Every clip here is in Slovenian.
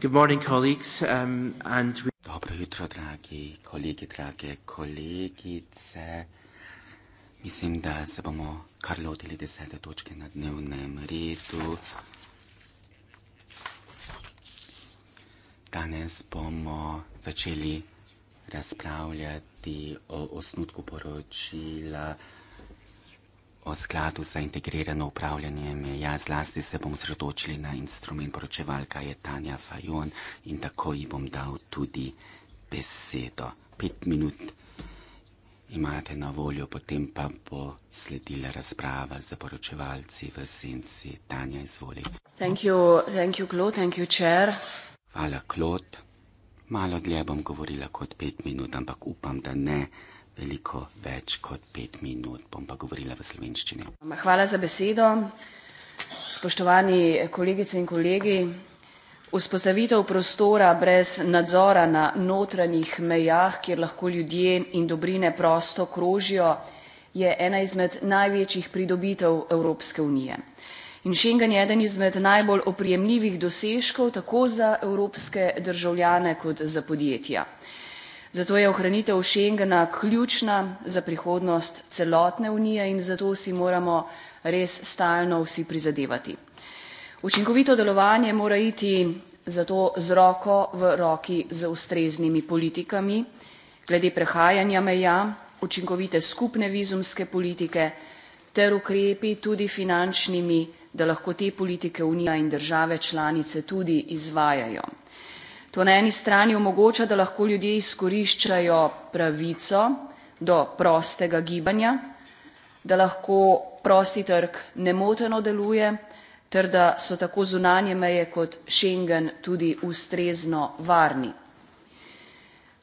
Good morning, colleagues, um, and we... Dobro jutro, dragi kolegi, drage kolegice. Mislim, da se bomo kar lotili desete točke na dnevnem redu. Danes bomo začeli razpravljati o osnutku poročila o skladu za integrirano upravljanje meja, zlasti se bom zredočil na instrument poročevalka je Tanja Fajon in tako ji bom dal tudi besedo. Pet minut imate na voljo, potem pa bo sledila razprava za poročevalci v senci. Tanja, izvoli. Thank you, thank you, Claude, thank you, chair. Hvala, Claude. Malo dlje bom govorila kot pet minut, ampak upam, da ne veliko več kot pet minut. Bom pa govorila v slovenščini. Hvala za besedo. Spoštovani kolegice in kolegi, vzpostavitev prostora brez nadzora na notranjih mejah, kjer lahko ljudje in dobrine prosto krožijo, je ena izmed največjih pridobitev Evropske unije. In Schengen je eden izmed najbolj oprijemljivih dosežkov tako za evropske državljane kot za podjetja. Zato je ohranitev Schengena ključna za prihodnost celotne unije in zato si moramo res stalno vsi prizadevati. Učinkovito delovanje mora iti zato z roko v roki z ustreznimi politikami, glede prehajanja meja, učinkovite skupne vizumske politike ter ukrepi tudi finančnimi, da lahko te politike Unija in države članice tudi izvajajo. To na eni strani omogoča, da lahko ljudje izkoriščajo pravico do prostega gibanja, da lahko prosti trg nemoteno deluje ter da so tako zunanje meje kot Schengen tudi ustrezno varni.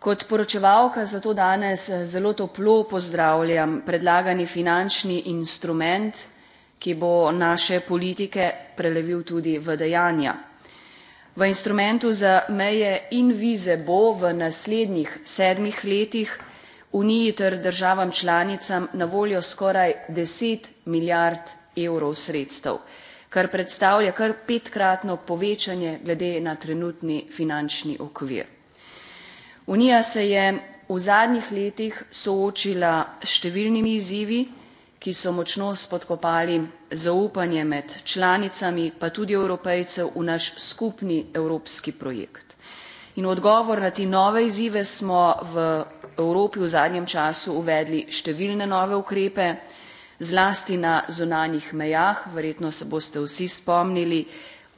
Kot poročevalka zato danes eh, zelo toplo pozdravljam predlagani finančni instrument, ki bo naše politike prelevil tudi v dejanja. V instrumentu za meje in vize bo v naslednjih sedmih letih Uniji ter državam članicam na voljo skoraj 10 milijard evrov sredstev, kar predstavlja kar petkratno povečanje glede na trenutni finančni okvir. Unija se je v zadnjih letih soočila s številnimi izzivi, ki so močno spodkopali zaupanje med članicami, pa tudi evropejcev v naš skupni evropski projekt. In odgovor na te nove izzive smo v Evropi v zadnjem času uvedli številne nove ukrepe, zlasti na zunanjih mejah, verjetno se boste vsi spomnili,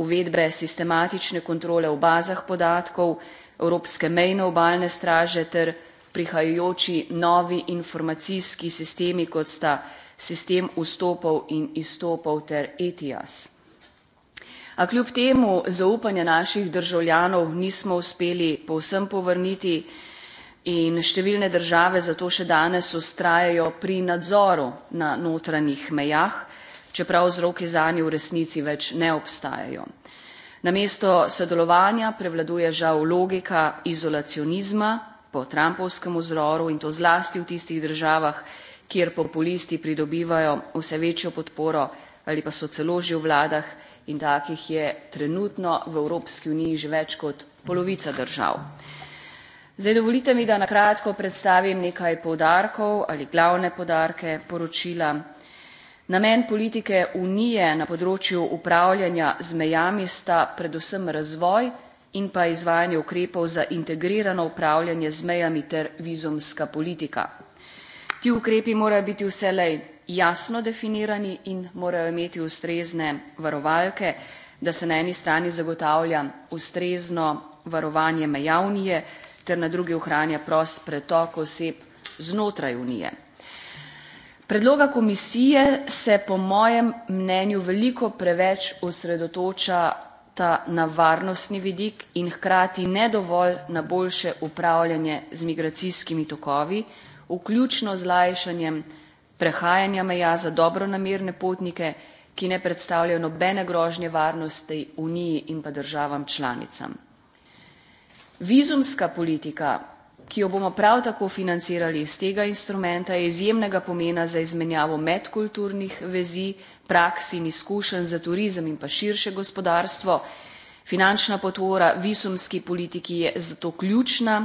uvedbe sistematične kontrole v bazah podatkov, Evropske mejne obalne straže ter prihajajoči novi informacijski sistemi, kot sta sistem vstopov in izstopov ter ETIAS. A kljub temu zaupanje naših državljanov nismo uspeli povsem povrniti in številne države zato še danes ustrajajo pri nadzoru na notranjih mejah, čeprav vzroki zanje v resnici več ne obstajajo. Namesto sodelovanja prevladuje žal logika izolacionizma po Trumpovskem vzoru in to zlasti v tistih državah, kjer populisti pridobivajo vse večjo podporo ali pa so celo že v vladah in takih je trenutno v Evropski uniji že več kot polovica držav. Zdaj dovolite mi, da na kratko predstavim nekaj poudarkov ali glavne podarke poročila. Namen politike Unije na področju upravljanja z mejami sta predvsem razvoj in pa izvajanje ukrepov za integrirano upravljanje z mejami ter vizumska politika. Ti ukrepi morajo biti vselej jasno definirani in morajo imeti ustrezne varovalke, da se na eni strani zagotavlja ustrezno varovanje meja unije, ter na drugi ohranja prost pretok oseb znotraj unije. Predloga komisije se po mojem mnenju veliko preveč osredotoča ta na varnostni vidik in hkrati ne dovolj na boljše upravljanje z migracijskimi tokovi, vključno z lajšanjem prehajanja meja za dobronamerne potnike, ki ne predstavljajo nobene grožnje varnosti Uniji in pa državam članicam. Vizumska politika, ki jo bomo prav tako financirali iz tega instrumenta, je izjemnega pomena za izmenjavo medkulturnih vezi, praks in izkušenj za turizem in pa širše gospodarstvo. Finančna podpora vizumski politiki je zato ključna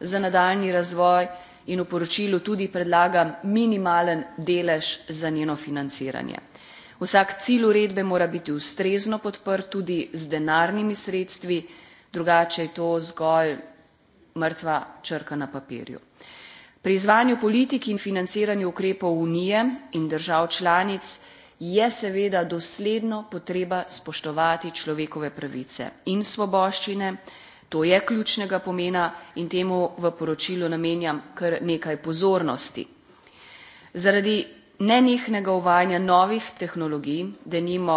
za nadaljni razvoj in v poročilu tudi predlagam minimalen delež za njeno financiranje. Vsak cilj uredbe mora biti ustrezno podprt tudi z denarnimi sredstvi, drugače je to zgolj mrtva črka na papirju. Pri izvanju politik in financiranju ukrepov Unije in držav članic je seveda dosledno potreba spoštovati človekove pravice in svoboščine, To je ključnega pomena in temu v poročilu namenjam kar nekaj pozornosti. Zaradi nenehnega uvajanja novih tehnologij, da nimo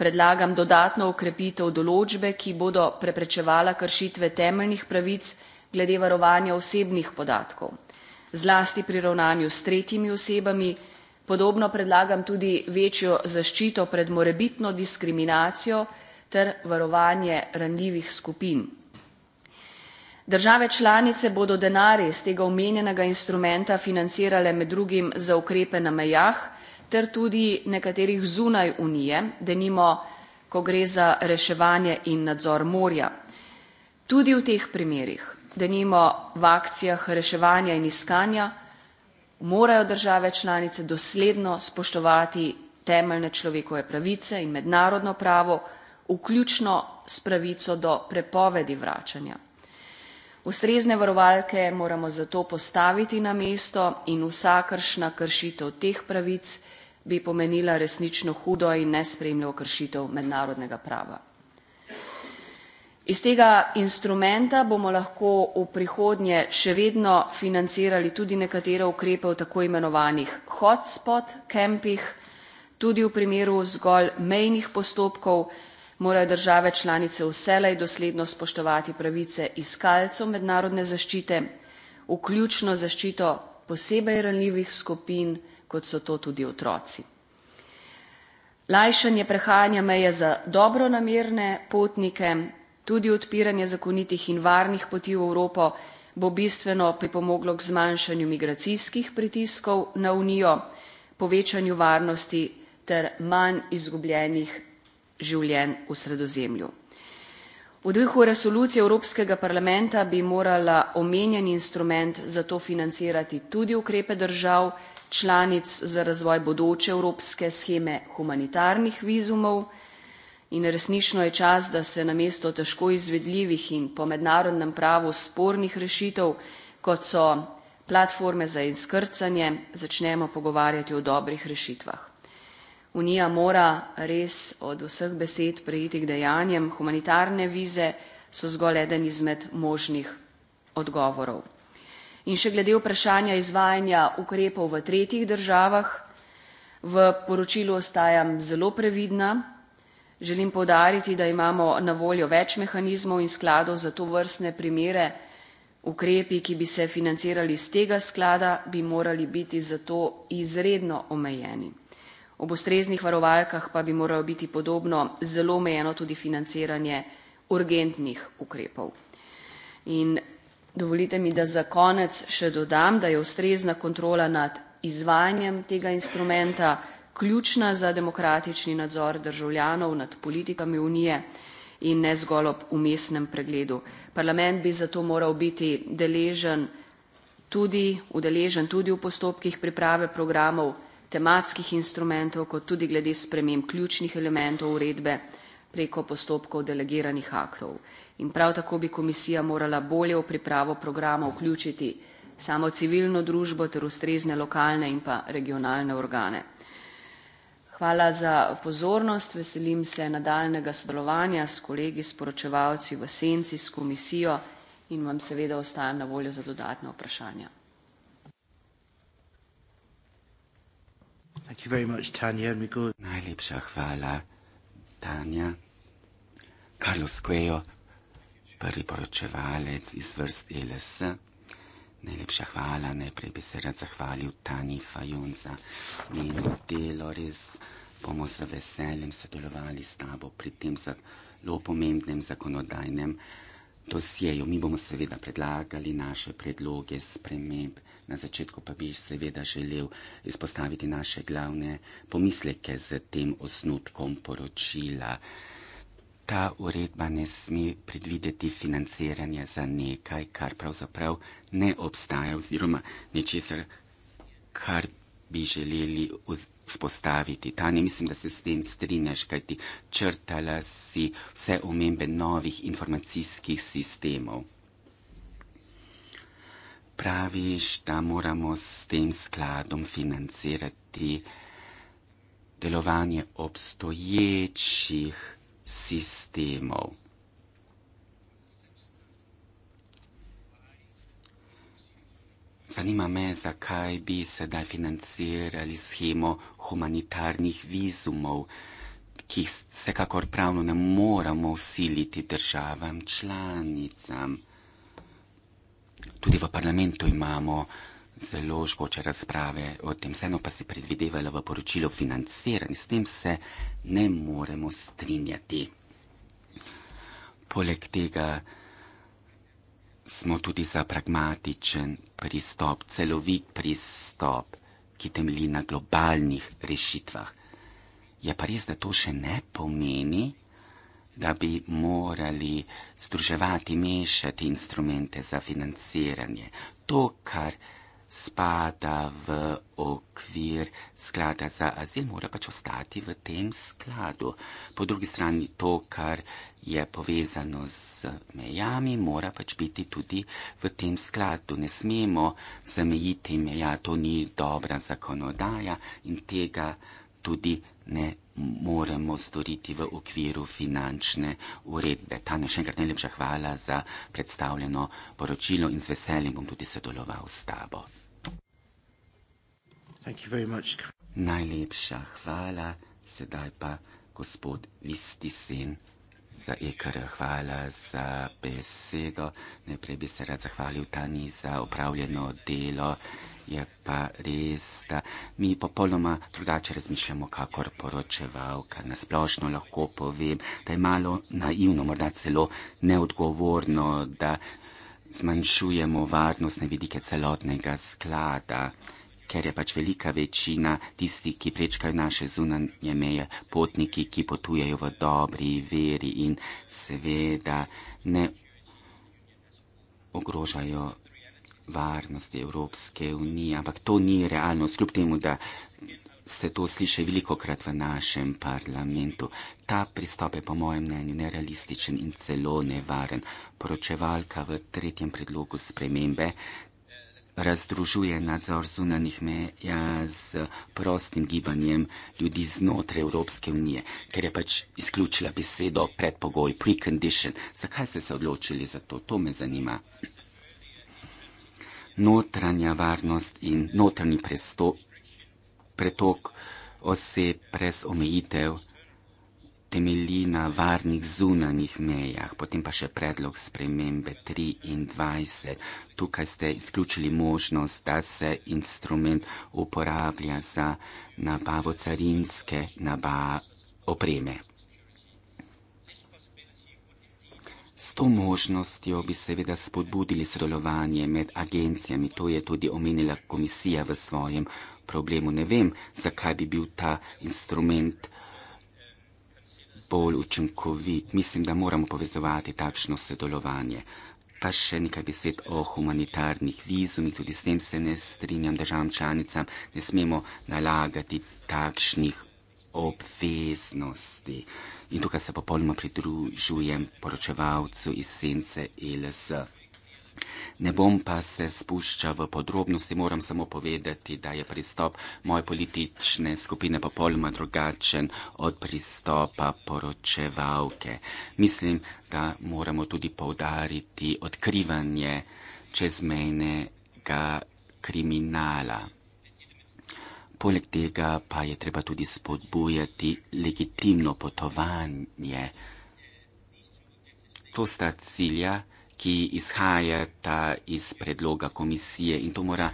predlagam dodatno ukrepitev določbe, ki bodo preprečevala kršitve temeljnih pravic glede varovanja osebnih podatkov, zlasti pri ravnanju s tretjimi osebami, podobno predlagam tudi večjo zaščito pred morebitno diskriminacijo ter varovanje ranljivih skupin. Države članice bodo denar iz tega omenjenega instrumenta financirale med drugim za ukrepe na mejah ter tudi nekaterih zunaj Unije, da nimo, ko gre za reševanje in nadzor morja. Tudi v teh primerih, da nimo v akcijah reševanja in iskanja, morajo države članice dosledno spoštovati temeljne človekove pravice in mednarodno pravo, vključno s pravico do prepovedi vračanja. Ustrezne varovalke moramo zato postaviti na mesto in vsakršna kršitev teh pravic bi pomenila resnično hudo in nespremljivo kršitev mednarodnega prava. Iz tega instrumenta bomo lahko v prihodnje še vedno financirali tudi nekatere ukrepe v tako imenovanih hotspot kempih, tudi v primeru zgolj mejnih postopkov, morajo države članice vselej dosledno spoštovati pravice iskalcev mednarodne zaščite, vključno zaščito posebej ranljivih skupin, kot so to tudi otroci. Lajšanje prehajanja meje za dobronamerne potnike, tudi odpiranje zakonitih in varnih poti v Evropo bo bistveno pripomoglo k zmanjšanju migracijskih pritiskov na Unijo, povečanju varnosti ter manj izgubljenih življenj v sredozemlju. V duhu resolucije Evropskega parlamenta bi morala omenjeni instrument zato financirati tudi ukrepe držav, članic za razvoj bodoče evropske scheme humanitarnih vizumov in resnično je čas, da se namesto težko izvedljivih in po mednarodnem pravu spornih rešitev, kot so platforme za izkrcanje, začnemo pogovarjati o dobrih rešitvah. Unija mora res od vseh besed prejeti k dejanjem. Humanitarne vize so zgolj eden izmed možnih odgovorov. In še glede vprašanja izvajanja ukrepov v tretjih državah, v poročilu ostajam zelo previdna. Želim povdariti, da imamo na voljo več mehanizmov in skladov za to vrstne primere. Ukrepi, ki bi se financirali iz tega sklada, bi morali biti zato izredno omejeni. Ob ustreznih varovalkah pa bi moralo biti podobno zelo omejeno tudi financiranje urgentnih ukrepov. In dovolite mi, da za konec še dodam, da je ustrezna kontrola nad izvajanjem tega instrumenta ključna za demokratični nadzor državljanov nad politikami unije in ne zgolj ob umestnem pregledu. Parlament bi zato moral biti deležen tudi, udeležen tudi v postopkih priprave programov, tematskih instrumentov, kot tudi glede sprememb ključnih elementov uredbe preko postopkov delegiranih aktov. In prav tako bi komisija morala bolje v pripravo programa vključiti samo civilno družbo ter ustrezne lokalne in pa regionalne organe. Hvala za pozornost, veselim se nadaljnega sodelovanja s kolegi, s poročevalci v Senci, s komisijo in vam seveda ostajam na voljo za dodatna vprašanja. Thank you very much, Tanya. Mi go. Najlepša hvala, Tanja. Carlos Cuello, prvi poročevalec iz vrst e LS. Najlepša hvala, najprej bi se rad zahvalil Tani Fajon za njeno delo, res bomo z veseljem sodelovali s tabo pri tem zelo pomembnem zakonodajnem dosjeju. Mi bomo seveda predlagali naše predloge sprememb. Na začetku pa bi seveda želel izpostaviti naše glavne pomisleke z tem osnutkom poročila. Ta uredba ne sme predvideti financiranja za nekaj, kar pravzaprav ne obstaja oziroma nečesar, kar bi želeli vzpostaviti. Tanja, mislim, da se s tem strinjaš, kaj ti črtala si vse omembe novih informacijskih sistemov. Praviš, da moramo s tem skladom financirati delovanje obstoječih sistemov. Zanima me, zakaj bi sedaj financirali schemo humanitarnih vizumov, ki jih vsekakor pravno ne moramo usiliti državam članicam. Tudi v parlamentu imamo zelo škoče razprave o tem, vseeno pa si predvidevala v poročilu financiranje, s tem se ne moremo strinjati. Poleg tega, smo tudi za pragmatičen pristop, celovit pristop, ki temelji na globalnih rešitvah. Je pa res, da to še ne pomeni, da bi morali združevati, mešati instrumente za financiranje. To, kar spada v okvir sklada za azil, mora pač ostati v tem skladu. Po drugi strani to, kar je povezano z mejami, mora pač biti tudi v tem skladu. Ne smemo zamejiti meja, to ni dobra zakonodaja in tega tudi ne moremo storiti v okviru finančne uredbe. Tanja, še enkrat najlepša hvala za predstavljeno poročilo in z veseljem bom tudi sodeloval s tabo. Najlepša hvala, sedaj pa gospod Visti Sen. Za ikar, hvala za besedo. Najprej bi se rad zahvalil Tani za upravljeno delo. Je pa res, da mi popolnoma drugače razmišljamo, kakor poročevalka. Nasplošno lahko povem, da je malo naivno, morda celo neodgovorno, da zmanjšujemo varnostne vidike celotnega sklada ker je pač velika večina tistih, ki prečkajo naše zunanje meje, potniki, ki potujejo v dobri veri in seveda ne ogrožajo varnosti Evropske unije, ampak to ni realnost, kljub temu, da se to sliše veliko krat v našem parlamentu. Ta pristop je po mojem mnenju nerealističen in celo nevaren. Poročevalka v tretjem predlogu spremembe razdružuje nadzor zunanih meja z prostim gibanjem ljudi znotraj Evropske unije, ker je pač izključila besedo predpogoj, precondition. Zakaj ste se odločili za to? To me zanima. Notranja varnost in notranji pretok oseb brez omejitev temelji na varnih zunanih mejah, potem pa še predlog spremembe 23. Tukaj ste izključili možnost, da se instrument uporablja za nabavo carinske naba opreme. S to možnostjo bi seveda spodbudili sodelovanje med agencijami, to je tudi omenila komisija v svojem problemu. Ne vem, zakaj bi bil ta instrument bolj učinkovit. Mislim, da moramo povezovati takšno sodelovanje. Pa še nekaj besed o humanitarnih vizumih, tudi s tem se ne strinjam državam članicam, ne smemo nalagati takšnih obveznosti. In tukaj se popolnoma pridružujem poročevalcu iz Sence e LS. Ne bom pa se spuščal v podrobnosti, moram samo povedati, da je pristop moje politične skupine popolnoma drugačen od pristopa poročevalke. Mislim, da moramo tudi povdariti odkrivanje čezmejnega kriminala. Poleg tega pa je treba tudi spodbujati legitimno potovanje. To sta cilja ki izhajata iz predloga komisije in to mora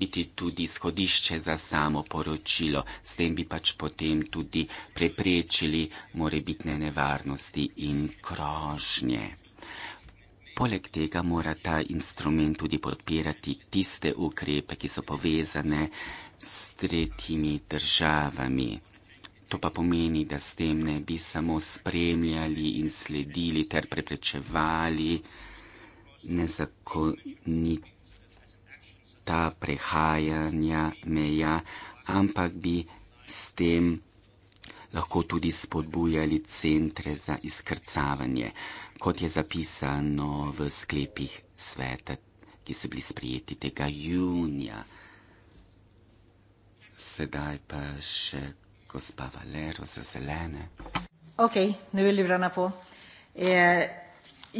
biti tudi izhodišče za samo poročilo. S tem bi pač potem tudi preprečili morebitne nevarnosti in krožnje. Poleg tega mora ta instrument tudi podpirati tiste ukrepe, ki so povezane s tretjimi državami. To pa pomeni, da s tem ne bi samo spremljali in sledili ter preprečevali uh, nezakonita prehajanja meja, ampak bi s tem lahko tudi spodbujali centre za izkrcavanje, kot je zapisano v sklepih sveta, ki so bili sprijeti tega junija. Sedaj pa še gospa Valero za zelene. Ok, ne bi bila na po. E,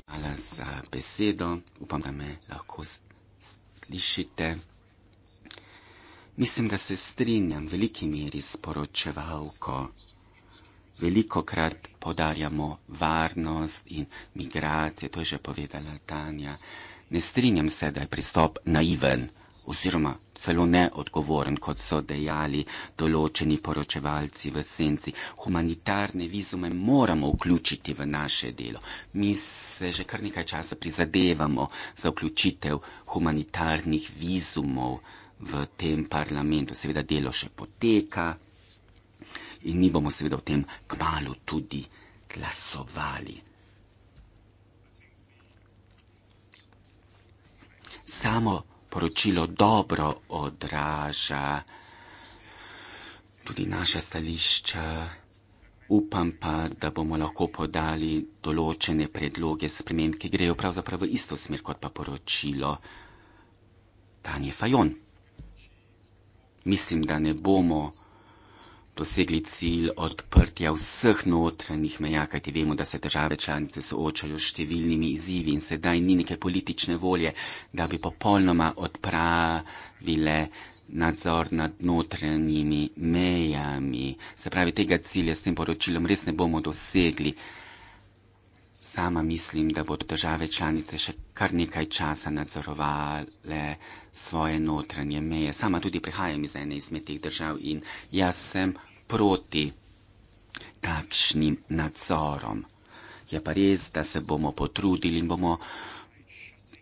Hvala za besedo, upam, da me lahko slišite. Mislim, da se strinjam v veliki meri s poročevalko. Veliko krat podarjamo varnost in migracije, to je že povedala Tanja. Ne strinjam se, da je pristop naiven oziroma celo neodgovoren, kot so dejali določeni poročevalci v senci. Humanitarne vizume moramo vključiti v naše delo. Mi se že kar nekaj časa prizadevamo za vključitev humanitarnih vizumov v tem parlamentu. Seveda delo še poteka in mi bomo seveda o tem kmalo tudi glasovali. Samo poročilo dobro odraža tudi naše stališče. Upam pa, da bomo lahko podali določene predloge sprememb, ki grejo pravzaprav v isto smer kot pa poročilo Tanje Fajon. Mislim, da ne bomo dosegli cilj odprtja vseh notranjih meja, kajti vemo, da se države članice soočajo s številnimi izzivi in sedaj ni neke politične volje, da bi popolnoma odpravile nadzor nad notranjimi mejami. Se pravi, tega cilja s tem poročilom res ne bomo dosegli. Sama mislim, da bodo države članice še kar nekaj časa nadzorovale svoje notranje meje. Sama tudi prihajam iz ene izmed teh držav in jaz sem proti takšnim nadzorom. Je pa res, da se bomo potrudili in bomo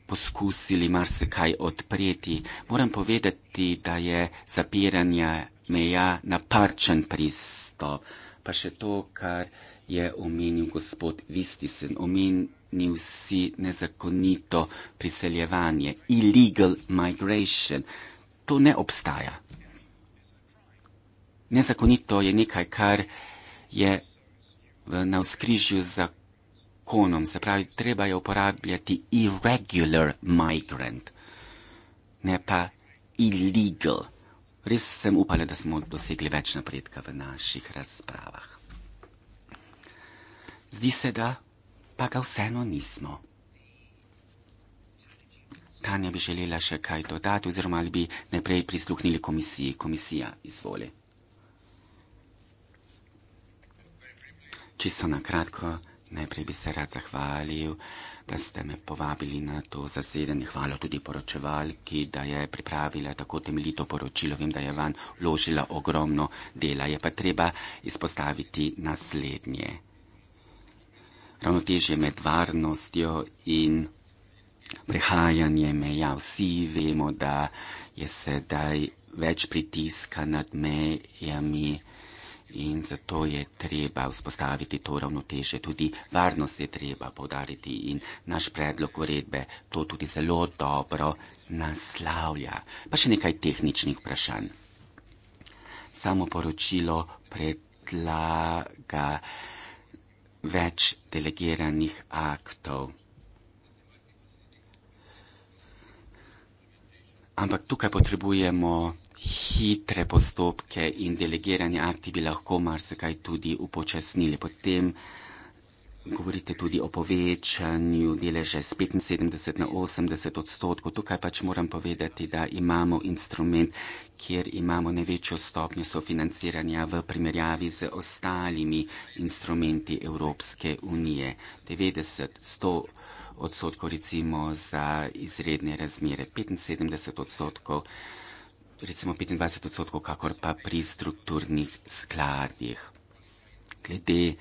poskusili marsikaj odpreti. Moram povedati, da je zapiranje meja naparčen pristop. Pa še to, kar je omenil gospod Vistisen, omenil si nezakonito priseljevanje, illegal migration. To ne obstaja. Nezakonito je nekaj, kar je na vzkrižju z zakonom. Se pravi, treba je uporabljati irregular migrant, ne pa illegal. Res sem upala, da smo dosegli več napredka v naših razpravah. Zdi se, da pa ga vseeno nismo. Tanja bi želela še kaj dodati, oziroma ali bi najprej prisluhnili komisiji. Komisija, izvoli. Čisto na kratko, najprej bi se rad zahvalil, da ste me povabili na to zasedanje. Hvala tudi poročevalki, da je pripravila tako temeljito poročilo. Vem, da je vam vložila ogromno dela. Je pa treba izpostaviti naslednje. Ravnotežje med varnostjo in prehajanje meja. Vsi vemo, da je sedaj več pritiska nad mejami in zato je treba vzpostaviti to ravnoteže, tudi varnost je treba podariti in naš predlog uredbe to tudi zelo dobro naslavlja. Pa še nekaj tehničnih vprašanj. Samo poročilo predlaga več delegiranih aktov. Ampak tukaj potrebujemo hitre postopke in delegirani akti bi lahko marsikaj tudi upočasnili. Potem govorite tudi o povečanju deleže z 75 na 80 odstotkov. Tukaj pač moram povedati, da imamo instrument, kjer imamo največjo stopnjo sofinanciranja v primerjavi z ostalimi instrumenti Evropske unije. 90, 100 odstotkov recimo za izredne razmere, 75 odstotkov recimo 25 odstotkov, kakor pa pri strukturnih skladih. Glede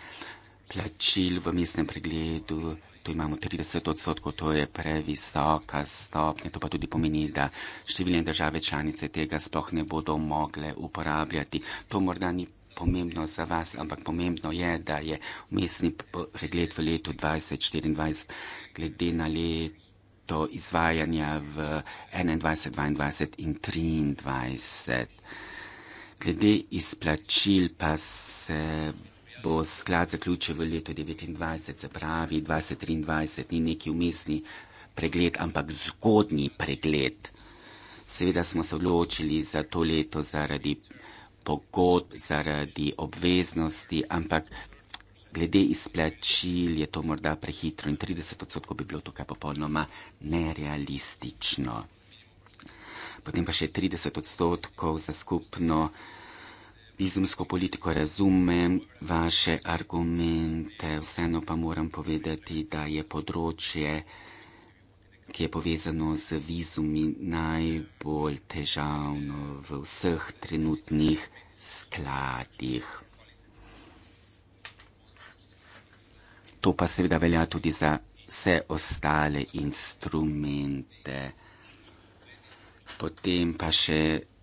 plačil v mestnem pregledu, tu imamo 30 odstotkov, to je previsoka stopnja, to pa tudi pomeni, da številne države članice tega sploh ne bodo mogle uporabljati. To morda ni pomembno za vas, ampak pomembno je, da je mestni pregled v letu 2024 glede na let leto izvajanja v 21, 22 in 23. Glede izplačil pa se bo sklad zaključil v letu 29, se pravi 2023, ni neki umestni pregled, ampak zgodni pregled. Seveda smo se odločili za to leto zaradi pogodb, zaradi obveznosti, ampak glede izplačil je to morda prehitro in 30 odstotkov bi bilo tukaj popolnoma nerealistično. Potem pa še 30 odstotkov za skupno vizumsko politiko razumem vaše argumente, vseeno pa moram povedati, da je področje, ki je povezano z vizumi, najbolj težavno v vseh trenutnih skladih. to pa seveda velja tudi za vse ostale instrumente. Potem pa še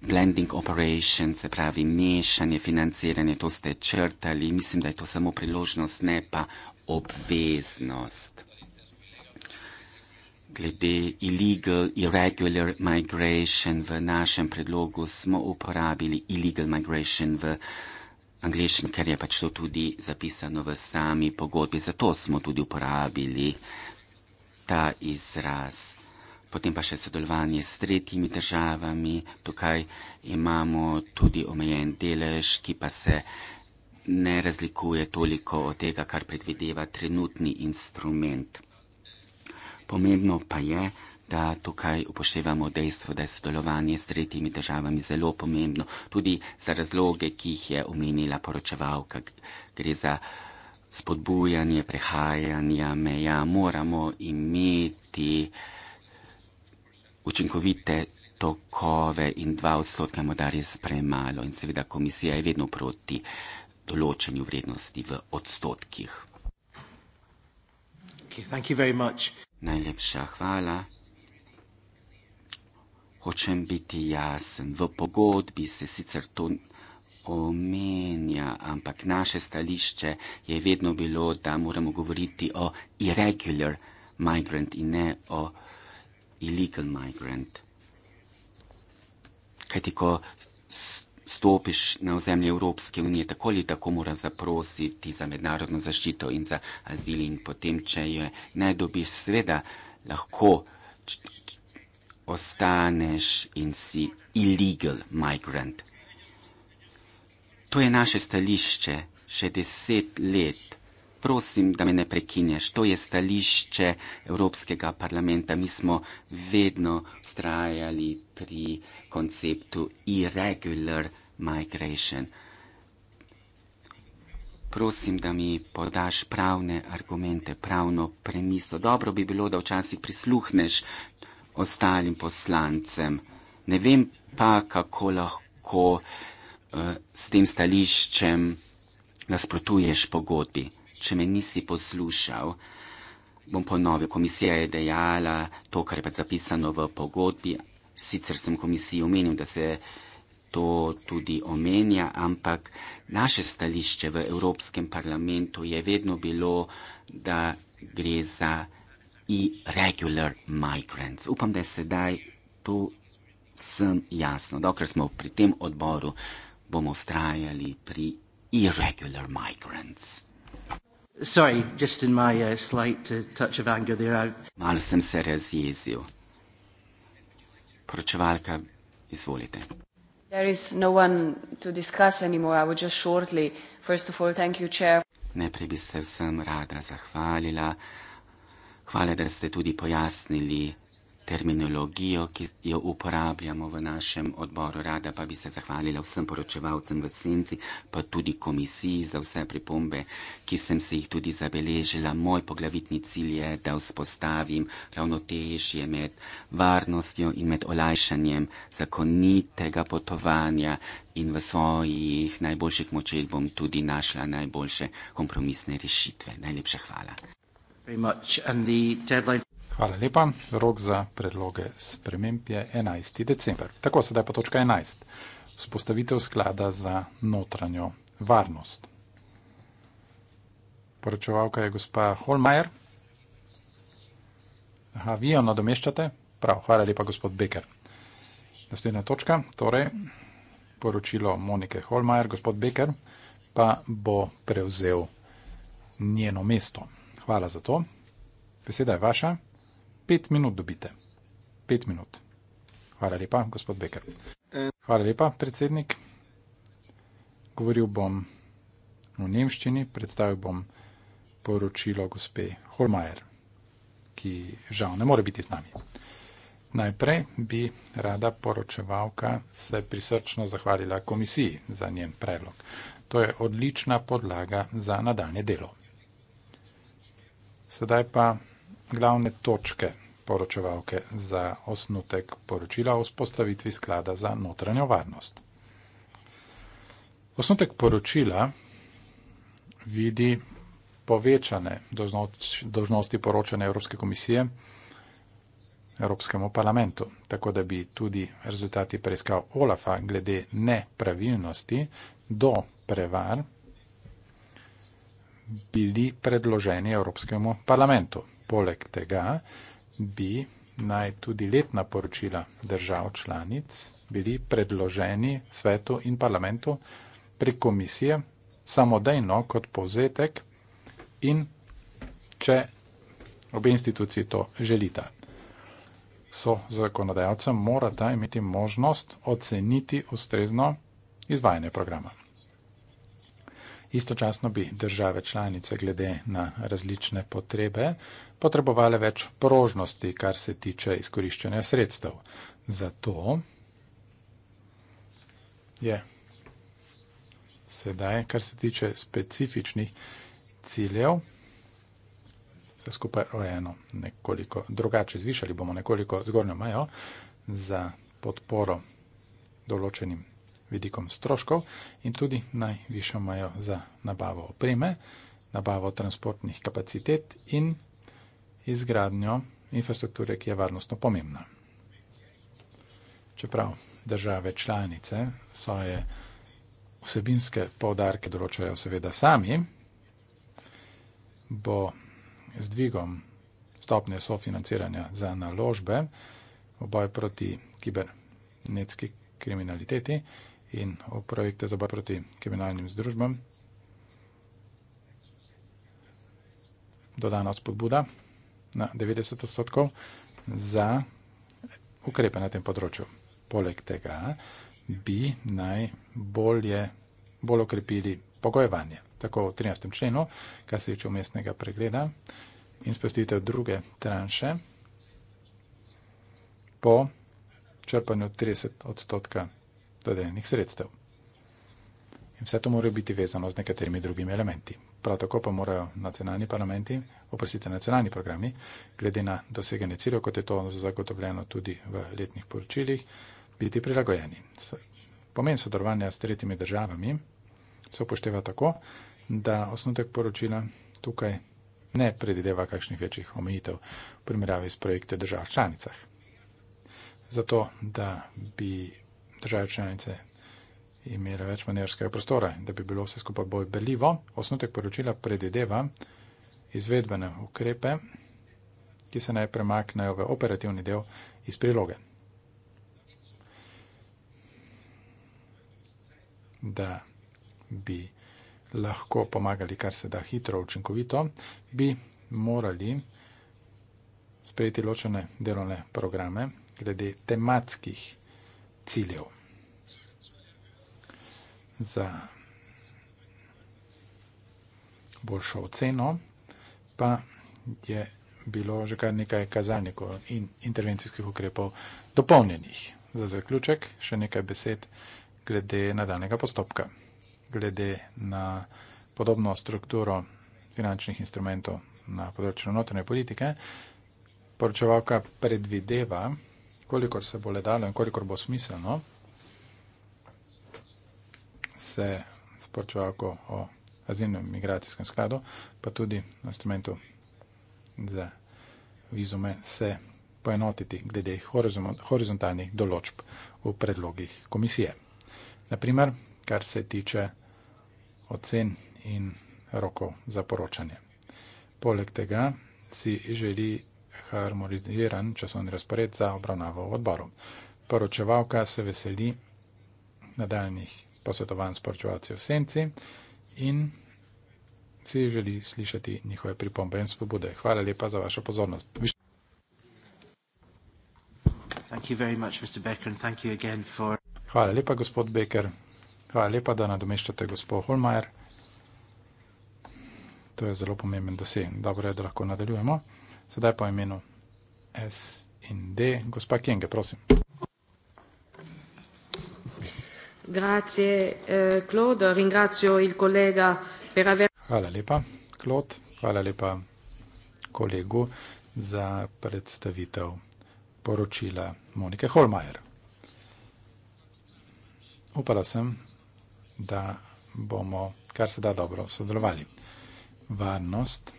blending operation, se pravi mešanje, financiranje, to ste črtali, mislim, da je to samo priložnost, ne pa obveznost. Glede illegal, irregular migration v našem predlogu smo uporabili illegal migration v uh, angliščini, ker je pač to tudi zapisano v sami pogodbi. Zato smo tudi uporabili ta izraz. Potem pa še sodelovanje s tretjimi državami. Tukaj imamo tudi omejen delež, ki pa se ne razlikuje toliko od tega, kar predvideva trenutni instrument. Pomembno pa je, da tukaj upoštevamo dejstvo, da je sodelovanje s tretjimi državami zelo pomembno, tudi za razloge, ki jih je omenila poročevalka. Gre za spodbujanje prehajanja meja, moramo imeti učinkovite tokove in dva odstotka morda res premalo in seveda komisija je vedno proti določenju vrednosti v odstotkih. Okay, thank you very much. Najlepša hvala hočem biti jasen. V pogodbi se sicer to omenja, ampak naše stališče je vedno bilo, da moramo govoriti o irregular migrant in ne o illegal migrant. Kajti, ko stopiš na ozemlje Evropske unije, tako ali tako mora zaprositi za mednarodno zaščito in za azil in potem, če jo ne dobiš, sveda lahko ostaneš in si illegal migrant. To je naše stališče še deset let. Prosim, da me ne prekinješ. To je stališče Evropskega parlamenta. Mi smo vedno ustrajali pri konceptu irregular migration. Prosim, da mi podaš pravne argumente, pravno premislo. Dobro bi bilo, da včasih prisluhneš ostalim poslancem. Ne vem pa, kako lahko eh, s tem stališčem nasprotuješ pogodbi. Če me nisi poslušal, bom ponovil, komisija je dejala to, kar je pa zapisano v pogodbi. Sicer sem komisiji omenil, da se to tudi omenja, ampak naše stališče v Evropskem parlamentu je vedno bilo, da gre za irregular migrants. Upam, da je sedaj to vsem jasno. Dokler smo pri tem odboru, bomo ustrajali pri irregular migrants. Sorry, just in my uh, slight uh, touch of anger there. I... Mal sem se razjezil. Poročevalka, izvolite. There is no one to discuss anymore. I would just shortly, first of all, thank you, Chair. Najprej bi se vsem rada zahvalila. Hvala, da ste tudi pojasnili terminologijo, ki jo uporabljamo v našem odboru. Rada pa bi se zahvalila vsem poročevalcem v senci, pa tudi komisiji za vse pripombe, ki sem se jih tudi zabeležila. Moj poglavitni cilj je, da vzpostavim ravnotežje med varnostjo in med olajšanjem zakonitega potovanja in v svojih najboljših močeh bom tudi našla najboljše kompromisne rešitve. Najlepše hvala. Hvala lepa. Rok za predloge sprememb je 11. december. Tako, sedaj pa točka 11. Spostavitev sklada za notranjo varnost. Poročevalka je gospa Holmajer. Aha, vi jo nadomeščate? Prav, hvala lepa, gospod Beker. Naslednja točka, torej poročilo Monike Holmajer, gospod Beker pa bo prevzel njeno mesto. Hvala za to. Beseda je vaša. Pet minut dobite. Pet minut. Hvala lepa, gospod Becker. Hvala lepa, predsednik. Govoril bom v nemščini, predstavil bom poročilo gospe Holmajer, ki žal ne more biti z nami. Najprej bi rada poročevalka se prisrčno zahvalila komisiji za njen predlog. To je odlična podlaga za nadaljne delo. Sedaj pa glavne točke poročevalke za osnutek poročila o spostavitvi sklada za notranjo varnost. Osnutek poročila vidi povečane dožnosti poročanja Evropske komisije Evropskemu parlamentu, tako da bi tudi rezultati preiskav OLAFA glede nepravilnosti do prevar bili predloženi Evropskemu parlamentu. Poleg tega bi naj tudi letna poročila držav članic bili predloženi svetu in parlamentu prek komisije samodejno kot povzetek in če obe instituciji to želita. So zakonodajalcem morata imeti možnost oceniti ustrezno izvajanje programa. Istočasno bi države članice glede na različne potrebe potrebovale več prožnosti, kar se tiče izkoriščanja sredstev. Zato je sedaj, kar se tiče specifičnih ciljev, vse skupaj rojeno nekoliko drugače. Zvišali bomo nekoliko zgornjo majo za podporo določenim vidikom stroškov in tudi najvišjo mejo za nabavo opreme, nabavo transportnih kapacitet in izgradnjo infrastrukture, ki je varnostno pomembna. Čeprav države članice svoje vsebinske povdarke določajo seveda sami, bo z dvigom stopnje sofinanciranja za naložbe v boj proti kibernetski kriminaliteti in o projekte za boj proti kriminalnim združbam. Dodana spodbuda na 90 odstotkov za ukrepe na tem področju. Poleg tega bi najbolje bolj okrepili pogojevanje. Tako v 13. členu, kar se tiče umestnega pregleda in spustitev druge tranše po črpanju 30 odstotka dodeljenih sredstev. In vse to mora biti vezano z nekaterimi drugimi elementi. Prav tako pa morajo nacionalni parlamenti, oprostite, nacionalni programi, glede na dosegene cilje, kot je to zagotovljeno tudi v letnih poročilih, biti prilagojeni. Pomen sodelovanja s tretjimi državami se upošteva tako, da osnutek poročila tukaj ne predideva kakšnih večjih omejitev v primerjavi s projekte držav članicah. Zato, da bi države članice imele več manjerskega prostora, da bi bilo vse skupaj bolj berljivo. Osnutek poročila predideva izvedbene ukrepe, ki se naj premaknajo v operativni del iz priloge. Da bi lahko pomagali kar se da hitro, učinkovito, bi morali sprejeti ločene delovne programe glede tematskih ciljev. Za boljšo oceno pa je bilo že kar nekaj kazalnikov in intervencijskih ukrepov dopolnjenih. Za zaključek še nekaj besed glede nadaljnega postopka, glede na podobno strukturo finančnih instrumentov na področju notranje politike. Poročevalka predvideva, kolikor se bo le dalo in kolikor bo smiselno, se sporočava o azilnem migracijskem skladu, pa tudi o instrumentu za vizume, se poenotiti glede horizontalnih določb v predlogih komisije. Naprimer, kar se tiče ocen in rokov za poročanje. Poleg tega si želi harmoniziran časovni razpored za obravnavo v odboru. Poročevalka se veseli nadaljnih posvetovanj s poročevalci v senci in si želi slišati njihove pripombe in spobude. Hvala lepa za vašo pozornost. Hvala lepa, gospod Becker. Hvala lepa, da nadomeščate gospod Holmajer. To je zelo pomemben doseg. Dobro je, da lahko nadaljujemo. Sedaj pa imenu S in D. Gospa Kenge, prosim. Grazie, eh, Claude, ringrazio il collega per aver... Hvala lepa, Claude. Hvala lepa kolegu za predstavitev poročila Monike Holmajer. Upala sem, da bomo kar se da dobro sodelovali. Varnost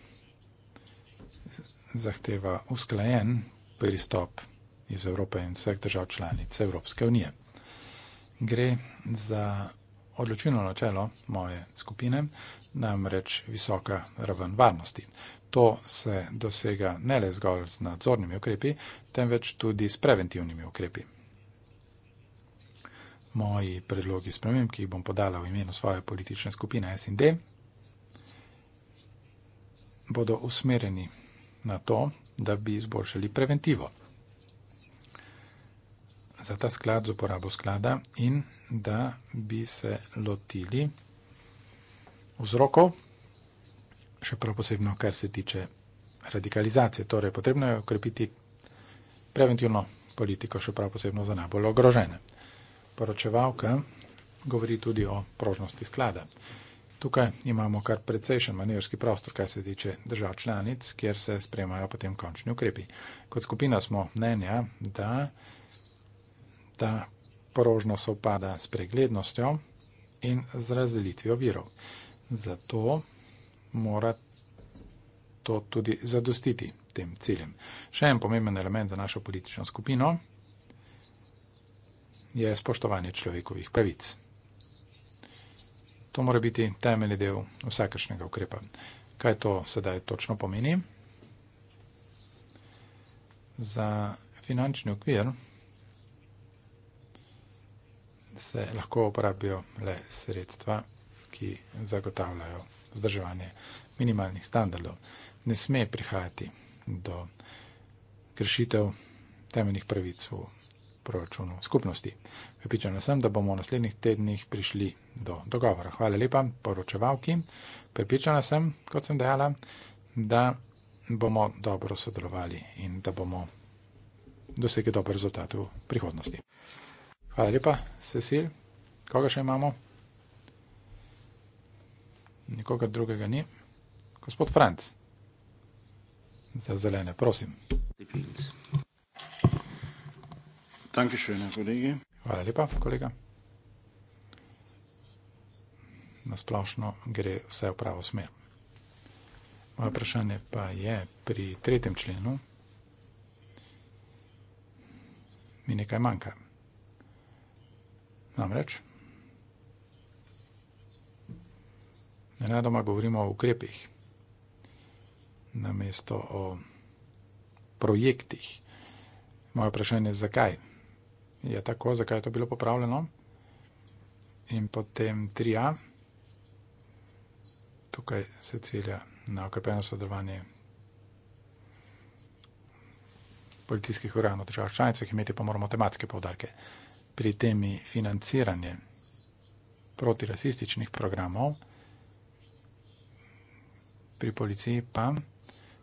zahteva usklajen pristop iz Evrope in vseh držav članic Evropske unije. Gre za odločilno načelo moje skupine, namreč visoka raven varnosti. To se dosega ne le zgolj z nadzornimi ukrepi, temveč tudi s preventivnimi ukrepi. Moji predlogi sprememb, ki jih bom podala v imenu svoje politične skupine SND, bodo usmerjeni na to, da bi izboljšali preventivo za ta sklad, za uporabo sklada in da bi se lotili vzrokov, še prav posebno, kar se tiče radikalizacije. Torej, potrebno je ukrepiti preventivno politiko, še prav posebno za najbolj ogrožene. Poročevalka govori tudi o prožnosti sklada. Tukaj imamo kar precejšen manevrski prostor, kaj se tiče držav članic, kjer se spremajo potem končni ukrepi. Kot skupina smo mnenja, da ta porožno sovpada s preglednostjo in z razdelitvijo virov. Zato mora to tudi zadostiti tem ciljem. Še en pomemben element za našo politično skupino je spoštovanje človekovih pravic. To mora biti temeljni del vsakršnega ukrepa. Kaj to sedaj točno pomeni? Za finančni okvir se lahko uporabijo le sredstva, ki zagotavljajo vzdrževanje minimalnih standardov. Ne sme prihajati do kršitev temeljnih pravic v proračunu skupnosti. Pripričana sem, da bomo v naslednjih tednih prišli do dogovora. Hvala lepa poročevalki. Pripričana sem, kot sem dejala, da bomo dobro sodelovali in da bomo dosegli dober rezultat v prihodnosti. Hvala lepa, Cecil. Koga še imamo? Nikogar drugega ni. Gospod Franc, za zelene, prosim. Depends. Dankeschön, Herr Kollege. Hvala lepa, kolega. Nasplošno gre vse v pravo smer. Moje vprašanje pa je pri tretjem členu. Mi nekaj manjka. Namreč, nenadoma govorimo o ukrepih, namesto o projektih. Moje vprašanje je, zakaj? je tako, zakaj je to bilo popravljeno. In potem 3A, tukaj se cilja na okrepeno sodelovanje policijskih organov držav članicah, imeti pa moramo tematske povdarke. Pri temi financiranje protirasističnih programov pri policiji pa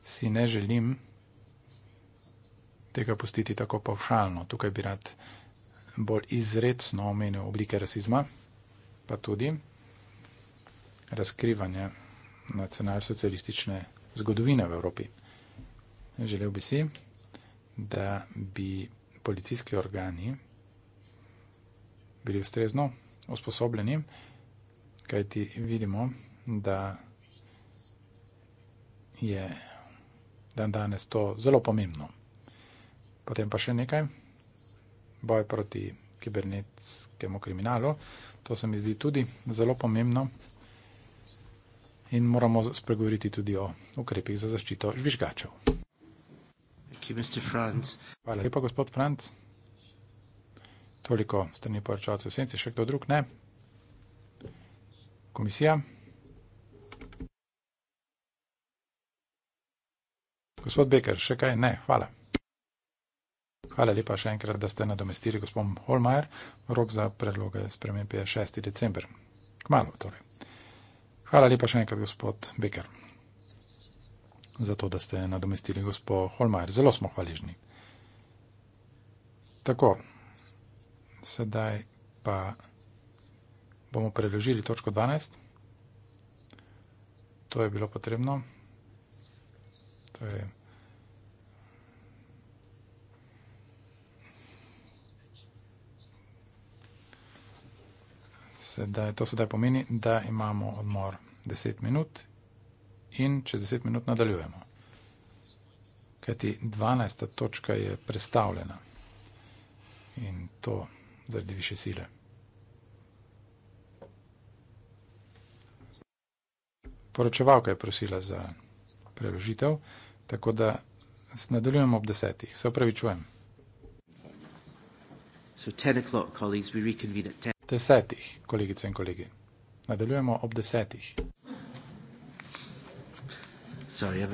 si ne želim tega pustiti tako povšalno. Tukaj bi rad povedal, bolj izredno omenil oblike rasizma, pa tudi razkrivanje nacionalsocialistične zgodovine v Evropi. Želel bi si, da bi policijski organi bili ustrezno usposobljeni, kajti vidimo, da je dan danes to zelo pomembno. Potem pa še nekaj boj proti kibernetskemu kriminalu. To se mi zdi tudi zelo pomembno in moramo spregovoriti tudi o ukrepih za zaščito žvižgačev. Hvala lepa, gospod Franc. Toliko strani poročalcev senci, še kdo drug ne? Komisija. Gospod Beker, še kaj? Ne, hvala. Hvala lepa še enkrat, da ste nadomestili gospod Holmajer. Rok za predloge spremembe je 6. decembr. Kmalo torej. Hvala lepa še enkrat, gospod Becker, za to, da ste nadomestili gospod Holmajer. Zelo smo hvaležni. Tako, sedaj pa bomo preložili točko 12. To je bilo potrebno. To je potrebno. sedaj, to sedaj pomeni, da imamo odmor 10 minut in čez 10 minut nadaljujemo. Kajti 12. točka je predstavljena in to zaradi više sile. Poročevalka je prosila za preložitev, tako da nadaljujemo ob 10. Se opravičujem. So 10 o'clock, colleagues, we reconvene at 10 desetih, kolegice in kolegi. Nadaljujemo ob desetih. Sorry,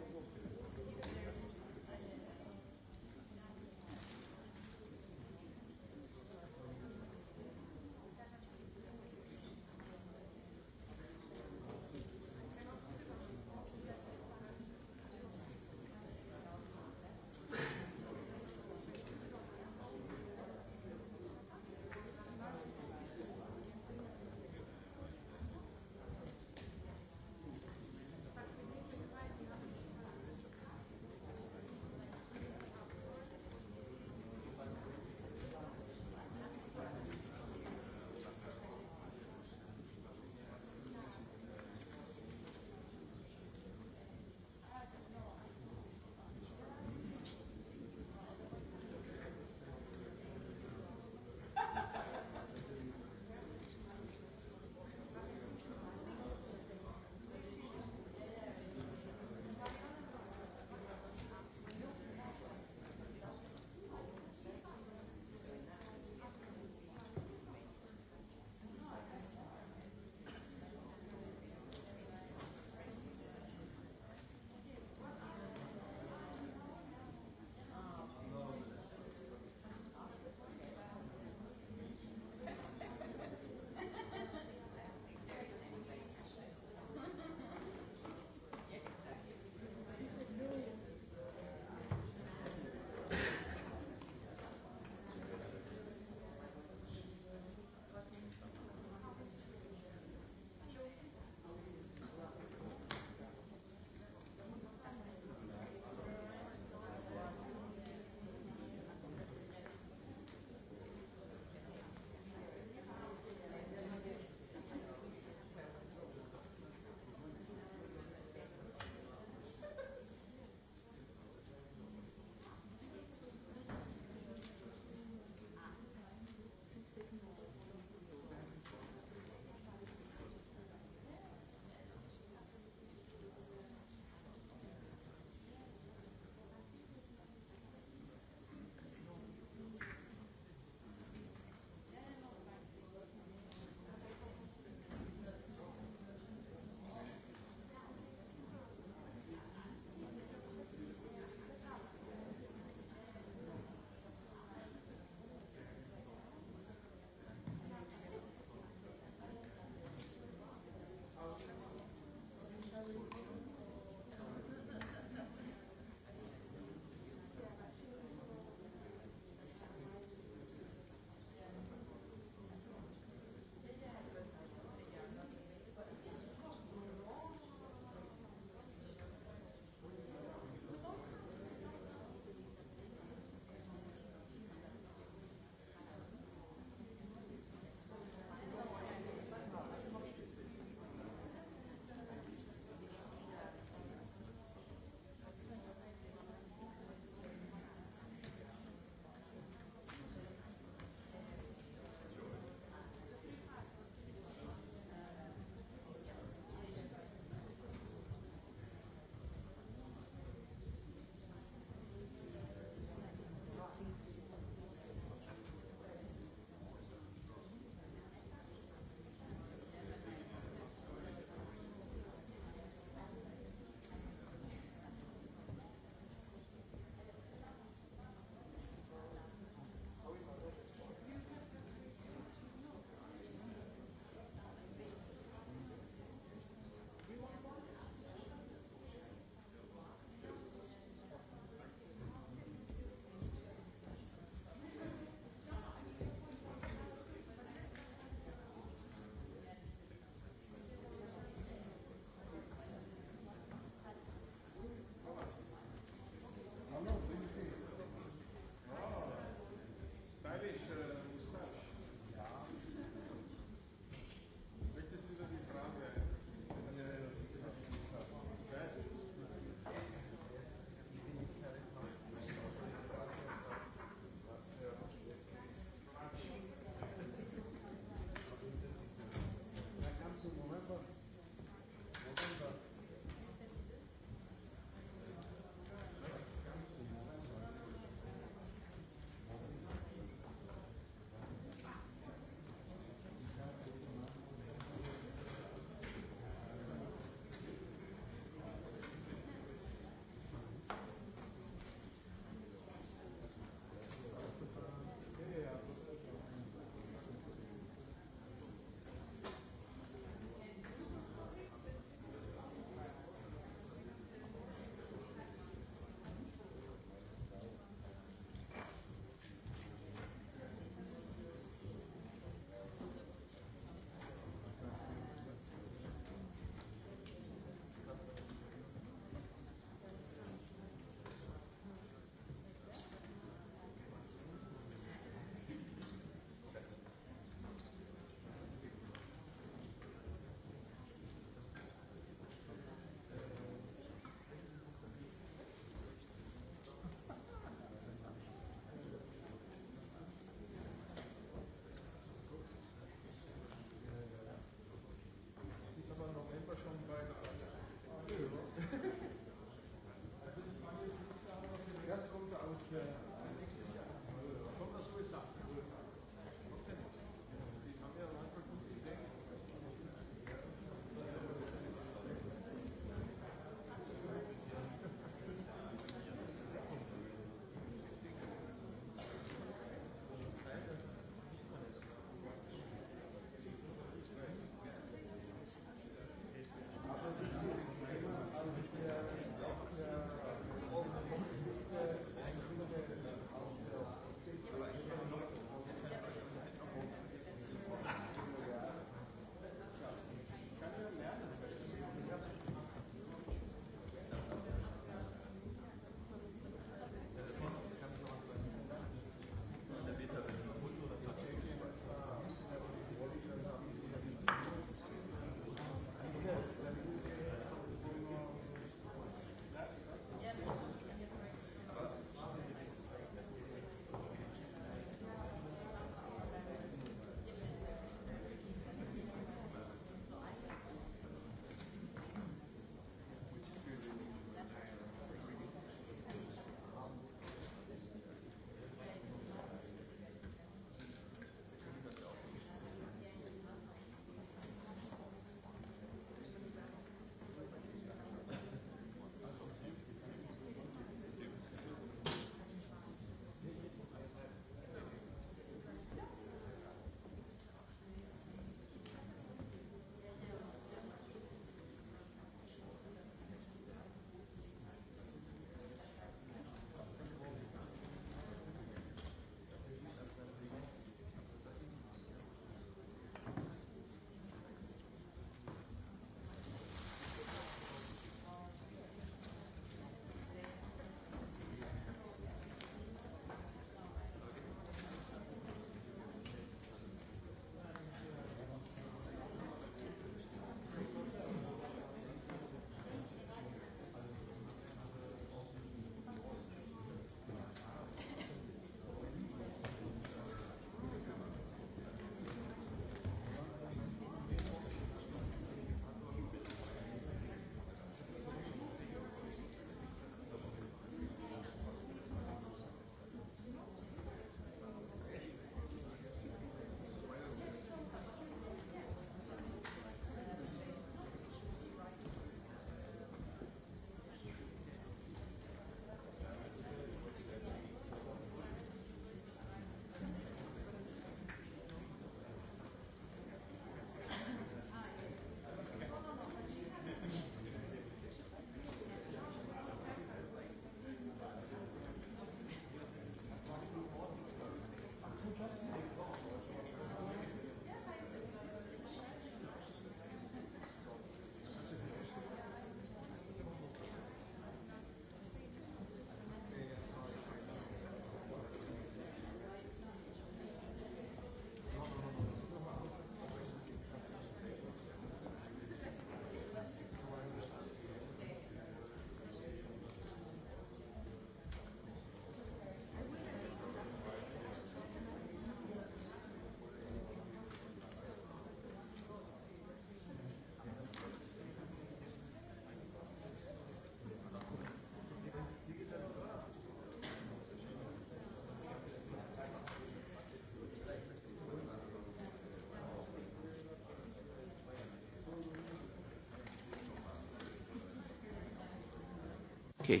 Okay.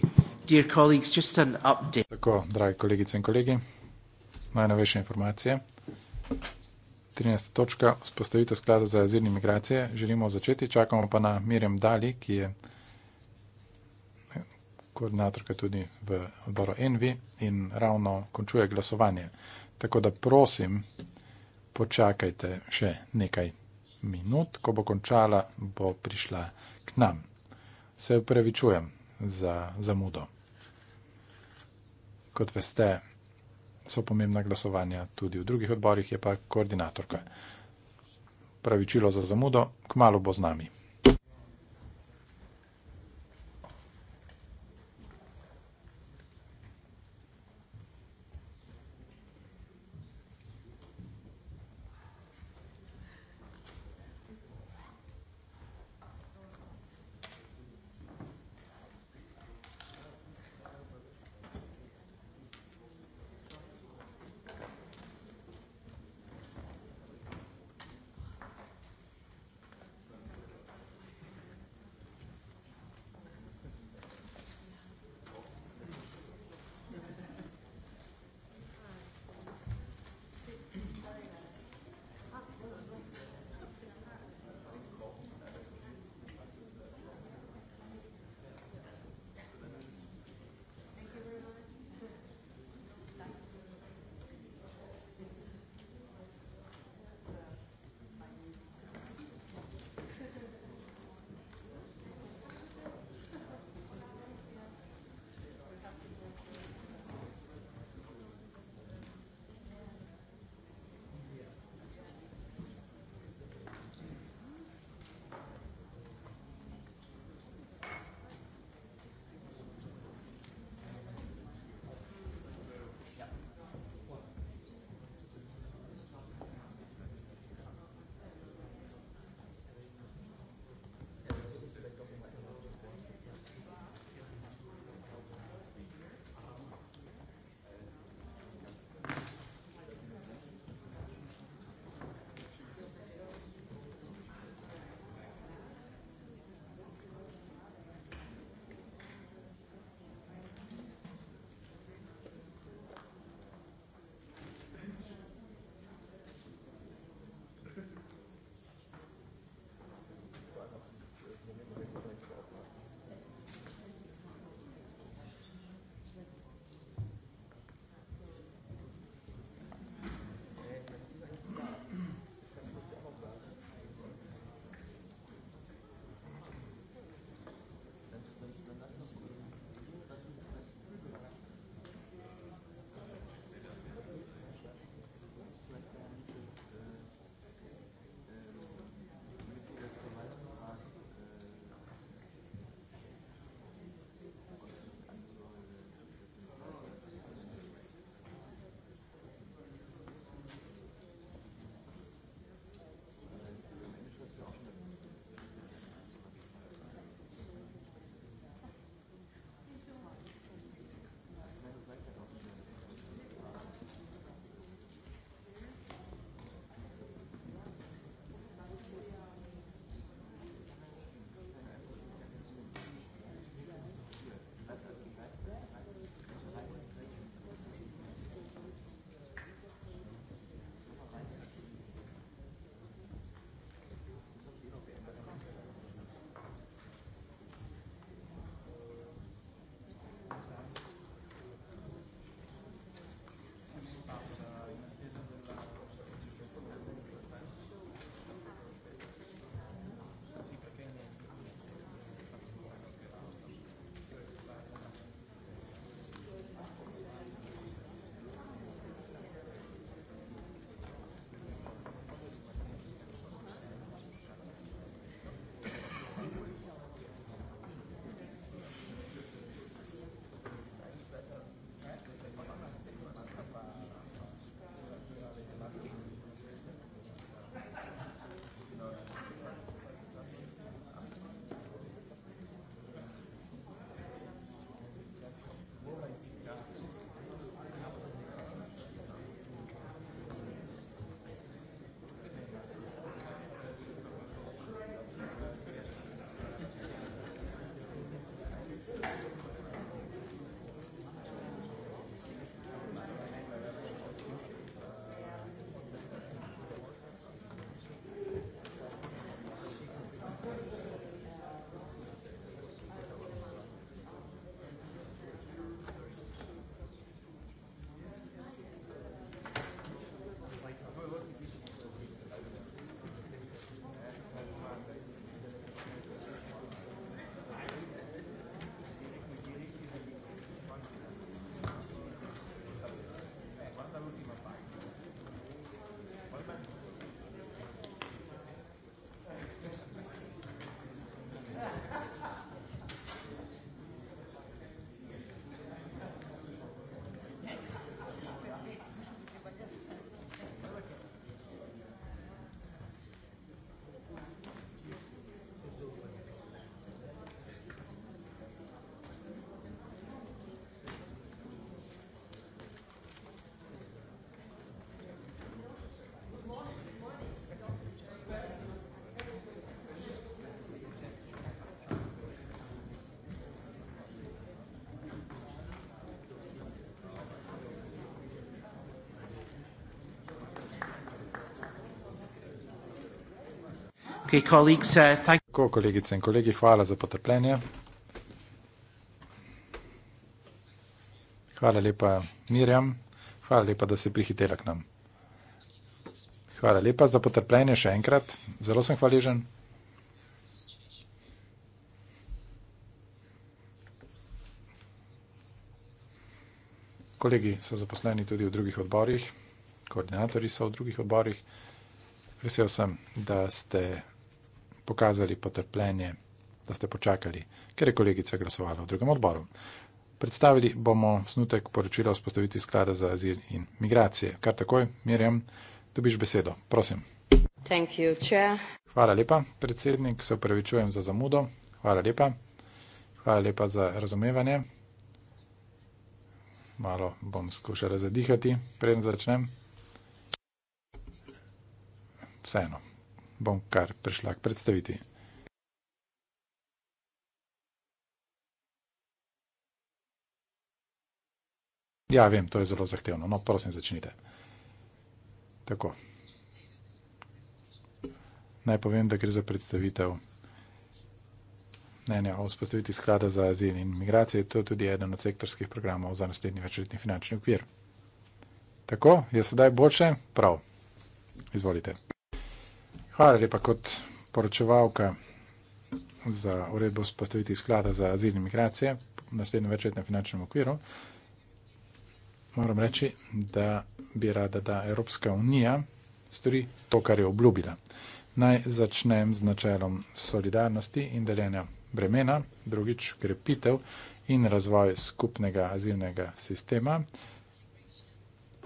Tako, dragi kolegice in kolegi, najnovejše informacije. 13. točka, spostavitev sklada za azilne migracije. Želimo začeti, čakamo pa na Mirjam Dali, ki je koordinatorka tudi v odboru Envi in ravno končuje glasovanje. Tako da prosim, počakajte še nekaj minut, ko bo končala, bo prišla k nam. Se upravičujem, za zamudo. Kot veste, so pomembna glasovanja tudi v drugih odborih, je pa koordinatorka. Pravičilo za zamudo, kmalo bo z nami. Uh, Tako, kolegice in kolegi, hvala za potrpljenje. Hvala lepa Mirjam, hvala lepa, da si prihitela k nam. Hvala lepa za potrpljenje še enkrat, zelo sem hvaležen. Kolegi so zaposleni tudi v drugih odborih, koordinatorji so v drugih odborih. Vesel sem, da ste pokazali potrpljenje, da ste počakali, ker je kolegica glasovala v drugem odboru. Predstavili bomo snutek poročila o spostavitvi sklada za azil in migracije. Kar takoj, Mirjam, dobiš besedo. Prosim. You, Hvala lepa, predsednik, se upravičujem za zamudo. Hvala lepa. Hvala lepa za razumevanje. Malo bom skušala zadihati, preden začnem. Vseeno, bom kar prišla k predstaviti. Ja, vem, to je zelo zahtevno. No, prosim, začnite. Tako. Naj povem, da gre za predstavitev mnenja o vzpostaviti sklada za azil in migracije. To je tudi eden od sektorskih programov za naslednji večletni finančni okvir. Tako, je sedaj boljše? Prav. Izvolite. Hvala lepa kot poročevalka za uredbo spostaviti sklada za azilne migracije v naslednjem večletnem finančnem okviru. Moram reči, da bi rada, da Evropska unija stori to, kar je obljubila. Naj začnem z načelom solidarnosti in deljenja bremena, drugič krepitev in razvoj skupnega azilnega sistema,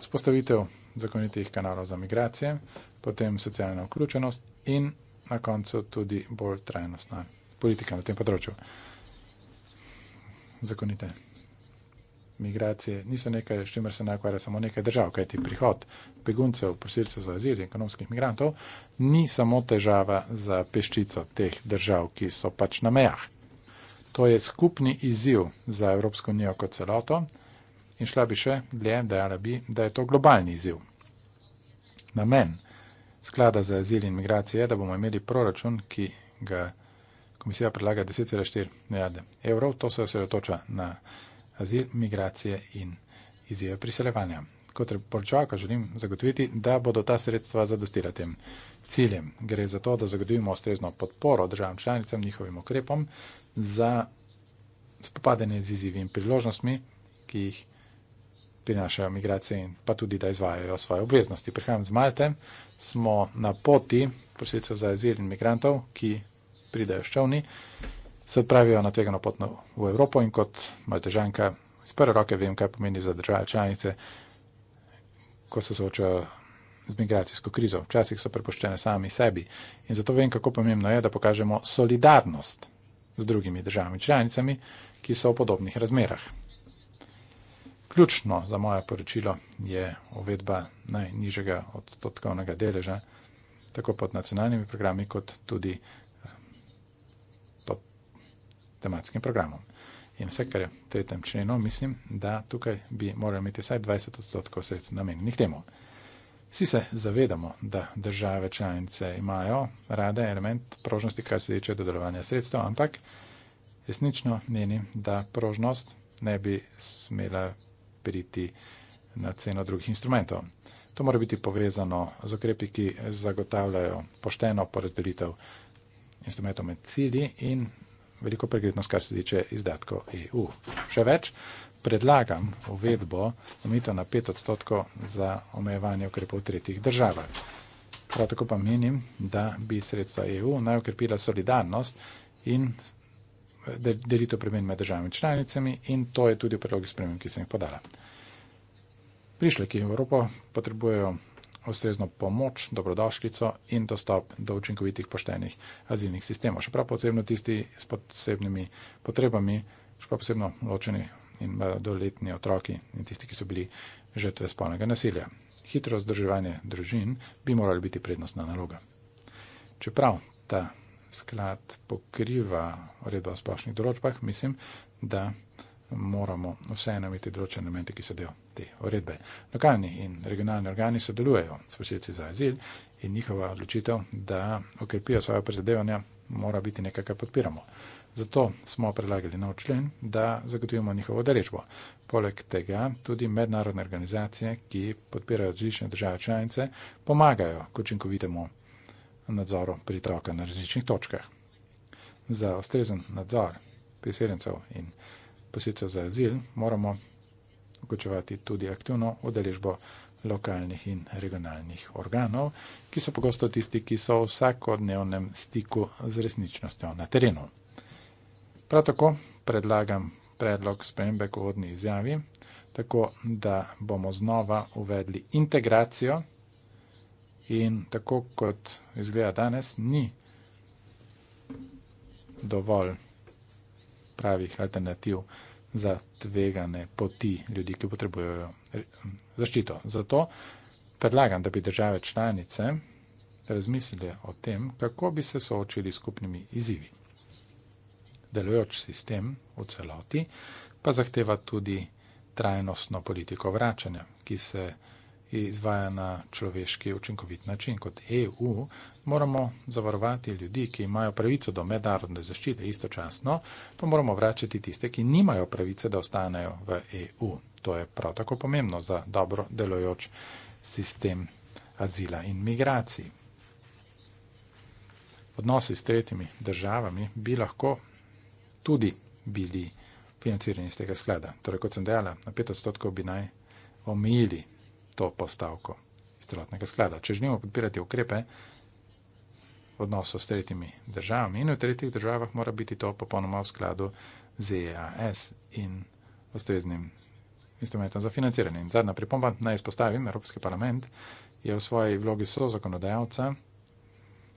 spostavitev zakonitih kanalov za migracije, potem socialna vključenost in na koncu tudi bolj trajnostna politika na tem področju. Zakonite. Migracije niso nekaj, s čimer se najkvarja samo nekaj držav, kajti prihod beguncev, prosilcev za azil, ekonomskih migrantov, ni samo težava za peščico teh držav, ki so pač na mejah. To je skupni izziv za Evropsko unijo kot celoto in šla bi še dlje, dejala bi, da je to globalni izziv. Namen sklada za azil in migracije, da bomo imeli proračun, ki ga komisija predlaga 10,4 milijarde evrov. To se osredotoča na azil, migracije in izjave priseljevanja. Kot reporčevalka želim zagotoviti, da bodo ta sredstva zadostila tem ciljem. Gre za to, da zagotovimo ustrezno podporo državam članicam, njihovim ukrepom za spopadanje z izjivim priložnostmi, ki jih prinašajo migracije in pa tudi, da izvajajo svoje obveznosti. Prihajam z Malte, smo na poti prosilcev za azil in migrantov, ki pridajo ščovni, se odpravijo na tvegano pot v Evropo in kot maltežanka iz prve roke vem, kaj pomeni za države članice, ko se soočajo z migracijsko krizo. Včasih so prepoščene sami sebi in zato vem, kako pomembno je, da pokažemo solidarnost z drugimi državami članicami, ki so v podobnih razmerah. Ključno za moje poročilo je uvedba najnižjega odstotkovnega deleža, tako pod nacionalnimi programi, kot tudi eh, pod tematskim programom. In vse, kar je v tretjem členu, mislim, da tukaj bi morali imeti vsaj 20 odstotkov sredstv namenjenih temu. Vsi se zavedamo, da države članice imajo rade element prožnosti, kar se tiče dodelovanja sredstev, ampak resnično menim, da prožnost ne bi smela priti na ceno drugih instrumentov. To mora biti povezano z okrepi, ki zagotavljajo pošteno porazdelitev instrumentov med cilji in veliko preglednost, kar se tiče izdatkov EU. Še več, predlagam uvedbo omejitev na 5 odstotkov za omejevanje ukrepov v tretjih državah. Prav tako pa menim, da bi sredstva EU naj okrepila solidarnost in delitev premen med državami članicami in to je tudi predlog sprememb, ki sem jih podala. Prišle, ki v Evropo potrebujejo ustrezno pomoč, dobrodošlico in dostop do učinkovitih poštenih azilnih sistemov. Še prav potrebno tisti s posebnimi potrebami, še prav posebno ločeni in doletni otroki in tisti, ki so bili žrtve spolnega nasilja. Hitro združevanje družin bi morali biti prednostna naloga. Čeprav ta sklad pokriva uredba o splošnih določbah, mislim, da moramo vseeno imeti določene elemente, ki so del te uredbe. Lokalni in regionalni organi sodelujejo s posilci za azil in njihova odločitev, da okrepijo svoje prizadevanja, mora biti nekaj, kar podpiramo. Zato smo predlagali nov člen, da zagotovimo njihovo deležbo. Poleg tega tudi mednarodne organizacije, ki podpirajo različne države članice, pomagajo k učinkovitemu nadzoru pritoka na različnih točkah. Za ustrezen nadzor priseljencev in posilcev za azil moramo vključevati tudi aktivno udeležbo lokalnih in regionalnih organov, ki so pogosto tisti, ki so v vsakodnevnem stiku z resničnostjo na terenu. Prav tako predlagam predlog spremembe k vodni izjavi, tako da bomo znova uvedli integracijo In tako kot izgleda danes, ni dovolj pravih alternativ za tvegane poti ljudi, ki potrebujejo zaščito. Zato predlagam, da bi države članice razmislile o tem, kako bi se soočili s skupnimi izzivi. Delujoč sistem v celoti pa zahteva tudi trajnostno politiko vračanja, ki se izvaja na človeški učinkovit način. Kot EU moramo zavarovati ljudi, ki imajo pravico do mednarodne zaščite, istočasno pa moramo vračati tiste, ki nimajo pravice, da ostanejo v EU. To je prav tako pomembno za dobro delojoč sistem azila in migracij. Odnosi s tretjimi državami bi lahko tudi bili financirani iz tega sklada. Torej, kot sem dejala, na 5 odstotkov bi naj omejili to postavko iz celotnega sklada. Če želimo podpirati ukrepe v odnosu s tretjimi državami in v tretjih državah, mora biti to popolnoma v skladu z EAS in ustreznim instrumentom za financiranje. In zadnja pripomba, naj izpostavim, Evropski parlament je v svoji vlogi so zakonodajalca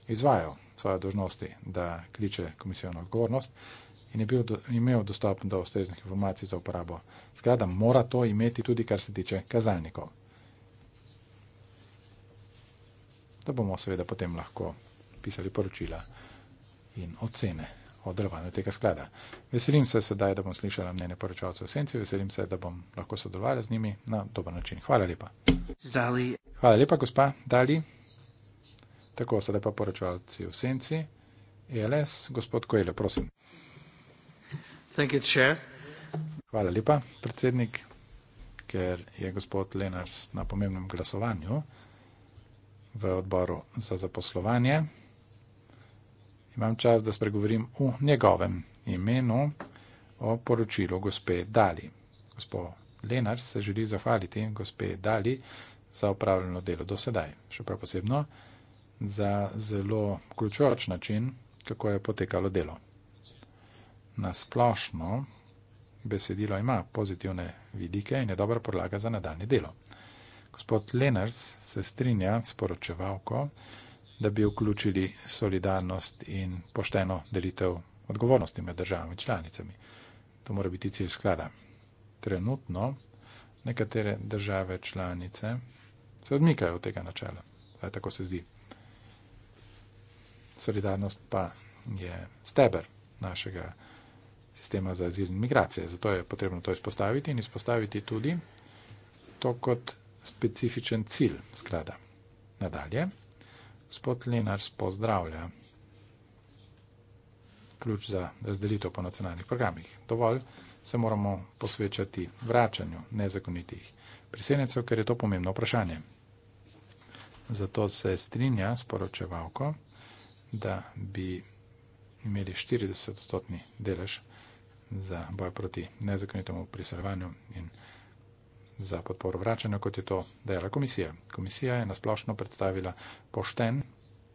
izvajal svoje dožnosti, da kliče komisijo na odgovornost in je bil do, imel dostop do ustreznih informacij za uporabo sklada, mora to imeti tudi, kar se tiče kazalnikov. da bomo seveda potem lahko pisali poročila in ocene o delovanju tega sklada. Veselim se sedaj, da bom slišala mnenje poročalcev v senci, veselim se, da bom lahko sodelovala z njimi na dober način. Hvala lepa. Zdali. Hvala lepa, gospa Dali. Tako, sedaj pa poročalci v senci. ELS, gospod Koelo, prosim. Thank you, chair. Hvala lepa, predsednik, ker je gospod Lenars na pomembnem glasovanju v odboru za zaposlovanje. Imam čas, da spregovorim v njegovem imenu o poročilu gospe Dali. Gospod Lenar se želi zahvaliti gospe Dali za opravljeno delo do sedaj, še prav posebno za zelo ključoč način, kako je potekalo delo. Nasplošno besedilo ima pozitivne vidike in je dobra podlaga za nadaljne delo. Gospod Lenars se strinja s poročevalko, da bi vključili solidarnost in pošteno delitev odgovornosti med državami članicami. To mora biti cilj sklada. Trenutno nekatere države članice se odmikajo od tega načela. Zdaj tako se zdi. Solidarnost pa je steber našega sistema za azil in migracije. Zato je potrebno to izpostaviti in izpostaviti tudi to kot specifičen cilj sklada. Nadalje, gospod Lenars pozdravlja ključ za razdelitev po nacionalnih programih. Dovolj se moramo posvečati vračanju nezakonitih priseljencev, ker je to pomembno vprašanje. Zato se strinja s poročevalko, da bi imeli 40-stotni delež za boj proti nezakonitemu priseljevanju in priseljevanju za podporo vračanja, kot je to dejala komisija. Komisija je nasplošno predstavila pošten,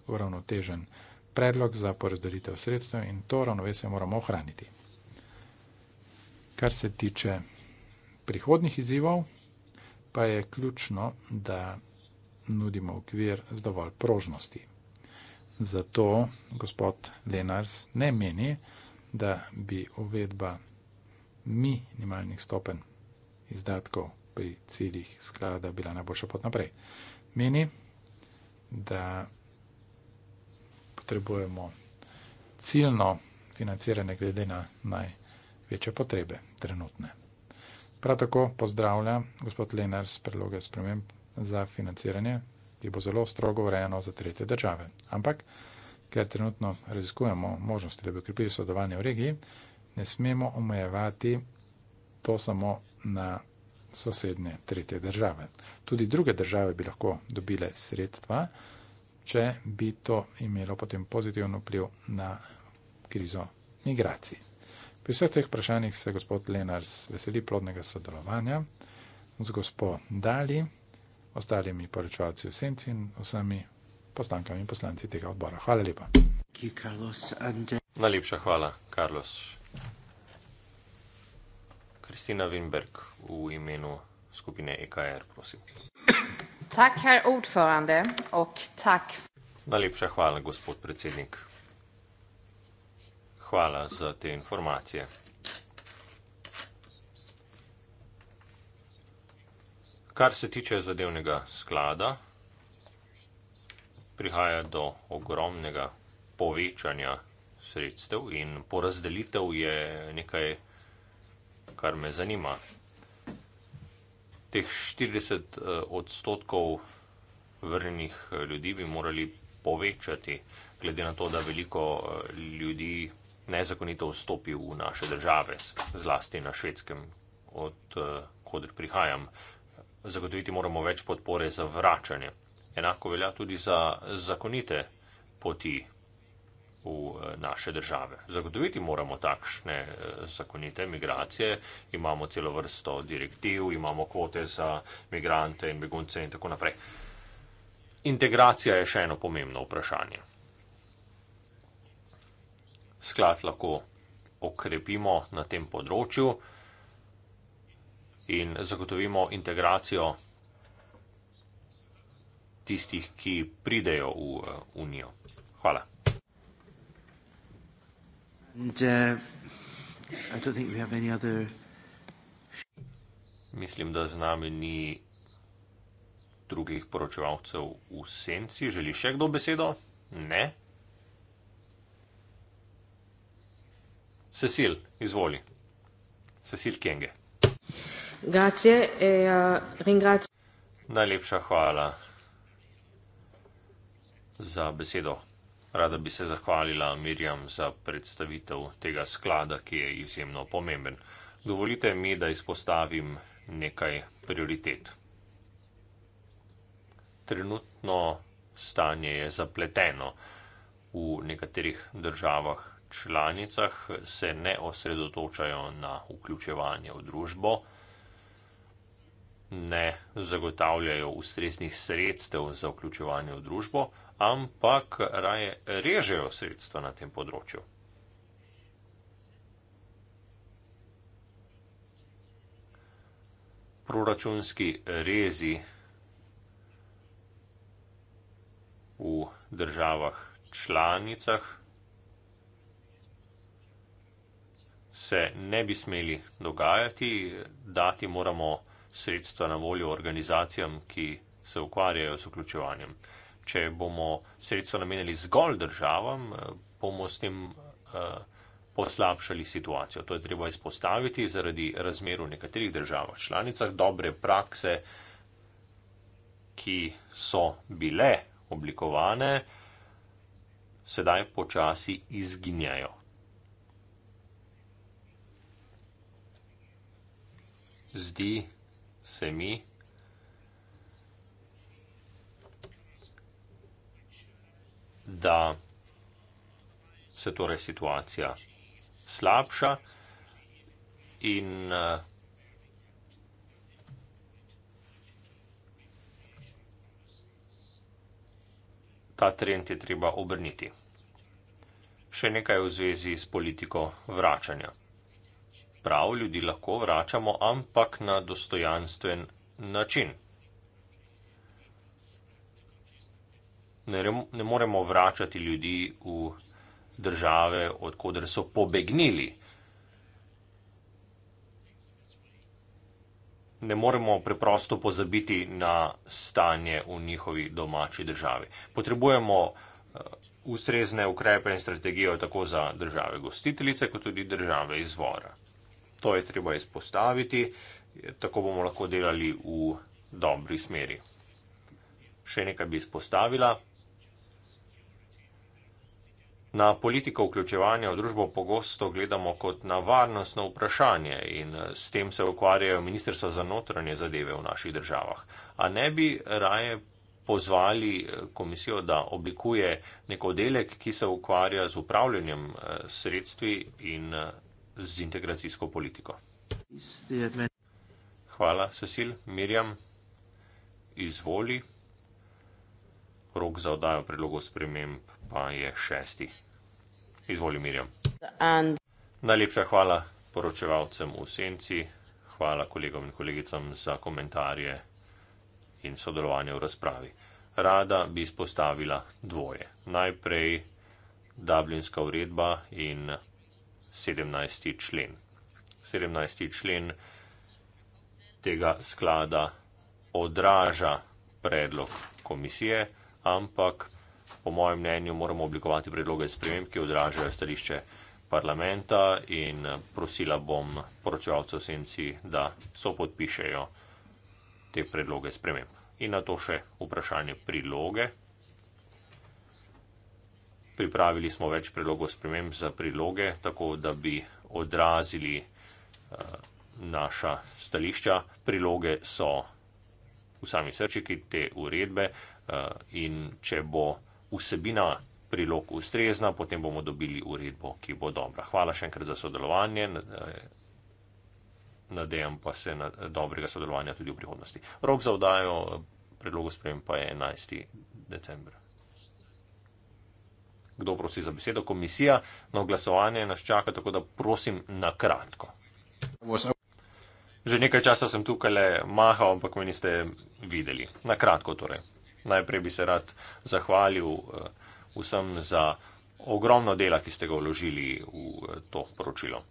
uravnotežen predlog za porazdelitev sredstev in to ravnovesje moramo ohraniti. Kar se tiče prihodnih izzivov, pa je ključno, da nudimo okvir z dovolj prožnosti. Zato gospod Lenars ne meni, da bi uvedba minimalnih stopen izdatkov pri ciljih sklada bila najboljša pot naprej. Meni, da potrebujemo ciljno financiranje glede na največje potrebe trenutne. Prav tako pozdravlja gospod Lenar s predloge sprememb za financiranje, ki bo zelo strogo urejeno za tretje države. Ampak, ker trenutno raziskujemo možnosti, da bi ukrepili sodelovanje v regiji, ne smemo omejevati to samo na sosednje tretje države. Tudi druge države bi lahko dobile sredstva, če bi to imelo potem pozitivno vpliv na krizo migracij. Pri vseh teh vprašanjih se gospod Lenars veseli plodnega sodelovanja z gospod Dali, ostalimi poročevalci v Senci in vsemi poslankami in poslanci tega odbora. Hvala lepa. Uh, Najlepša hvala, Carlos. Kristina Winberg v imenu skupine EKR, prosim. Tak, ok, tak. Najlepša hvala, gospod predsednik. Hvala za te informacije. Kar se tiče zadevnega sklada, prihaja do ogromnega povečanja sredstev in porazdelitev je nekaj kar me zanima. Teh 40 eh, odstotkov vrnjenih eh, ljudi bi morali povečati, glede na to, da veliko eh, ljudi nezakonito vstopi v naše države, zlasti na švedskem, od koder prihajam. Zagotoviti moramo več podpore za vračanje. Enako velja tudi za zakonite poti v eh, naše države. Zagotoviti moramo takšne eh, zakonite migracije, imamo celo vrsto direktiv, imamo kvote za migrante in begunce in tako naprej. Integracija je še eno pomembno vprašanje. Sklad lahko okrepimo na tem področju in zagotovimo integracijo tistih, ki pridejo v eh, Unijo. Hvala. Uh, Mislim, da z nami ni drugih poročevalcev v senci. Želi še kdo besedo? Ne. Cecil, izvoli. Cecil Kenge. Grazie, e, uh, Najlepša hvala za besedo. Rada bi se zahvalila Mirjam za predstavitev tega sklada, ki je izjemno pomemben. Dovolite mi, da izpostavim nekaj prioritet. Trenutno stanje je zapleteno. V nekaterih državah članicah se ne osredotočajo na vključevanje v družbo, ne zagotavljajo ustreznih sredstev za vključevanje v družbo, ampak raje režejo sredstva na tem področju. Proračunski rezi v državah članicah se ne bi smeli dogajati, dati moramo sredstva na voljo organizacijam, ki se ukvarjajo z vključevanjem če bomo sredstvo namenili zgolj državam, eh, bomo s tem eh, poslabšali situacijo. To je treba izpostaviti zaradi razmeru v nekaterih državah članicah, dobre prakse, ki so bile oblikovane, sedaj počasi izginjajo. Zdi se mi, da se torej situacija slabša in eh, ta trend je treba obrniti. Še nekaj v zvezi s politiko vračanja. Prav ljudi lahko vračamo, ampak na dostojanstven način. ne, ne moremo vračati ljudi v države, odkuder so pobegnili. Ne moremo preprosto pozabiti na stanje v njihovi domači državi. Potrebujemo eh, ustrezne ukrepe in strategijo tako za države gostiteljice, kot tudi države izvora. To je treba izpostaviti, tako bomo lahko delali v dobri smeri. Še nekaj bi izpostavila, Na politiko vključevanja v družbo pogosto gledamo kot na varnostno vprašanje in eh, s tem se ukvarjajo ministrstva za notranje zadeve v naših državah. A ne bi raje pozvali eh, komisijo, da oblikuje neko delek, ki se ukvarja z upravljanjem eh, sredstvi in z integracijsko politiko? Hvala, Cecil. Mirjam, izvoli. Rok za oddajo predlogov sprememb pa je šesti. Izvoli, Mirjam. And... Najlepša hvala poročevalcem v Senci, hvala kolegom in kolegicam za komentarje in sodelovanje v razpravi. Rada bi izpostavila dvoje. Najprej Dublinska uredba in 17. člen. 17. člen tega sklada odraža predlog komisije, ampak po mojem mnenju, moramo oblikovati predloge sprememb, ki odražajo stališče parlamenta in eh, prosila bom poročevalce v senci, da so podpišejo te predloge sprememb. In na to še vprašanje priloge. Pripravili smo več predlogov sprememb za priloge, tako da bi odrazili uh, naša stališča. Priloge so v sami srčiki te uredbe uh, in če bo vsebina prilog ustrezna, potem bomo dobili uredbo, ki bo dobra. Hvala še enkrat za sodelovanje. Eh, nadejam pa se na dobrega sodelovanja tudi v prihodnosti. Rok za vdajo eh, predlogu sprem pa je 11. december. Kdo prosi za besedo? Komisija na no, oglasovanje nas čaka, tako da prosim na kratko. Že nekaj časa sem tukaj le mahal, ampak me niste videli. Na kratko torej. Najprej bi se rad zahvalil eh, vsem za ogromno dela, ki ste ga vložili v eh, to poročilo.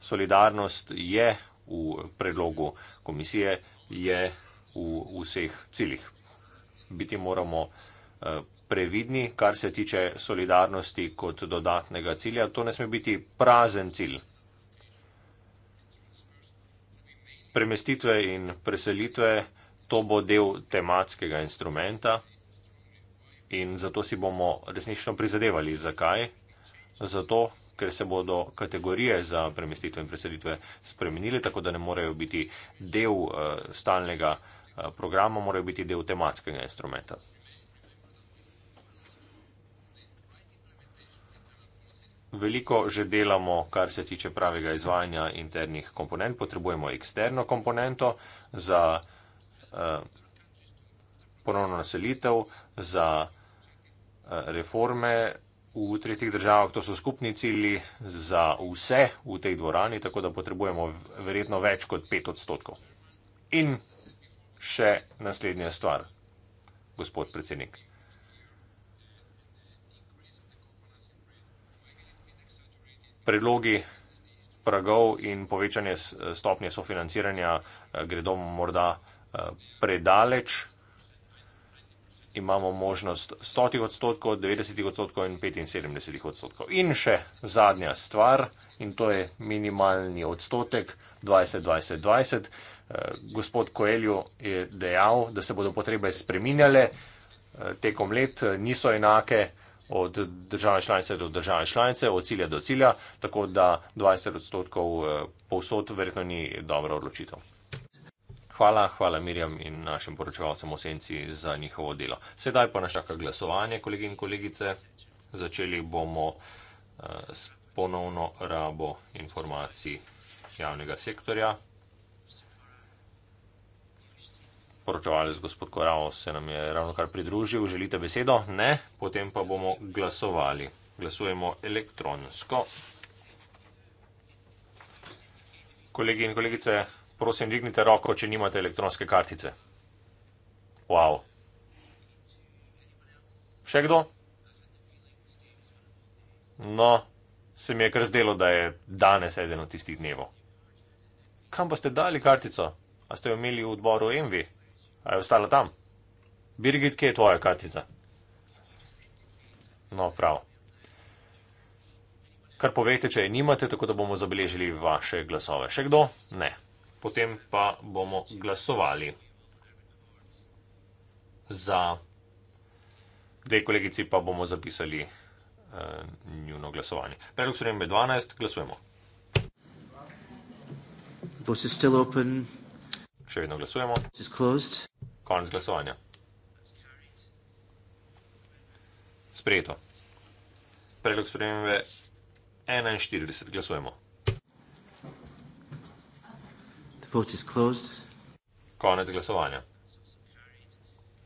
Solidarnost je v predlogu komisije, je v vseh ciljih. Biti moramo eh, previdni, kar se tiče solidarnosti kot dodatnega cilja. To ne sme biti prazen cilj. Premestitve in preselitve to bo del tematskega instrumenta in zato si bomo resnično prizadevali. Zakaj? Zato, ker se bodo kategorije za premestitve in preselitve spremenile, tako da ne morejo biti del uh, stalnega uh, programa, morajo biti del tematskega instrumenta. Veliko že delamo, kar se tiče pravega izvajanja internih komponent, potrebujemo eksterno komponento za. Eh, ponovno naselitev, za eh, reforme v tretjih državah. To so skupni cilji za vse v tej dvorani, tako da potrebujemo verjetno več kot pet odstotkov. In še naslednja stvar, gospod predsednik. Predlogi pragov in povečanje stopnje sofinanciranja eh, gredo morda vsega. Eh, predaleč, imamo možnost 100 odstotkov, 90 odstotkov in 75 odstotkov. In še zadnja stvar, in to je minimalni odstotek 20-20-20. Eh, gospod Koelju je dejal, da se bodo potrebe spreminjale eh, tekom let, niso enake od države članice do države članice, od cilja do cilja, tako da 20 odstotkov povsod verjetno ni dobra odločitev. Hvala, hvala Mirjam in našim poročevalcem v senci za njihovo delo. Sedaj pa nas čaka glasovanje, kolegi in kolegice. Začeli bomo eh, s ponovno rabo informacij javnega sektorja. Poročevalec gospod Korao se nam je ravno kar pridružil. Želite besedo? Ne. Potem pa bomo glasovali. Glasujemo elektronsko. Kolegi in kolegice, prosim, dvignite roko, če nimate elektronske kartice. Wow. Še kdo? No, se mi je kar zdelo, da je danes eden od tistih dnev. Kam pa ste dali kartico? A ste jo imeli v odboru MV? A je ostala tam? Birgit, kje je tvoja kartica? No, prav. Kar povejte, če je nimate, tako da bomo zabeležili vaše glasove. Še kdo? Ne potem pa bomo glasovali za dve kolegici, pa bomo zapisali uh, njuno glasovanje. Predlog sprememb je 12, glasujemo. Še vedno glasujemo. Konec glasovanja. Sprejeto. Predlog spremembe 41, glasujemo. Konec glasovanja.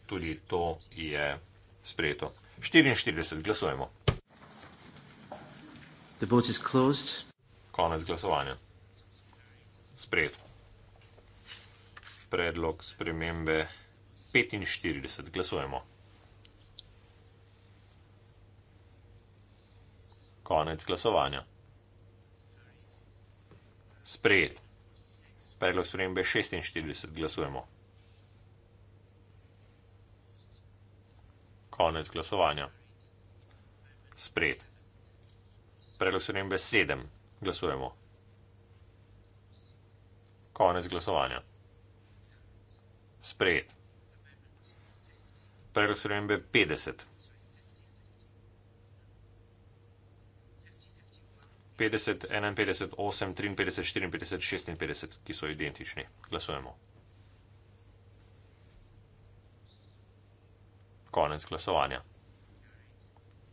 Tudi to je sprejeto. 44 glasujemo. Konec glasovanja. Sprejeto. Predlog spremembe 45 glasujemo. Konec glasovanja. Sprejeto. Predlog spremembe 46 glasujemo. Konec glasovanja. Spred. Predlog spremembe 7 glasujemo. Konec glasovanja. Spred. Predlog spremembe 50 glasujemo. 50, 51, 8, 53, 54, 56, ki so identični. Glasujemo. Konec glasovanja.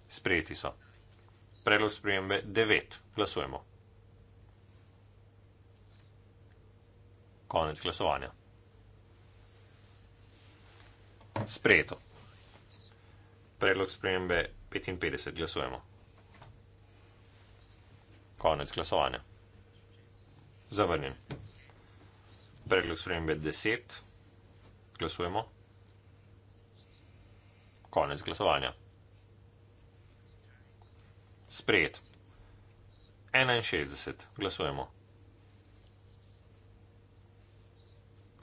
Sprejeti so. Predlog sprejembe 9. Glasujemo. Konec glasovanja. Sprejeto. Predlog sprejembe 55. Glasujemo. Konec glasovanja. Zavrnjen. Predlog spremembe 10. Glasujemo. Konec glasovanja. Sprejet. 61. Glasujemo.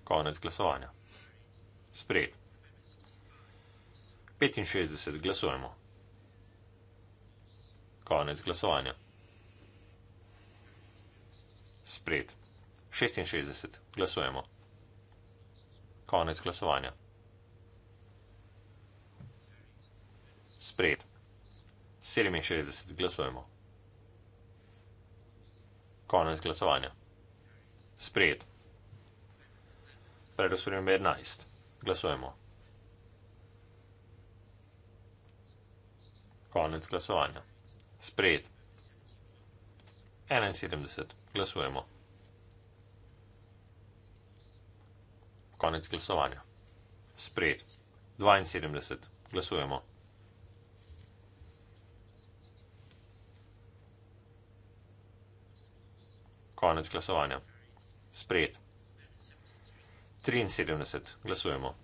Konec glasovanja. Sprejet. 65. Glasujemo. Konec glasovanja. Sprejet. 66. Glasujemo. Konec glasovanja. Sprejet. 67. Glasujemo. Konec glasovanja. Sprejet. Predosprememba 11. Glasujemo. Konec glasovanja. Sprejet. 71 glasujemo. Konec glasovanja. Sprejet. 72. Glasujemo. Konec glasovanja. Sprejet. 73. Glasujemo.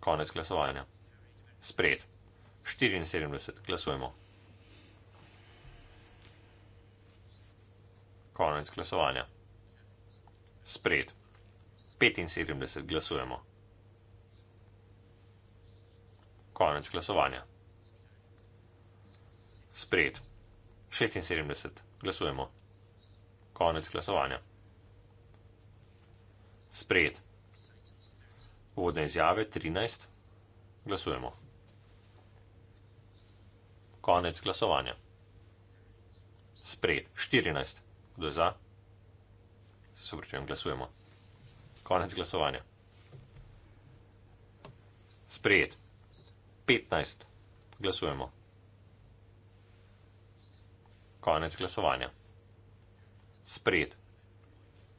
Konec glasovanja. Sprejet. 74. Glasujemo. Konec glasovanja. Spred. 75 glasujemo. Konec glasovanja. Spred. 76 glasujemo. Konec glasovanja. Spred. Vodne izjave 13 glasujemo. Konec glasovanja. Spred 14 glasujemo. Kdo je za? Se upravičujem, glasujemo. Konec glasovanja. Sprejet. 15. Glasujemo. Konec glasovanja. Sprejet.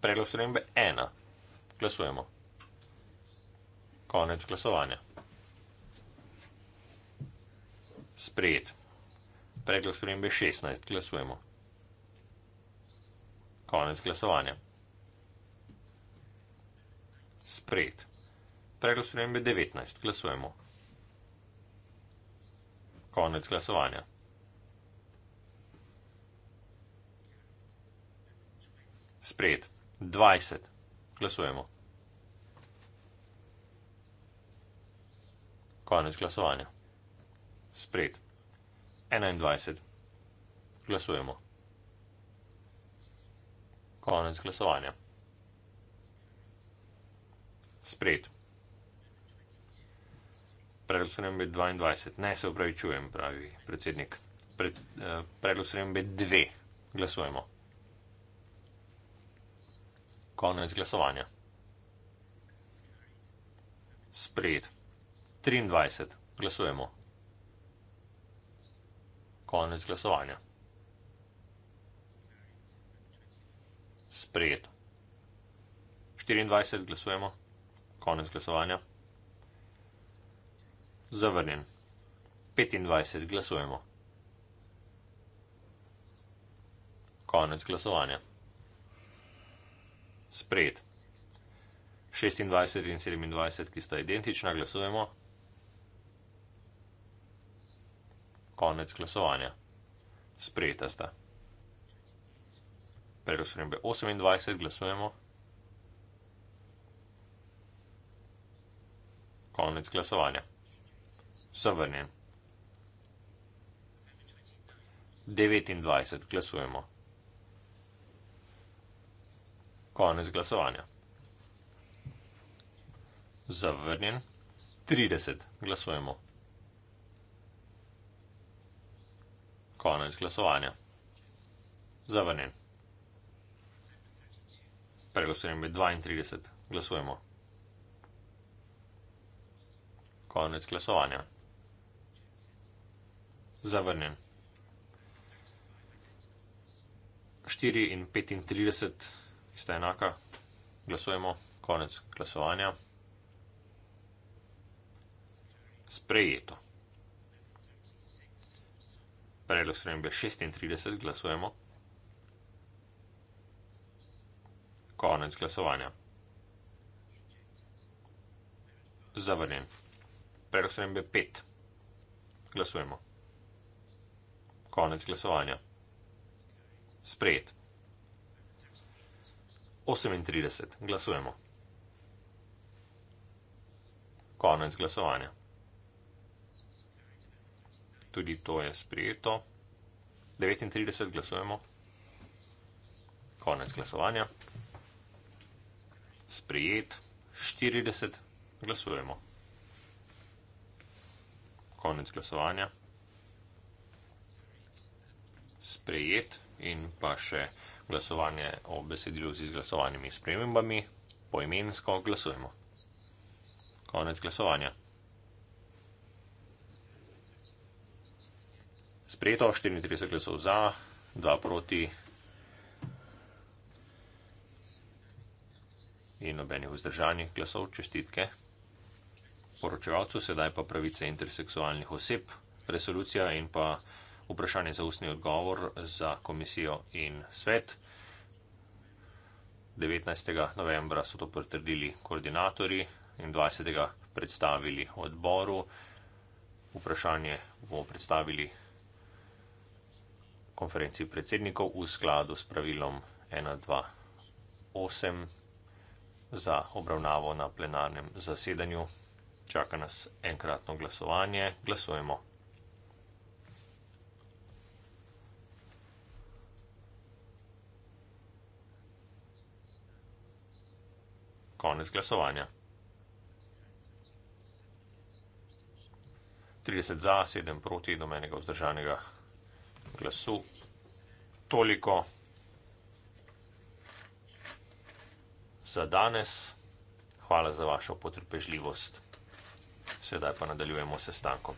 Predlog spremembe 1. Glasujemo. Konec glasovanja. Sprejet. Predlog spremembe 16. Glasujemo. Konec glasovanja. Sprejet. Predlog spremembe 19. Glasujemo. Konec glasovanja. Sprejet. 20. Glasujemo. Konec glasovanja. Sprejet. 21. Glasujemo. Konec glasovanja. Sprejet. Predlog sremembe 22. Ne se upravičujem, pravi predsednik. Pred, eh, predlog sremembe 2. Glasujemo. Konec glasovanja. Sprejet. 23. Glasujemo. Konec glasovanja. sprejeto. 24 glasujemo, konec glasovanja. Zavrnjen. 25 glasujemo. Konec glasovanja. Sprejet. 26 in 27, ki sta identična, glasujemo. Konec glasovanja. Sprejeta sta. Predlog spremembe 28, glasujemo. Konec glasovanja. Sem vrnjen. 29, glasujemo. Konec glasovanja. Zavrnjen. 30, glasujemo. Konec glasovanja. Zavrnjen preglasujem 32, glasujemo. Konec glasovanja. Zavrnjen. 4 in 35 sta enaka, glasujemo. Konec glasovanja. Sprejeto. Predlog sprememb je 36, glasujemo. Konec glasovanja. Zavrnjen. Predlog spremembe 5. Glasujemo. Konec glasovanja. Sprejet. 38. Glasujemo. Konec glasovanja. Tudi to je sprejeto. 39. Glasujemo. Konec glasovanja sprejet 40, glasujemo. Konec glasovanja. Sprejet in pa še glasovanje o besedilu z izglasovanimi spremembami, poimensko glasujemo. Konec glasovanja. Sprejeto 34 glasov za, 2 proti in nobenih vzdržanih glasov, čestitke. Poročevalcu sedaj pa pravice interseksualnih oseb, resolucija in pa vprašanje za ustni odgovor za komisijo in svet. 19. novembra so to potrdili koordinatori in 20. predstavili odboru. Vprašanje bomo predstavili konferenci predsednikov v skladu s pravilom 128 za obravnavo na plenarnem zasedanju. Čaka nas enkratno glasovanje, glasujemo. Konec glasovanja. 30 za, 7 proti, do menega vzdržanega glasu. Toliko. za danes. Hvala za vašo potrpežljivost. Sedaj pa nadaljujemo s stankom.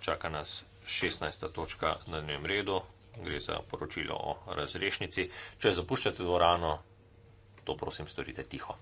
Čaka nas 16. točka na dnevnem redu, gre za poročilo o razrešnici. Če zapuščate dvorano, to prosim storite tiho.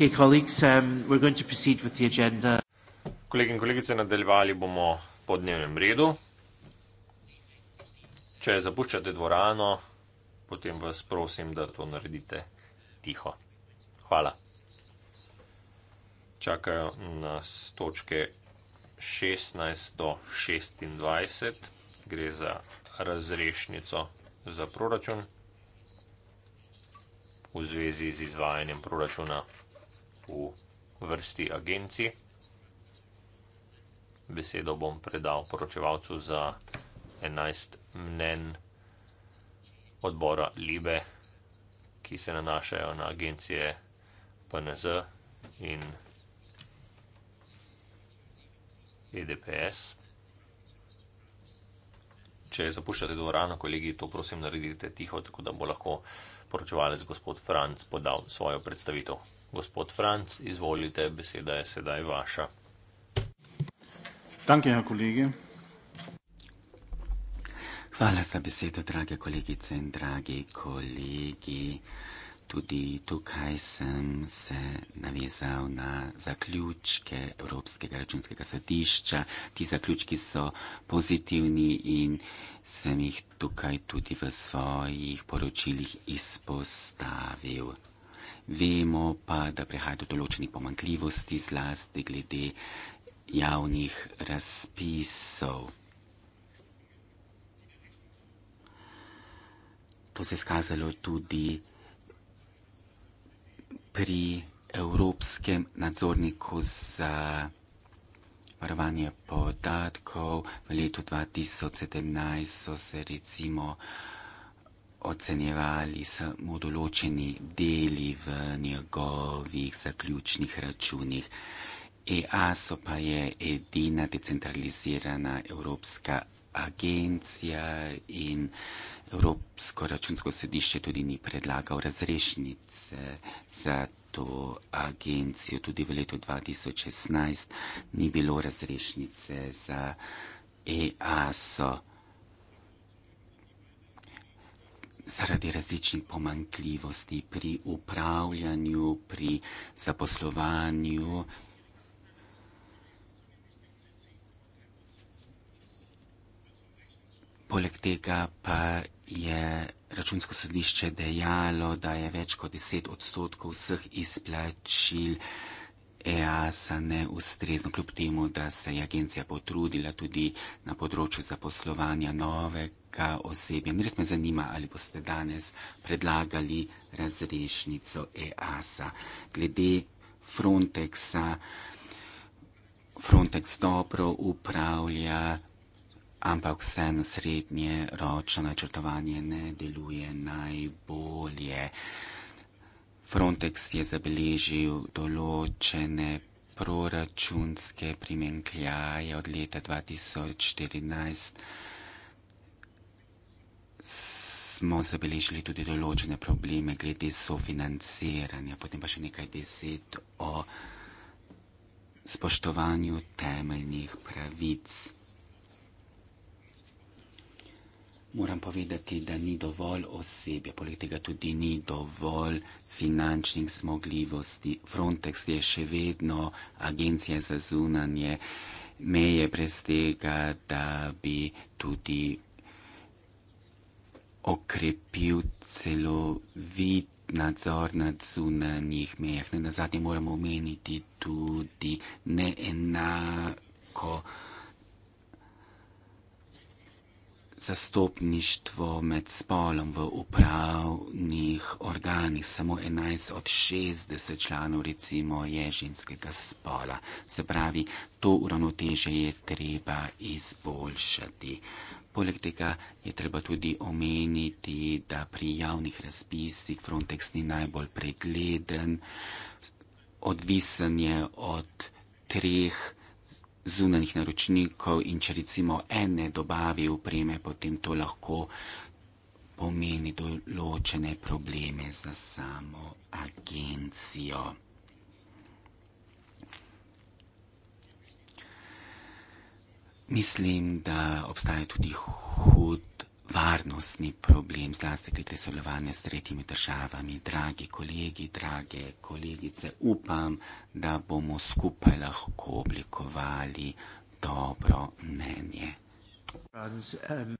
Okay, colleagues, um, we're going to proceed with the agenda. Kolegi in kolegice, nadaljevali bomo po dnevnem redu. Če zapuščate dvorano, potem vas prosim, da to naredite tiho. Hvala. Čakajo nas točke 16 do 26, gre za razrešnico za proračun v zvezi z izvajanjem proračuna v vrsti agenci. Besedo bom predal poročevalcu za 11 mnen odbora Libe, ki se nanašajo na agencije PNZ in EDPS. Če zapuščate dvorano, kolegi, to prosim naredite tiho, tako da bo lahko poročevalec gospod Franc podal svojo predstavitev. Gospod Franc, izvolite, beseda je sedaj vaša. Danke, ja, kolegi. Hvala za besedo, drage kolegice in dragi kolegi. Tudi tukaj sem se navezal na zaključke Evropskega računskega sodišča. Ti zaključki so pozitivni in sem jih tukaj tudi v svojih poročilih izpostavil. Vemo pa, da prihaja do določenih pomankljivosti, zlasti glede javnih razpisov. To se je skazalo tudi pri Evropskem nadzorniku za varovanje podatkov. V letu 2017 so se recimo ocenjevali samo določeni deli v njegovih zaključnih računih. EASO pa je edina decentralizirana evropska agencija in Evropsko računsko sodišče tudi ni predlagal razrešnice za to agencijo. Tudi v letu 2016 ni bilo razrešnice za EASO. zaradi različnih pomankljivosti pri upravljanju, pri zaposlovanju. Poleg tega pa je računsko sodišče dejalo, da je več kot 10 odstotkov vseh izplačil EASA neustrezno, kljub temu, da se je agencija potrudila tudi na področju zaposlovanja novega ga osebje. In res me zanima, ali boste danes predlagali razrešnico EASA. Glede Frontexa, Frontex dobro upravlja, ampak vseeno srednje ročno načrtovanje ne deluje najbolje. Frontex je zabeležil določene proračunske primenkljaje od leta 2014 smo zabeležili tudi določene probleme glede sofinanciranja, potem pa še nekaj deset o spoštovanju temeljnih pravic. Moram povedati, da ni dovolj osebja, poleg tega tudi ni dovolj finančnih zmogljivosti. Frontex je še vedno agencija za zunanje meje brez tega, da bi tudi okrepil celovit nadzor nad zunanjih mejah. Ne nazadnje moramo omeniti tudi neenako zastopništvo med spolom v upravnih organih. Samo 11 od 60 članov recimo je ženskega spola. Se pravi, to uravnotežje je treba izboljšati. Poleg tega je treba tudi omeniti, da pri javnih razpisih Frontex ni najbolj pregleden, odvisen je od treh zunanjih naročnikov in če recimo ene dobavi upreme, potem to lahko pomeni določene probleme za samo agencijo. Mislim, da obstaja tudi hud varnostni problem, zlasti glede sodelovanja s tretjimi državami. Dragi kolegi, drage kolegice, upam, da bomo skupaj lahko oblikovali dobro mnenje. Franz, um...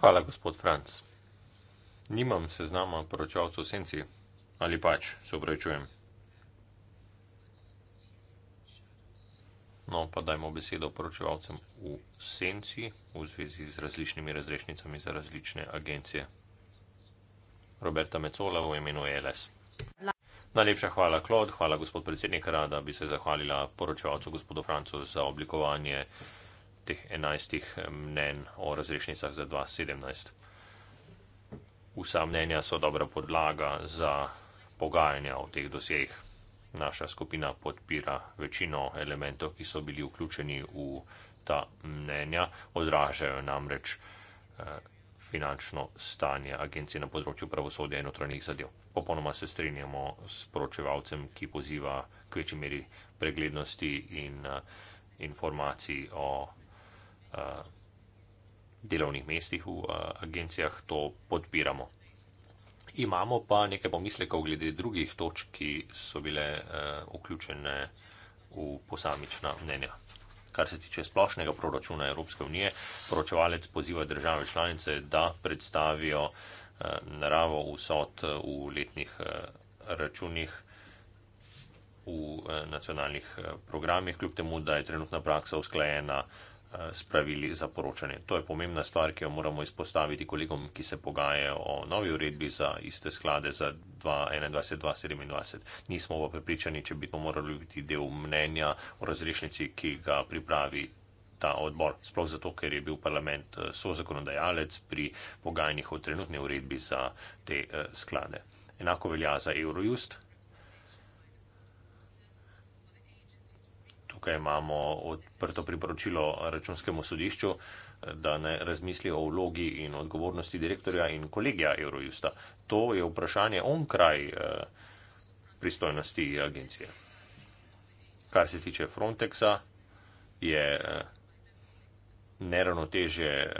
Hvala, gospod Franc. Nimam seznama poročavcev v senci ali pač, se upravičujem. No, pa dajmo besedo poročevalcem v senci v zvezi z različnimi razrešnicami za različne agencije. Roberta Mecola v imenu e LS. Najlepša hvala, Klod, hvala, gospod predsednik, rada bi se zahvalila poročevalcu gospodu Francu za oblikovanje teh enajstih eh, mnen o razrešnicah za 2017. Vsa mnenja so dobra podlaga za pogajanja o teh dosjejih naša skupina podpira večino elementov, ki so bili vključeni v ta mnenja, odražajo namreč eh, finančno stanje agencije na področju pravosodja in notranjih zadev. Popolnoma se strinjamo s poročevalcem, ki poziva k večji meri preglednosti in eh, informacij o eh, delovnih mestih v agencijah, to podpiramo. Imamo pa nekaj pomislekov glede drugih točk, ki so bile uh, vključene v posamična mnenja. Kar se tiče splošnega proračuna Evropske unije, poročevalec poziva države članice, da predstavijo uh, naravo vsot eh, v letnih uh, računih v uh, nacionalnih uh, programih, kljub temu, da je trenutna praksa usklajena uh, Eh, spravili za poročanje. To je pomembna stvar, ki jo moramo izpostaviti kolegom, ki se pogajajo o novi uredbi za iste sklade za 2021-2027. Nismo pa pripričani, če bi to moralo biti del mnenja o razrešnici, ki ga pripravi ta odbor. Sploh zato, ker je bil parlament eh, sozakonodajalec pri pogajanjih o trenutni uredbi za te eh, sklade. Enako velja za Eurojust, tukaj imamo odprto priporočilo računskemu sodišču, da ne razmisli o vlogi in odgovornosti direktorja in kolegija Eurojusta. To je vprašanje onkraj eh, pristojnosti agencije. Kar se tiče Frontexa, je eh, neravnoteže eh,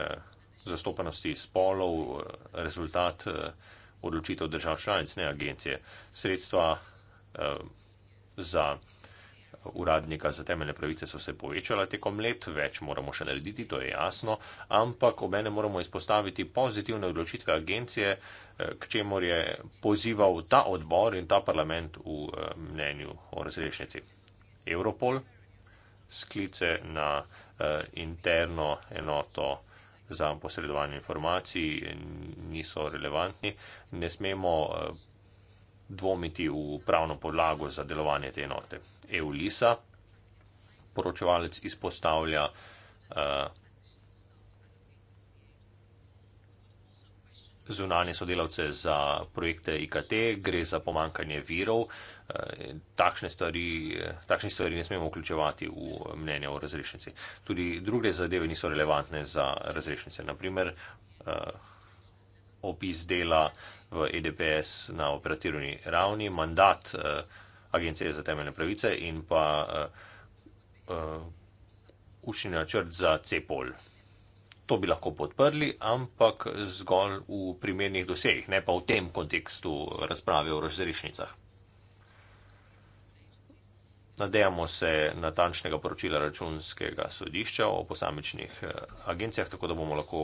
zastopanosti spolov rezultat odločitev držav članic, ne agencije. Sredstva za uradnika za temeljne pravice so se povečala tekom let, več moramo še narediti, to je jasno, ampak obene moramo izpostaviti pozitivne odločitve agencije, eh, k čemu je pozival ta odbor in ta parlament v eh, mnenju o razrešnici. Europol sklice na eh, interno enoto za posredovanje informacij niso relevantni, ne smemo dvomiti v pravno podlago za delovanje te enote. Eulisa. Poročevalec izpostavlja, uh, Zunanje sodelavce za projekte IKT, gre za pomankanje virov, eh, takšne stvari, eh, takšne stvari ne smemo vključevati v mnenje o razrešnici. Tudi druge zadeve niso relevantne za razrešnice. Naprimer, opis dela v EDPS na operativni ravni, mandat agencije za temeljne pravice in pa uh, eh, eh, uh, učni načrt za CEPOL. To bi lahko podprli, ampak zgolj v primernih dosegih, ne pa v tem kontekstu razprave o razrešnicah. Nadejamo se natančnega poročila računskega sodišča o posamičnih eh, agencijah, tako da bomo lahko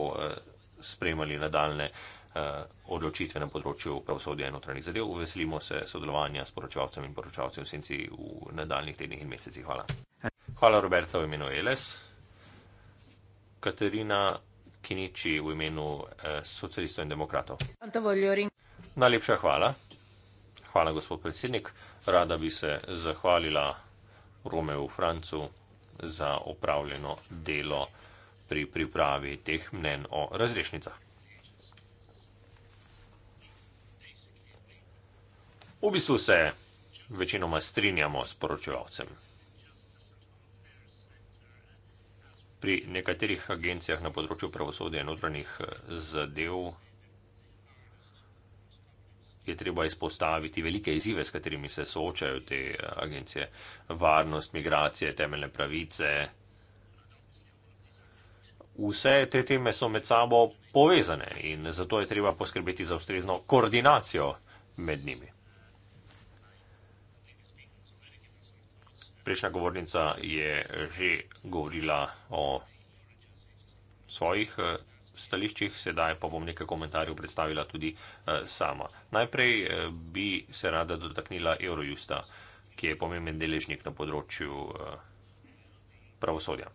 spremljali nadaljne uh, Eh, odločitve na področju pravosodja in notranjih zadev. Veselimo se sodelovanja s poročevalcem in poročevalcem v senci v nadaljnih tednih in mesecih. Hvala. Hvala, Roberto, v imenu Eles. Katerina Kiniči v imenu eh, socialistov in demokratov. Najlepša hvala. Hvala, gospod predsednik. Rada bi se zahvalila Romeju Francu za opravljeno delo pri pripravi teh mnen o razrešnicah. V bistvu se večinoma strinjamo s poročevalcem. Pri nekaterih agencijah na področju pravosodja in notranjih eh, zadev je treba izpostaviti velike izzive, s katerimi se soočajo te eh, agencije. Varnost, migracije, temeljne pravice. Vse te teme so med sabo povezane in zato je treba poskrbeti za ustrezno koordinacijo med njimi. prejšnja govornica je eh, že govorila o svojih eh, stališčih, sedaj pa bom nekaj komentarjev predstavila tudi eh, sama. Najprej bi se rada dotaknila Eurojusta, ki je pomemben deležnik na področju pravosodja.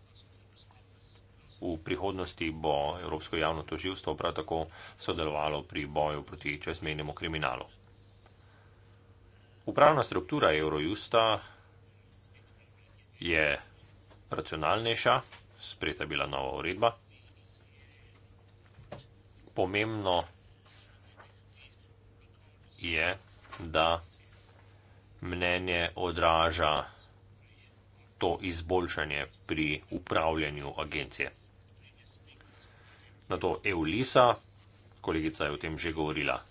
V prihodnosti bo Evropsko javno toživstvo prav tako sodelovalo pri boju proti čezmejnemu kriminalu. Upravna struktura Eurojusta je racionalnejša, sprejeta je bila nova uredba. Pomembno je, da mnenje odraža to izboljšanje pri upravljanju agencije. Na to Eulisa, kolegica je o tem že govorila.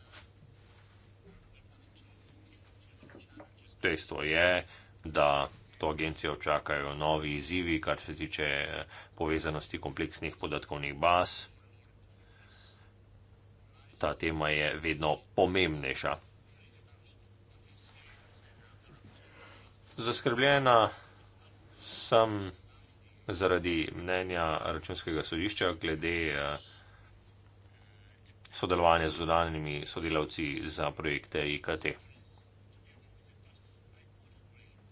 Dejstvo je, da to agencijo čakajo novi izzivi, kar se tiče eh, povezanosti kompleksnih podatkovnih baz. Ta tema je vedno pomembnejša. Zaskrbljena sem zaradi mnenja računskega sodišča glede eh, sodelovanja z zunanjimi sodelavci za projekte IKT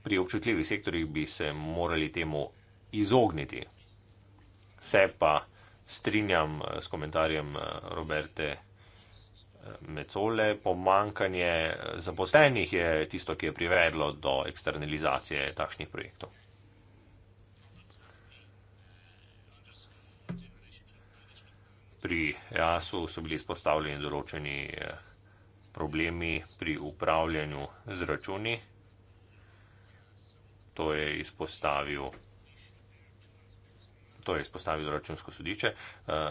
pri občutljivih sektorjih bi se morali temu izogniti. Se pa strinjam eh, s komentarjem eh, Roberte eh, Mecole, pomankanje zaposlenih je tisto, ki je privedlo do eksternalizacije takšnih projektov. Pri JASU so bili izpostavljeni določeni problemi pri upravljanju z računi. To je izpostavil, to je izpostavil računsko sodišče. Eh,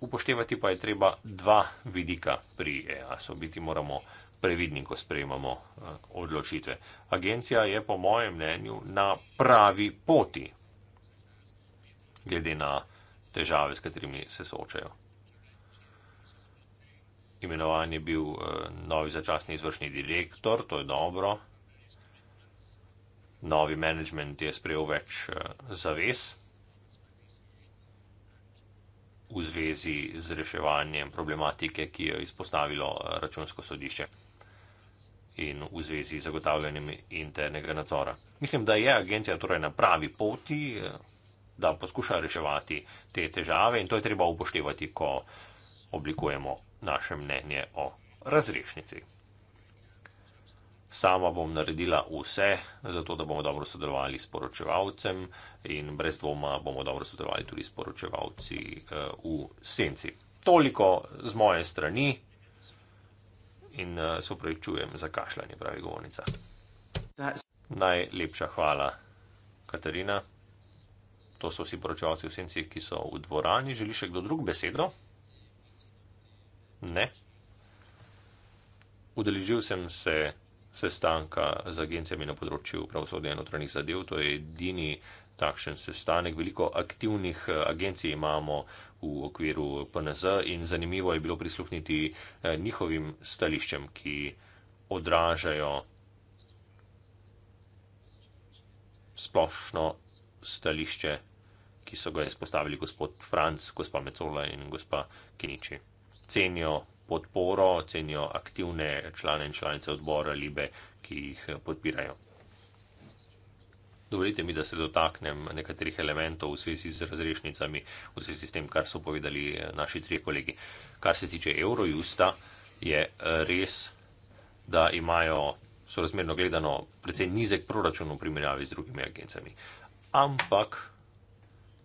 upoštevati pa je treba dva vidika pri EASO. Biti moramo previdni, ko sprejemamo eh, odločitve. Agencija je po mojem mnenju na pravi poti, glede na težave, s katerimi se soočajo. Imenovan je bil eh, novi začasni izvršni direktor, to je dobro novi management je sprejel več eh, zavez v zvezi z reševanjem problematike, ki jo je izpostavilo eh, računsko sodišče in v zvezi z zagotavljanjem internega nadzora. Mislim, da je agencija torej na pravi poti, eh, da poskuša reševati te težave in to je treba upoštevati, ko oblikujemo naše mnenje o razrešnici. Sama bom naredila vse, zato da bomo dobro sodelovali s poročevalcem in brez dvoma bomo dobro sodelovali tudi s poročevalci eh, v senci. Toliko z moje strani in eh, se upravičujem za kašljanje, pravi govornica. Najlepša hvala, Katarina. To so vsi poročevalci v senci, ki so v dvorani. Želi še kdo drug besedo? Ne. Udeležil sem se sestanka z agencijami na področju pravosodja in notranjih zadev. To je edini takšen sestanek. Veliko aktivnih eh, agencij imamo v okviru PNZ in zanimivo je bilo prisluhniti eh, njihovim stališčem, ki odražajo splošno stališče, ki so ga izpostavili gospod Franc, gospa Mecola in gospa Kiniči. Cenijo podporo, cenijo aktivne člane in članice odbora Libe, ki jih podpirajo. Dovolite mi, da se dotaknem nekaterih elementov v svezi z razrešnicami, v svezi s tem, kar so povedali eh, naši tri kolegi. Kar se tiče Eurojusta, je eh, res, da imajo sorazmerno gledano precej nizek proračun v primerjavi z drugimi agencami. Ampak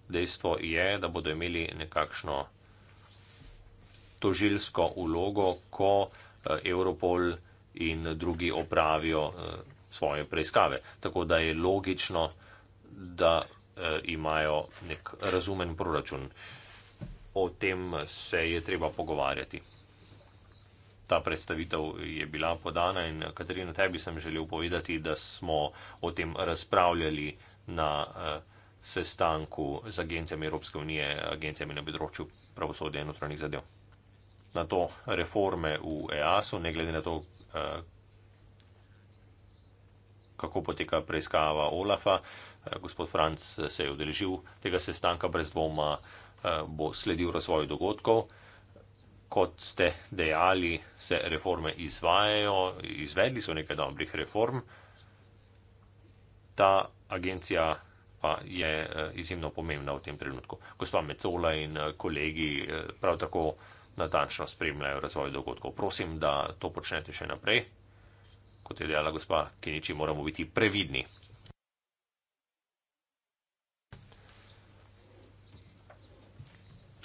dejstvo je, da bodo imeli nekakšno tožilsko vlogo, ko eh, Europol in drugi opravijo eh, svoje preiskave. Tako da je logično, da eh, imajo nek razumen proračun. O tem se je treba pogovarjati. Ta predstavitev je bila podana in Katarina, tebi sem želel povedati, da smo o tem razpravljali na sestanku z agencijami Evropske unije, agencijami na področju pravosodja in notranjih zadev na to reforme v EAS-u, ne glede na to, eh, kako poteka preiskava OLAF-a. Eh, gospod Franc se je odeležil tega sestanka, brez dvoma eh, bo sledil razvoju dogodkov. Kot ste dejali, se reforme izvajajo, izvedli so nekaj dobrih reform. Ta agencija pa je izjemno pomembna v tem trenutku. Gospa Mecola in kolegi prav tako natančno spremljajo razvoj dogodkov. Prosim, da to počnete še naprej. Kot je dejala gospa Kiniči, moramo biti previdni.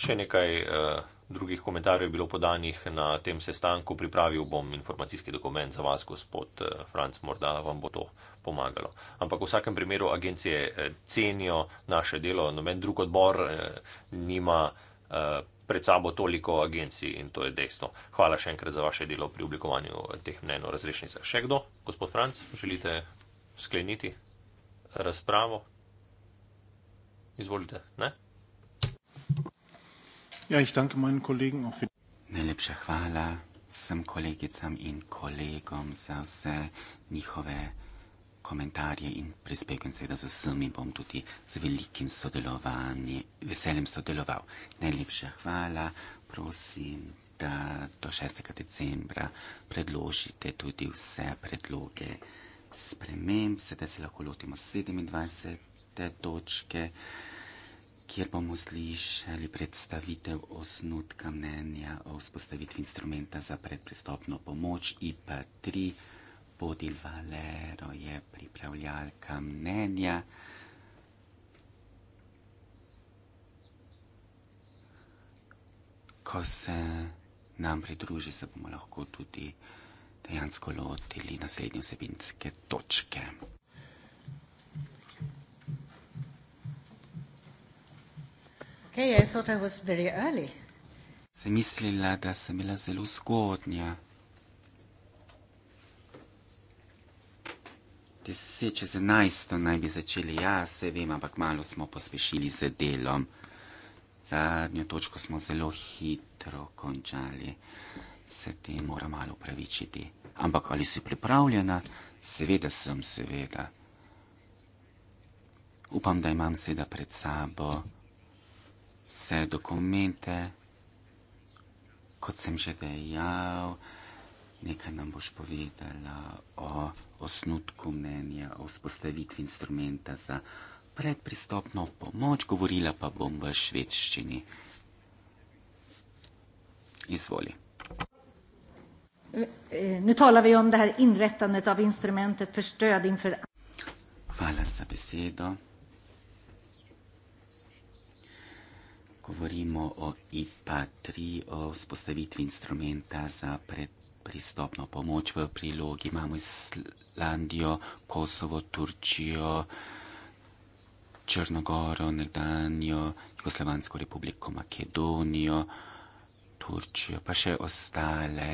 Še nekaj eh, drugih komentarjev je bilo podanih na tem sestanku. Pripravil bom informacijski dokument za vas, gospod eh, Franc, morda vam bo to pomagalo. Ampak v vsakem primeru agencije eh, cenijo naše delo. Noben drug odbor eh, nima. Eh, pred sabo toliko agencij in to je dejstvo. Hvala še enkrat za vaše delo pri oblikovanju teh mnenj o razrešnicah. Še kdo, gospod Franc, želite skleniti razpravo? Izvolite, ne? Ja, jih danke mojim kolegom. Najlepša hvala vsem kolegicam in kolegom za vse njihove komentarje in prispevke in seveda z vsemi bom tudi z velikim sodelovanjem, veseljem sodeloval. Najlepša hvala, prosim, da do 6. decembra predložite tudi vse predloge sprememb, sedaj se lahko lotimo 27. točke, kjer bomo slišali predstavitev osnutka mnenja o vzpostavitvi instrumenta za predpristopno pomoč IPA 3. Bodil Valero je pripravljalka mnenja. Ko se nam pridruži, se bomo lahko tudi dejansko lotili naslednje vsebinske točke. Okay, I thought I was very early. Sem mislila, da sem bila zelo zgodnja. Deset čez enajsto naj bi začeli, ja, se vem, ampak malo smo pospešili z delom. Zadnjo točko smo zelo hitro končali, se te mora malo upravičiti. Ampak ali si pripravljena? Seveda sem, seveda. Upam, da imam seveda pred sabo vse dokumente, kot sem že dejal nekaj nam boš povedala o osnutku mnenja o vzpostavitvi instrumenta za predpristopno pomoč, govorila pa bom v švedščini. Izvoli. Hvala za besedo. Govorimo o IPA tri, o vzpostavitvi instrumenta za predpristopno pristopno pomoč v prilogi. Imamo Islandijo, Kosovo, Turčijo, Črnogoro, nekdanjo Jugoslavansko republiko Makedonijo, Turčijo, pa še ostale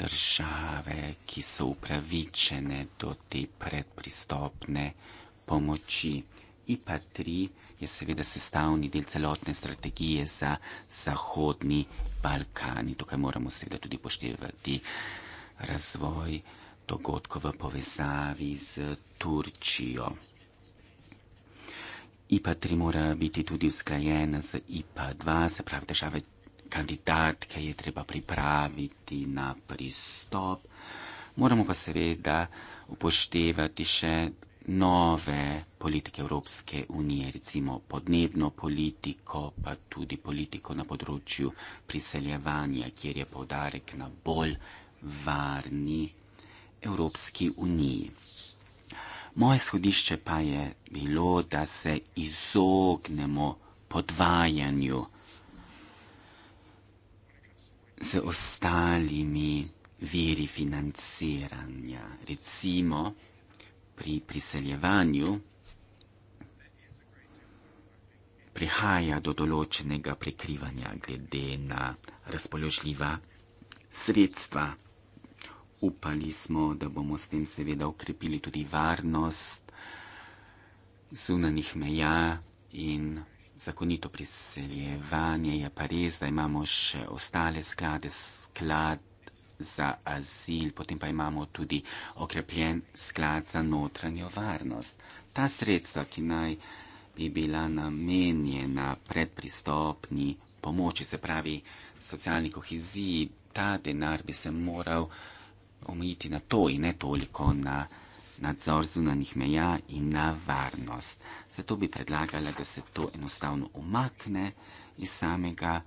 države, ki so upravičene do te predpristopne pomoči. IPA-3 je seveda sestavni del celotne strategije za zahodni Balkani. Tukaj moramo seveda tudi poštevati razvoj dogodkov v povezavi z Turčijo. IPA-3 mora biti tudi usklajena z IPA-2, se pravi države kandidatke je treba pripraviti na pristop. Moramo pa seveda upoštevati še nove politike Evropske unije, recimo podnebno politiko, pa tudi politiko na področju priseljevanja, kjer je povdarek na bolj varni Evropski uniji. Moje shodišče pa je bilo, da se izognemo podvajanju z ostalimi viri financiranja. Recimo, pri priseljevanju prihaja do določenega prekrivanja glede na razpoložljiva sredstva. Upali smo, da bomo s tem seveda ukrepili tudi varnost zunanih meja in zakonito priseljevanje. Je pa res, da imamo še ostale sklade, sklad za azil, potem pa imamo tudi okrepljen sklad za notranjo varnost. Ta sredstva, ki naj bi bila namenjena predpristopni pomoči, se pravi socialni koheziji, ta denar bi se moral omejiti na to in ne toliko na nadzor zunanih meja in na varnost. Zato bi predlagala, da se to enostavno umakne iz samega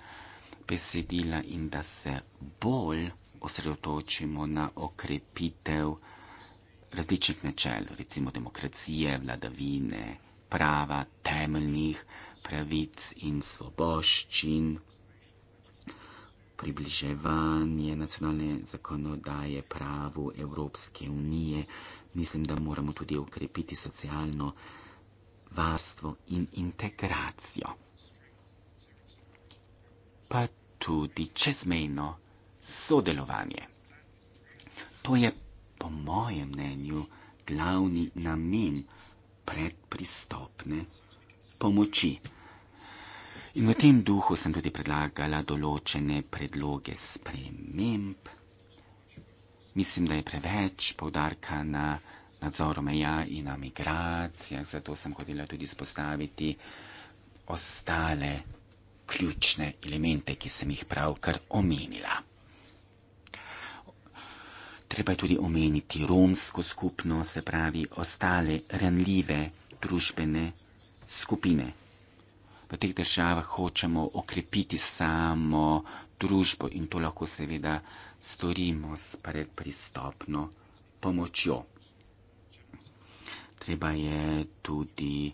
besedila in da se bolj osredotočimo na okrepitev različnih načel, recimo demokracije, vladavine, prava, temeljnih pravic in svoboščin, približevanje nacionalne zakonodaje pravu Evropske unije. Mislim, da moramo tudi okrepiti socialno varstvo in integracijo. Pa tudi čezmejno sodelovanje. To je, po mojem mnenju, glavni namen predpristopne pomoči. In v tem duhu sem tudi predlagala določene predloge sprememb. Mislim, da je preveč povdarka na nadzoru meja in na migracijah, zato sem hodila tudi spostaviti ostale ključne elemente, ki sem jih pravkar omenila. Treba je tudi omeniti romsko skupnost, se pravi ostale ranljive družbene skupine. V teh državah hočemo okrepiti samo družbo in to lahko seveda storimo s predpristopno pomočjo. Treba je tudi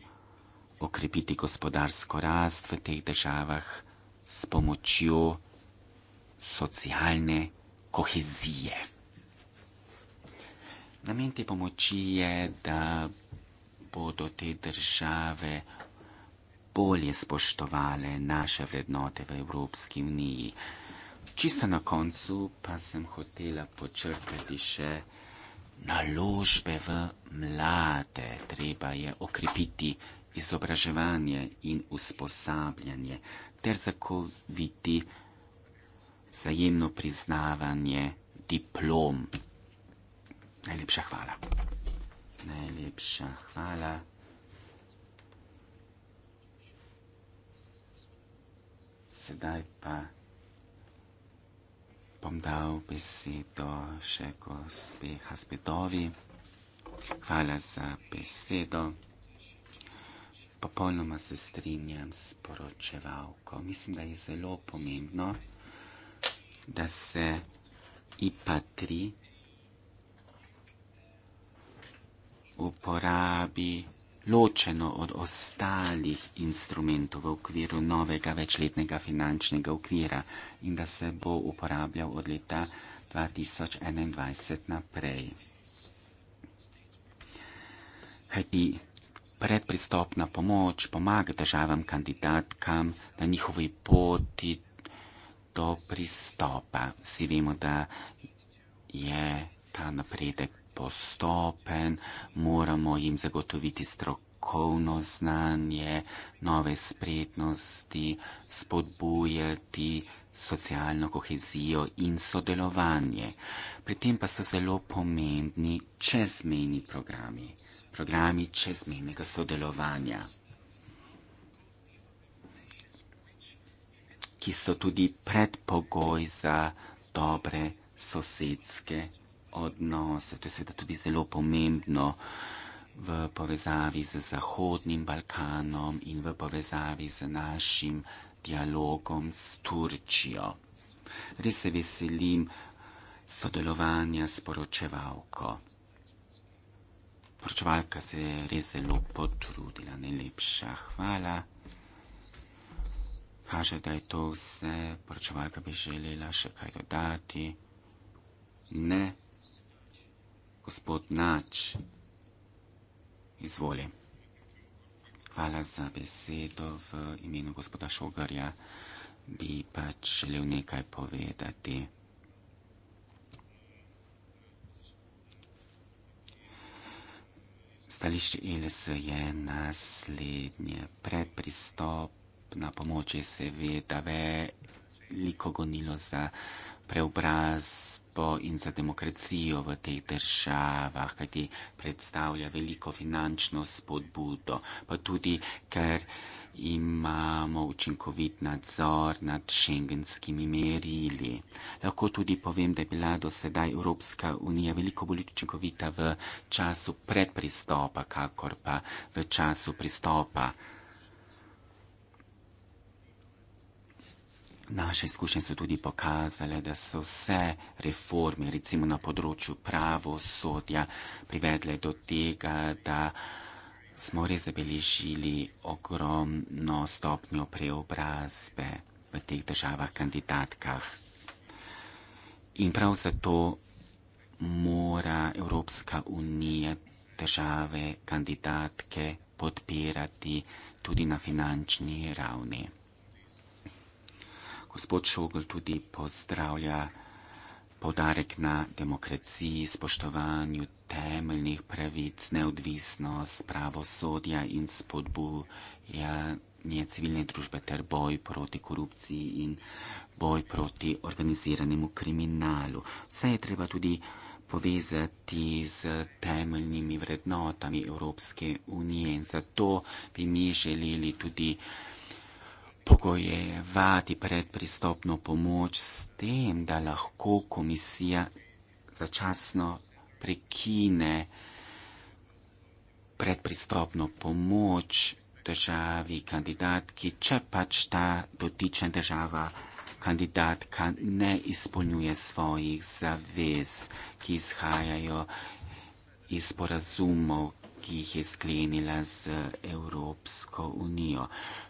okrepiti gospodarsko rast v teh državah s pomočjo socialne kohezije. Namen te pomoči je, da bodo te države bolje spoštovale naše vrednote v Evropski uniji. Čisto na koncu pa sem hotela počrpati še naložbe v mlade. Treba je okrepiti izobraževanje in usposabljanje ter zakoviti vzajemno priznavanje diplom. Najlepša hvala. Najlepša hvala. Sedaj pa bom dal besedo še ko speha spetovi. Hvala za besedo. Popolnoma se strinjam s poročevalko. Mislim, da je zelo pomembno, da se IPA 3 uporabi ločeno od ostalih instrumentov v okviru novega večletnega finančnega okvira in da se bo uporabljal od leta 2021 naprej. Kajti predpristopna pomoč pomaga državam kandidatkam na njihovi poti do pristopa. Vsi vemo, da je ta napredek postopen, moramo jim zagotoviti strokovno znanje, nove spretnosti, spodbujati socialno kohezijo in sodelovanje. Pri tem pa so zelo pomembni čezmejni programi, programi čezmejnega sodelovanja. ki so tudi predpogoj za dobre sosedske odnose. To je seveda tudi zelo pomembno v povezavi z Zahodnim Balkanom in v povezavi z našim dialogom s Turčijo. Res se veselim sodelovanja s poročevalko. Poročevalka se je res zelo potrudila, najlepša hvala. Kaže, da je to vse, poročevalka bi želela še kaj dodati. Ne gospod Nač. Izvoli. Hvala za besedo v imenu gospoda Šogarja. Bi pač želel nekaj povedati. Stališče Elise je naslednje. Pred pristop na pomoč je seveda veliko gonilo za preobrazbo in za demokracijo v teh državah, kajti predstavlja veliko finančno spodbudo, pa tudi, ker imamo učinkovit nadzor nad šengenskimi merili. Lahko tudi povem, da je bila do sedaj Evropska unija veliko bolj učinkovita v času predpristopa, kakor pa v času pristopa. Naše izkušnje so tudi pokazale, da so vse reforme, recimo na področju pravosodja, privedle do tega, da smo res zabeležili ogromno stopnjo preobrazbe v teh državah kandidatkah. In prav zato mora Evropska unija države kandidatke podpirati tudi na finančni ravni gospod Šogl tudi pozdravlja podarek na demokraciji, spoštovanju temeljnih pravic, neodvisnost, pravosodja in spodbujanje civilne družbe ter boj proti korupciji in boj proti organiziranemu kriminalu. Vse je treba tudi povezati z temeljnimi vrednotami Evropske unije in zato bi mi želeli tudi pogojevati predpristopno pomoč s tem, da lahko komisija začasno prekine predpristopno pomoč državi kandidatki, če pač ta dotična država kandidatka ne izpolnjuje svojih zavez, ki izhajajo iz sporazumov, ki jih je sklenila z Evropsko unijo.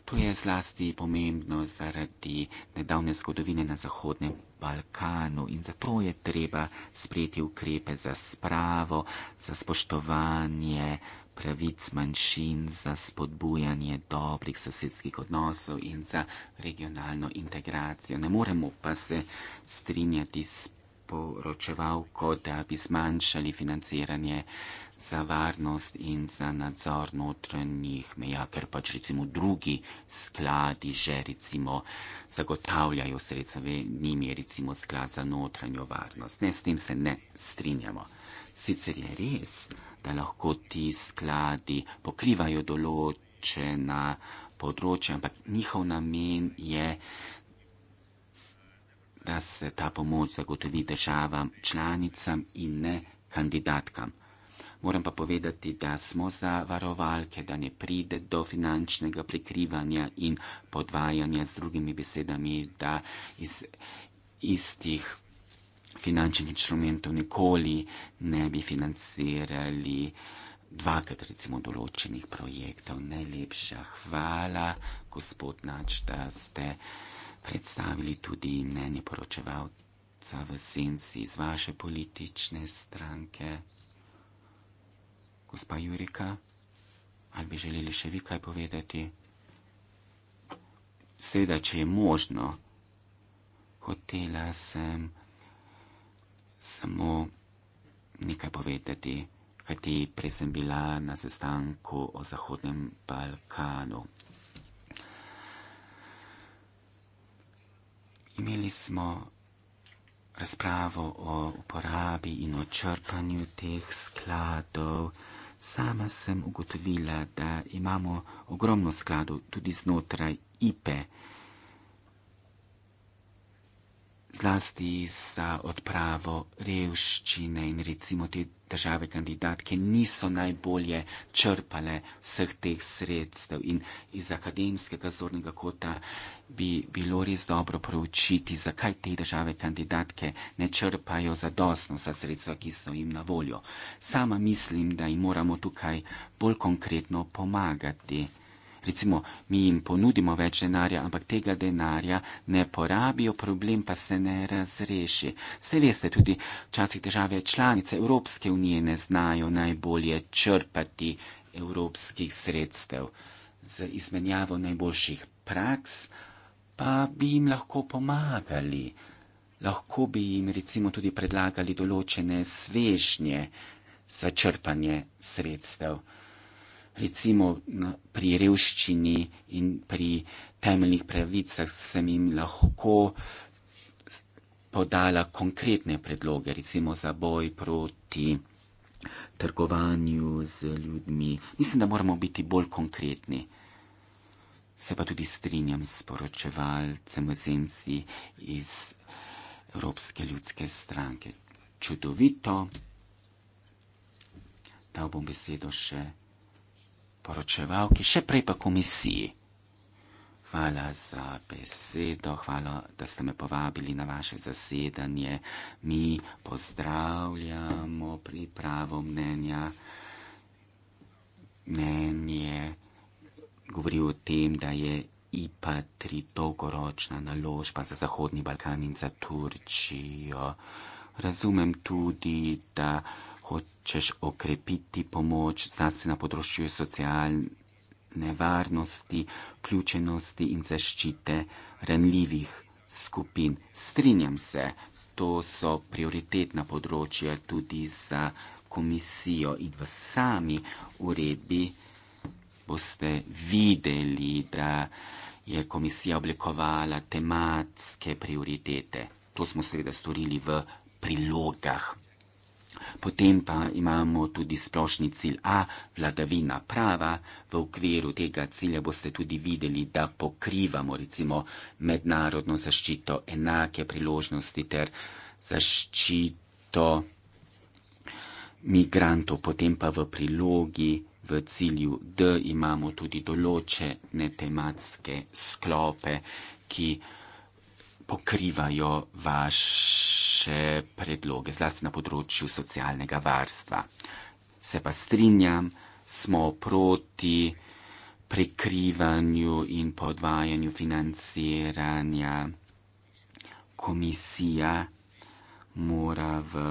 To je zlasti pomembno zaradi nedavne zgodovine na Zahodnem Balkanu in zato je treba sprejeti ukrepe za spravo, za spoštovanje pravic manjšin, za spodbujanje dobrih sosedskih odnosov in za regionalno integracijo. Ne moremo pa se strinjati s poročevalko, da bi zmanjšali financiranje za varnost in za nadzor notranjih meja, ker pač recimo drugi skladi že recimo zagotavljajo sredstva, njimi je recimo sklad za notranjo varnost. Ne, s tem se ne strinjamo. Sicer je res, da lahko ti skladi pokrivajo določena področja, ampak njihov namen je, da se ta pomoč zagotovi državam članicam in ne kandidatkam. Moram pa povedati, da smo za varovalke, da ne pride do finančnega prikrivanja in podvajanja z drugimi besedami, da iz istih finančnih inštrumentov nikoli ne bi financirali dvakrat recimo določenih projektov. Najlepša hvala, gospod Nač, da ste predstavili tudi mnenje poročevalca v senci iz vaše politične stranke gospa Jurika, ali bi želeli še vi kaj povedati? Seveda, če je možno, hotela sem samo nekaj povedati, kajti prej sem bila na sestanku o Zahodnem Balkanu. Imeli smo razpravo o uporabi in o črpanju teh skladov sama sem ugotovila, da imamo ogromno skladov tudi znotraj IPE, zlasti za odpravo revščine in recimo te države kandidatke niso najbolje črpale vseh teh sredstev in iz akademskega zornega kota bi bilo res dobro proučiti, zakaj te države kandidatke ne črpajo zadostno za sredstva, ki so jim na voljo. Sama mislim, da jim moramo tukaj bolj konkretno pomagati. Recimo, mi jim ponudimo več denarja, ampak tega denarja ne porabijo, problem pa se ne razreši. Se veste, tudi včasih države članice Evropske unije ne znajo najbolje črpati evropskih sredstev. Z izmenjavo najboljših praks pa bi jim lahko pomagali. Lahko bi jim recimo tudi predlagali določene svežnje za črpanje sredstev recimo pri revščini in pri temeljnih pravicah sem jim lahko podala konkretne predloge, recimo za boj proti trgovanju z ljudmi. Mislim, da moramo biti bolj konkretni. Se pa tudi strinjam s poročevalcem Zenci iz Evropske ljudske stranke. Čudovito, dal bom besedo še poročevalki, še prej pa komisiji. Hvala za besedo, hvala, da ste me povabili na vaše zasedanje. Mi pozdravljamo pripravo mnenja. Mnenje govori o tem, da je IPA-3 dolgoročna naložba za Zahodni Balkan in za Turčijo. Razumem tudi, da češ okrepiti pomoč zase na področju socialne varnosti, vključenosti in zaščite ranljivih skupin. Strinjam se, to so prioritetna področja tudi za komisijo in v sami uredbi boste videli, da je komisija oblikovala tematske prioritete. To smo seveda storili v prilogah. Potem pa imamo tudi splošni cilj A, vladavina prava. V okviru tega cilja boste tudi videli, da pokrivamo recimo mednarodno zaščito, enake priložnosti ter zaščito migrantov. Potem pa v prilogi v cilju D imamo tudi določene tematske sklope, ki pokrivajo vaše predloge, zlasti na področju socialnega varstva. Se pa strinjam, smo proti prekrivanju in podvajanju financiranja. Komisija mora v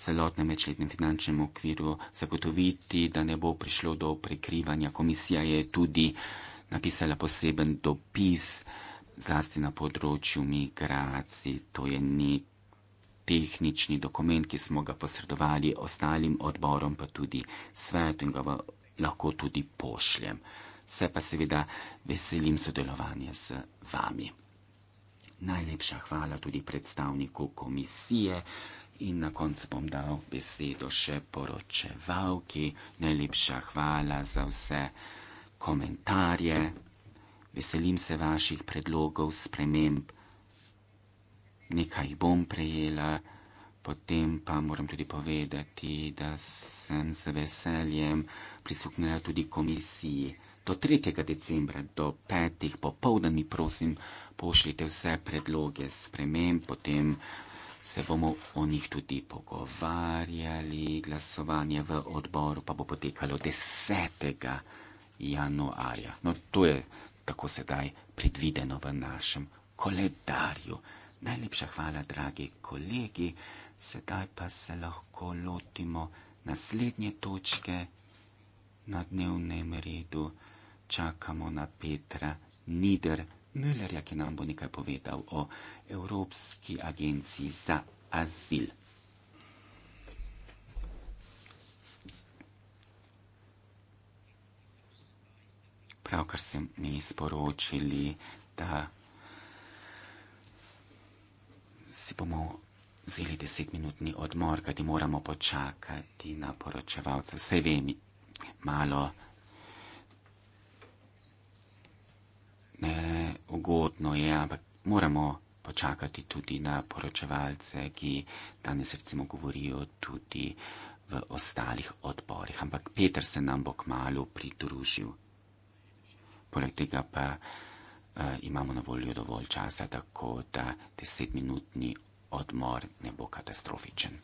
celotnem večletnem finančnem okviru zagotoviti, da ne bo prišlo do prekrivanja. Komisija je tudi napisala poseben dopis, zlasti na področju migracij, to je nek tehnični dokument, ki smo ga posredovali ostalim odborom, pa tudi svetu in ga lahko tudi pošljem. Se pa seveda veselim sodelovanja z vami. Najlepša hvala tudi predstavniku komisije in na koncu bom dal besedo še poročevalki. Najlepša hvala za vse komentarje veselim se vaših predlogov, sprememb. Nekaj jih bom prejela, potem pa moram tudi povedati, da sem z veseljem prisluhnila tudi komisiji. Do 3. decembra, do 5. popovdani, prosim, pošljite vse predloge sprememb, potem se bomo o njih tudi pogovarjali. Glasovanje v odboru pa bo potekalo 10. januarja. No, to je tako sedaj predvideno v našem koledarju. Najlepša hvala, dragi kolegi, sedaj pa se lahko lotimo naslednje točke na dnevnem redu. Čakamo na Petra Nider Müllerja, ki nam bo nekaj povedal o Evropski agenciji za azil. prav kar se mi sporočili, da si bomo vzeli desetminutni odmor, kajti moramo počakati na poročevalce. Vse vem, malo neugodno je, ampak moramo počakati tudi na poročevalce, ki danes recimo govorijo tudi v ostalih odborih. Ampak Peter se nam bo kmalo pridružil poleg tega pa uh, imamo na voljo dovolj časa, tako da desetminutni odmor ne bo katastrofičen.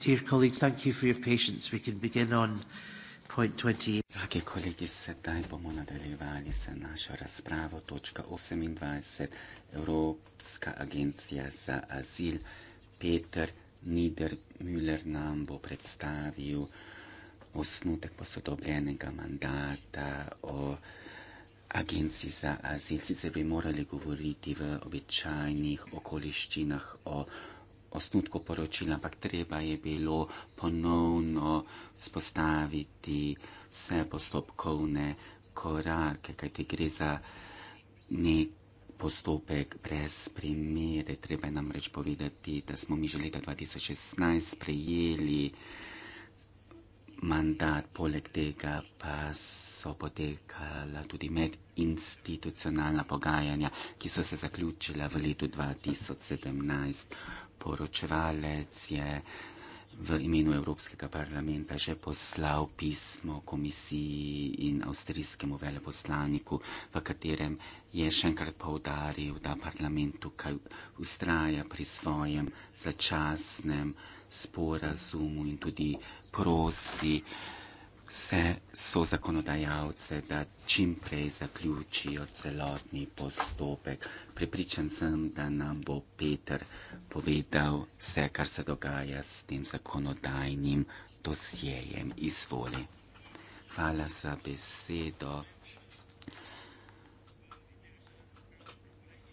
Dear colleagues, thank you for your patience. We can begin on point 28. Dragi kolegi, sedaj bomo nadaljevali se našo razpravo. Točka 28, Evropska agencija za azil. Peter Niedermüller nam bo predstavil osnutek posodobljenega mandata o agenciji za azil. Sicer bi morali govoriti v običajnih okoliščinah o osnutku poročila, ampak treba je bilo ponovno spostaviti vse postopkovne korake, kajti gre za nek postopek brez primere. Treba je namreč povedati, da smo mi že leta 2016 sprejeli mandat, poleg tega pa so potekala tudi medinstitucionalna pogajanja, ki so se zaključila v letu 2017 poročevalec je v imenu Evropskega parlamenta že poslal pismo komisiji in avstrijskemu veleposlaniku, v katerem je še enkrat povdaril, da parlament tukaj ustraja pri svojem začasnem sporazumu in tudi prosi, Vse so zakonodajalce, da čim prej zaključijo celotni postopek. Pripričan sem, da nam bo Peter povedal vse, kar se dogaja s tem zakonodajnim dosjejem. Izvoli. Hvala za besedo.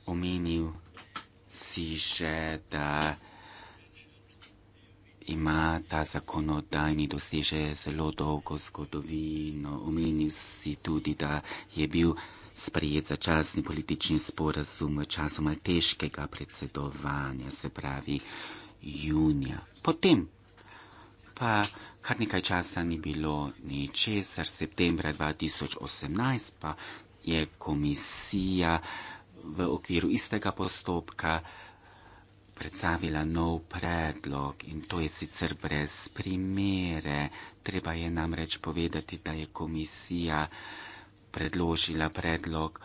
Omenil si že, da ima ta zakonodajni doseže zelo dolgo zgodovino. Omenil si tudi, da je bil sprejet začasni politični sporazum v času maltežkega predsedovanja, se pravi junija. Potem pa kar nekaj časa ni bilo ničesar, septembra 2018 pa je komisija v okviru istega postopka uh, predstavila nov predlog in to je sicer brez primere. Treba je namreč povedati, da je komisija predložila predlog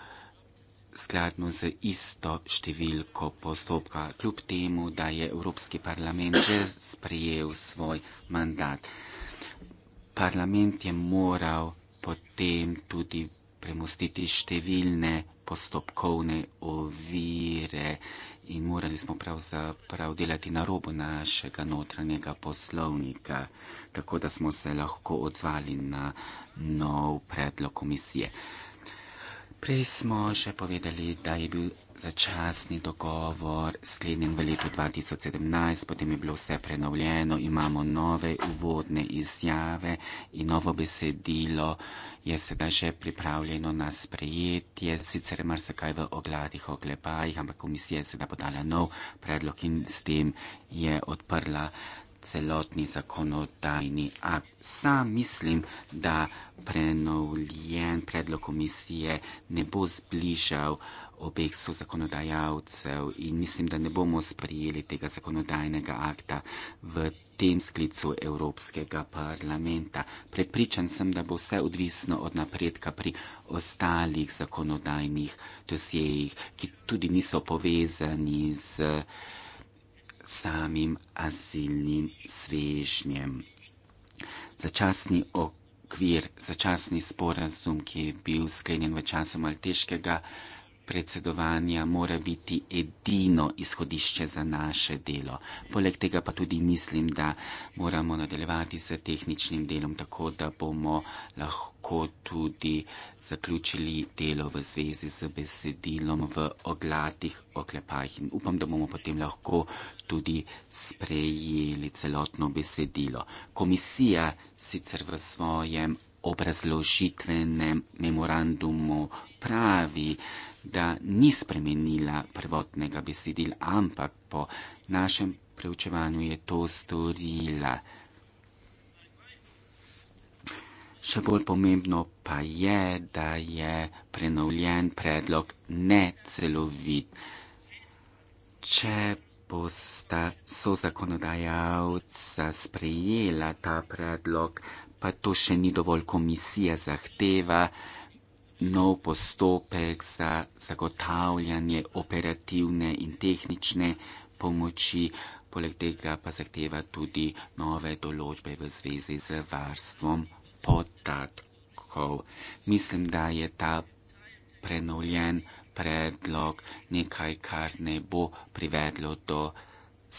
skladno z isto številko postopka, kljub temu, da je Evropski parlament že sprejel svoj mandat. Parlament je moral potem tudi premustiti številne postopkovne ovire in morali smo pravzaprav delati na robu našega notranjega poslovnika, tako da smo se lahko odzvali na nov predlog komisije. Prej smo še povedali, da je bil začasni dogovor, sklenjen v letu 2017, potem je bilo vse prenovljeno, imamo nove uvodne izjave in novo besedilo je sedaj že pripravljeno na sprejetje, sicer marsikaj v ogladih oglepajih, ampak komisija je sedaj podala nov predlog in s tem je odprla celotni zakonodajni akt. Sam mislim, da prenovljen predlog komisije ne bo zbližal uh, obeh sozakonodajalcev in mislim, da ne bomo sprijeli tega zakonodajnega akta v tem sklicu Evropskega parlamenta. Prepričan sem, da bo vse odvisno od napredka pri ostalih zakonodajnih dosjejih, ki tudi niso povezani z samim azilnim svežnjem. Začasni okvir, začasni sporazum, ki je bil sklenjen v času malteškega predsedovanja mora biti edino izhodišče za naše delo. Poleg tega pa tudi mislim, da moramo nadaljevati z tehničnim delom, tako da bomo lahko tudi zaključili delo v zvezi z besedilom v oglatih oklepajih. In upam, da bomo potem lahko tudi sprejeli celotno besedilo. Komisija sicer v svojem obrazložitvenem memorandumu pravi, da ni spremenila prvotnega besedila, ampak po našem preučevanju je to storila. Še bolj pomembno pa je, da je prenovljen predlog necelovit. Če bosta so zakonodajalca sprejela ta predlog, pa to še ni dovolj komisija zahteva, nov postopek za zagotavljanje operativne in tehnične pomoči, poleg tega pa zahteva tudi nove določbe v zvezi z varstvom podatkov. Mislim, da je ta prenovljen predlog nekaj, kar ne bo privedlo do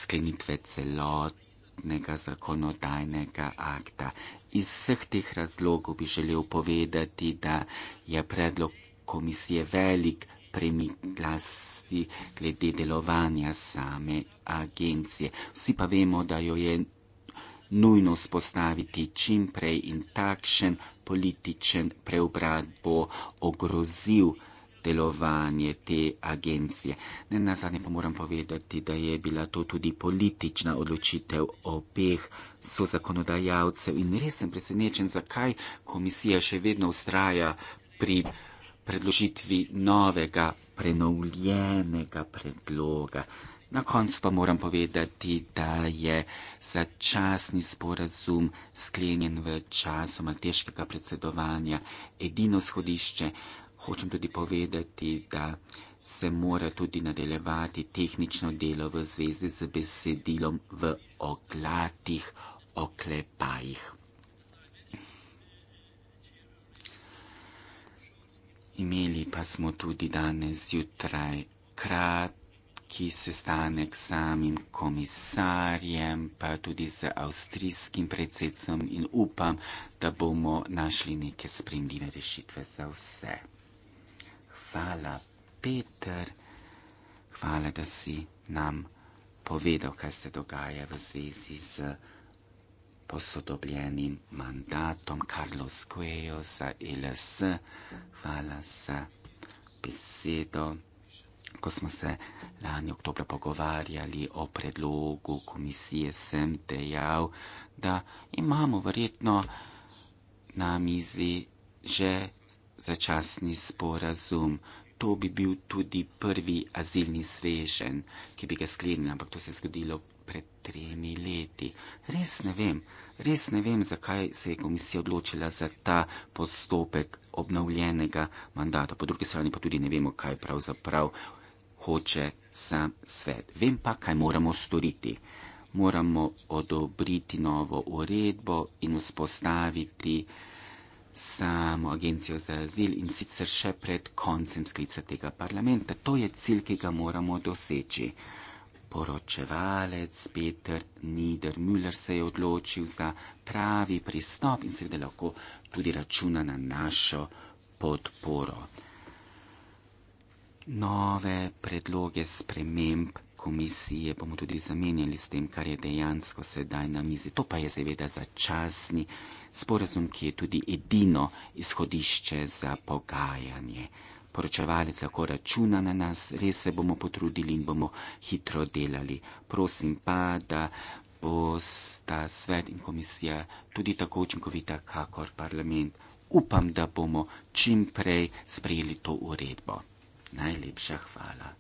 sklenitve celotnega zakonodajnega akta iz vseh teh razlogov bi želel povedati, da je predlog komisije velik premik glasi glede delovanja same agencije. Vsi pa vemo, da jo je nujno spostaviti čim prej in takšen političen preobrat bo ogrozil delovanje te agencije. Ne nazadnje pa moram povedati, da je bila to tudi politična odločitev obeh so zakonodajalcev in res sem presenečen, zakaj komisija še vedno ustraja pri predložitvi novega, prenovljenega predloga. Na koncu pa moram povedati, da je začasni sporazum sklenjen v času malteškega predsedovanja edino shodišče, hočem tudi povedati, da se mora tudi nadaljevati tehnično delo v zvezi z besedilom v oglatih oklepajih. Imeli pa smo tudi danes jutraj kratki sestanek s samim komisarjem, pa tudi z avstrijskim predsedstvom in upam, da bomo našli neke sprejemljive rešitve za vse hvala, Peter, hvala, da si nam povedal, kaj se dogaja v zvezi z posodobljenim mandatom Carlos Cuejo za LS. Hvala za besedo. Ko smo se lani oktobra pogovarjali o predlogu komisije, sem dejal, da imamo verjetno na mizi že začasni sporazum. To bi bil tudi prvi azilni svežen, ki bi ga sklenili, ampak to se je zgodilo pred tremi leti. Res ne vem, res ne vem, zakaj se je komisija odločila za ta postopek obnovljenega mandata. Po drugi strani pa tudi ne vemo, kaj pravzaprav hoče sam svet. Vem pa, kaj moramo storiti. Moramo odobriti novo uredbo in vzpostaviti samo agencijo za azil in sicer še pred koncem sklica tega parlamenta. To je cilj, ki ga moramo doseči. Poročevalec Peter Niedermüller se je odločil za pravi pristop in seveda lahko tudi računa na našo podporo. Nove predloge sprememb komisije bomo tudi zamenjali s tem, kar je dejansko sedaj na mizi. To pa je seveda začasni sporazum, ki je tudi edino izhodišče za pogajanje. Poročevalec lahko računa na nas, res se bomo potrudili in bomo hitro delali. Prosim pa, da bosta svet in komisija tudi tako učinkovita, kakor parlament. Upam, da bomo čim prej sprejeli to uredbo. Najlepša hvala.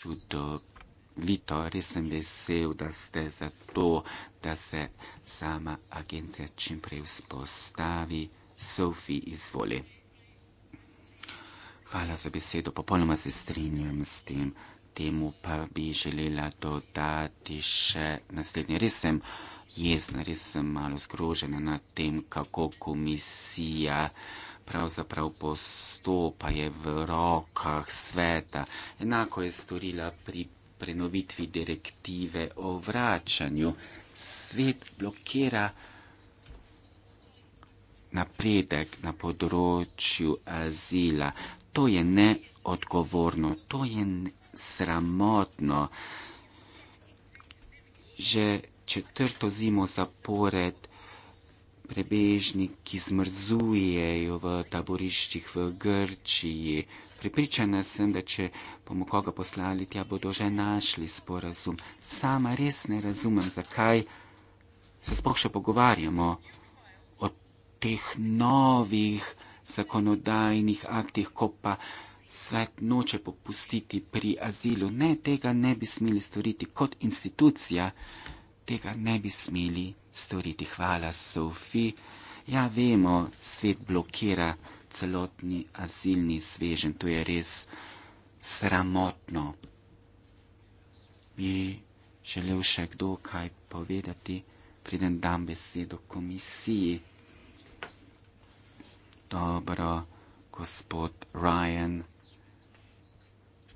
Čudovito, res sem vesel, da ste za to, da se sama agencija čimprej vzpostavi. Sofi, izvoli. Hvala za besedo, popolnoma se strinjam s tem. Temu pa bi želela dodati še naslednje. Res sem jezna, res sem malo zgrožena nad tem, kako komisija pravzaprav postopa je v rokah sveta. Enako je storila pri prenovitvi direktive o vračanju. Svet blokira napredek na področju azila. To je neodgovorno, to je sramotno. Že četrto zimo zapored prebežniki zmrzujejo v taboriščih v Grčiji. Pripričana sem, da če bomo koga poslali, tja bodo že našli sporazum. Sama res ne razumem, zakaj se sploh še pogovarjamo o teh novih zakonodajnih aktih, ko pa svet noče popustiti pri azilu. Ne, tega ne bi smeli storiti kot institucija, tega ne bi smeli storiti. Hvala, Sofi. Ja, vemo, svet blokira celotni azilni svežen. To je res sramotno. Bi želel še kdo kaj povedati, preden dam besedo komisiji. Dobro, gospod Ryan.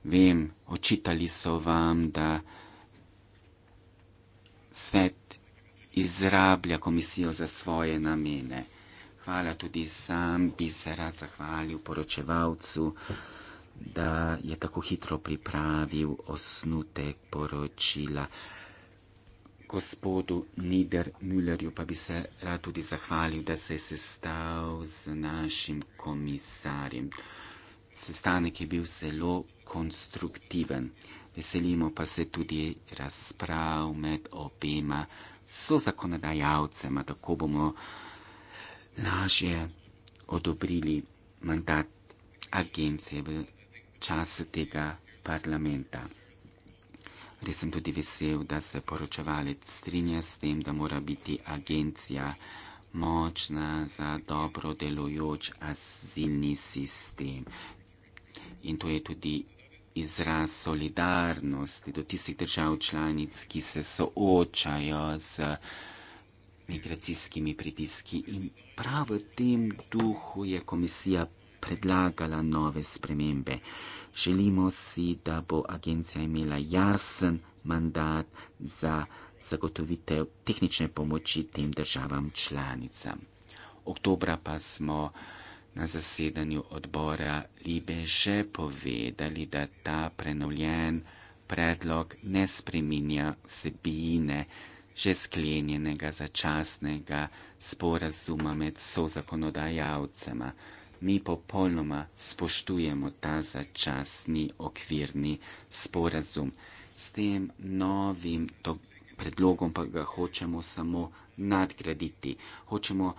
Vem, očitali so vam, da svet izrablja komisijo za svoje namene. Hvala tudi sam, bi se rad zahvalil poročevalcu, da je tako hitro pripravil osnutek poročila. Gospodu Niedermüllerju pa bi se rad tudi zahvalil, da se je sestal z našim komisarjem. Sestanek je bil zelo konstruktiven. Veselimo pa se tudi razprav med obema so zakonodajalcema, tako bomo lažje odobrili mandat agencije v času tega parlamenta. Res sem tudi vesel, da se poročevalec strinja s tem, da mora biti agencija močna za dobro delujoč azilni sistem. In to je tudi izraz solidarnosti do tistih držav članic, ki se soočajo z migracijskimi pritiski. In prav v tem duhu je komisija predlagala nove spremembe. Želimo si, da bo agencija imela jasen mandat za zagotovitev tehnične pomoči tem državam članicam. Oktobra pa smo na zasedanju odbora Libe že povedali, da ta prenovljen predlog ne spreminja vsebine že sklenjenega začasnega sporazuma med sozakonodajalcema. Mi popolnoma spoštujemo ta začasni okvirni sporazum. S tem novim predlogom pa ga hočemo samo nadgraditi. Hočemo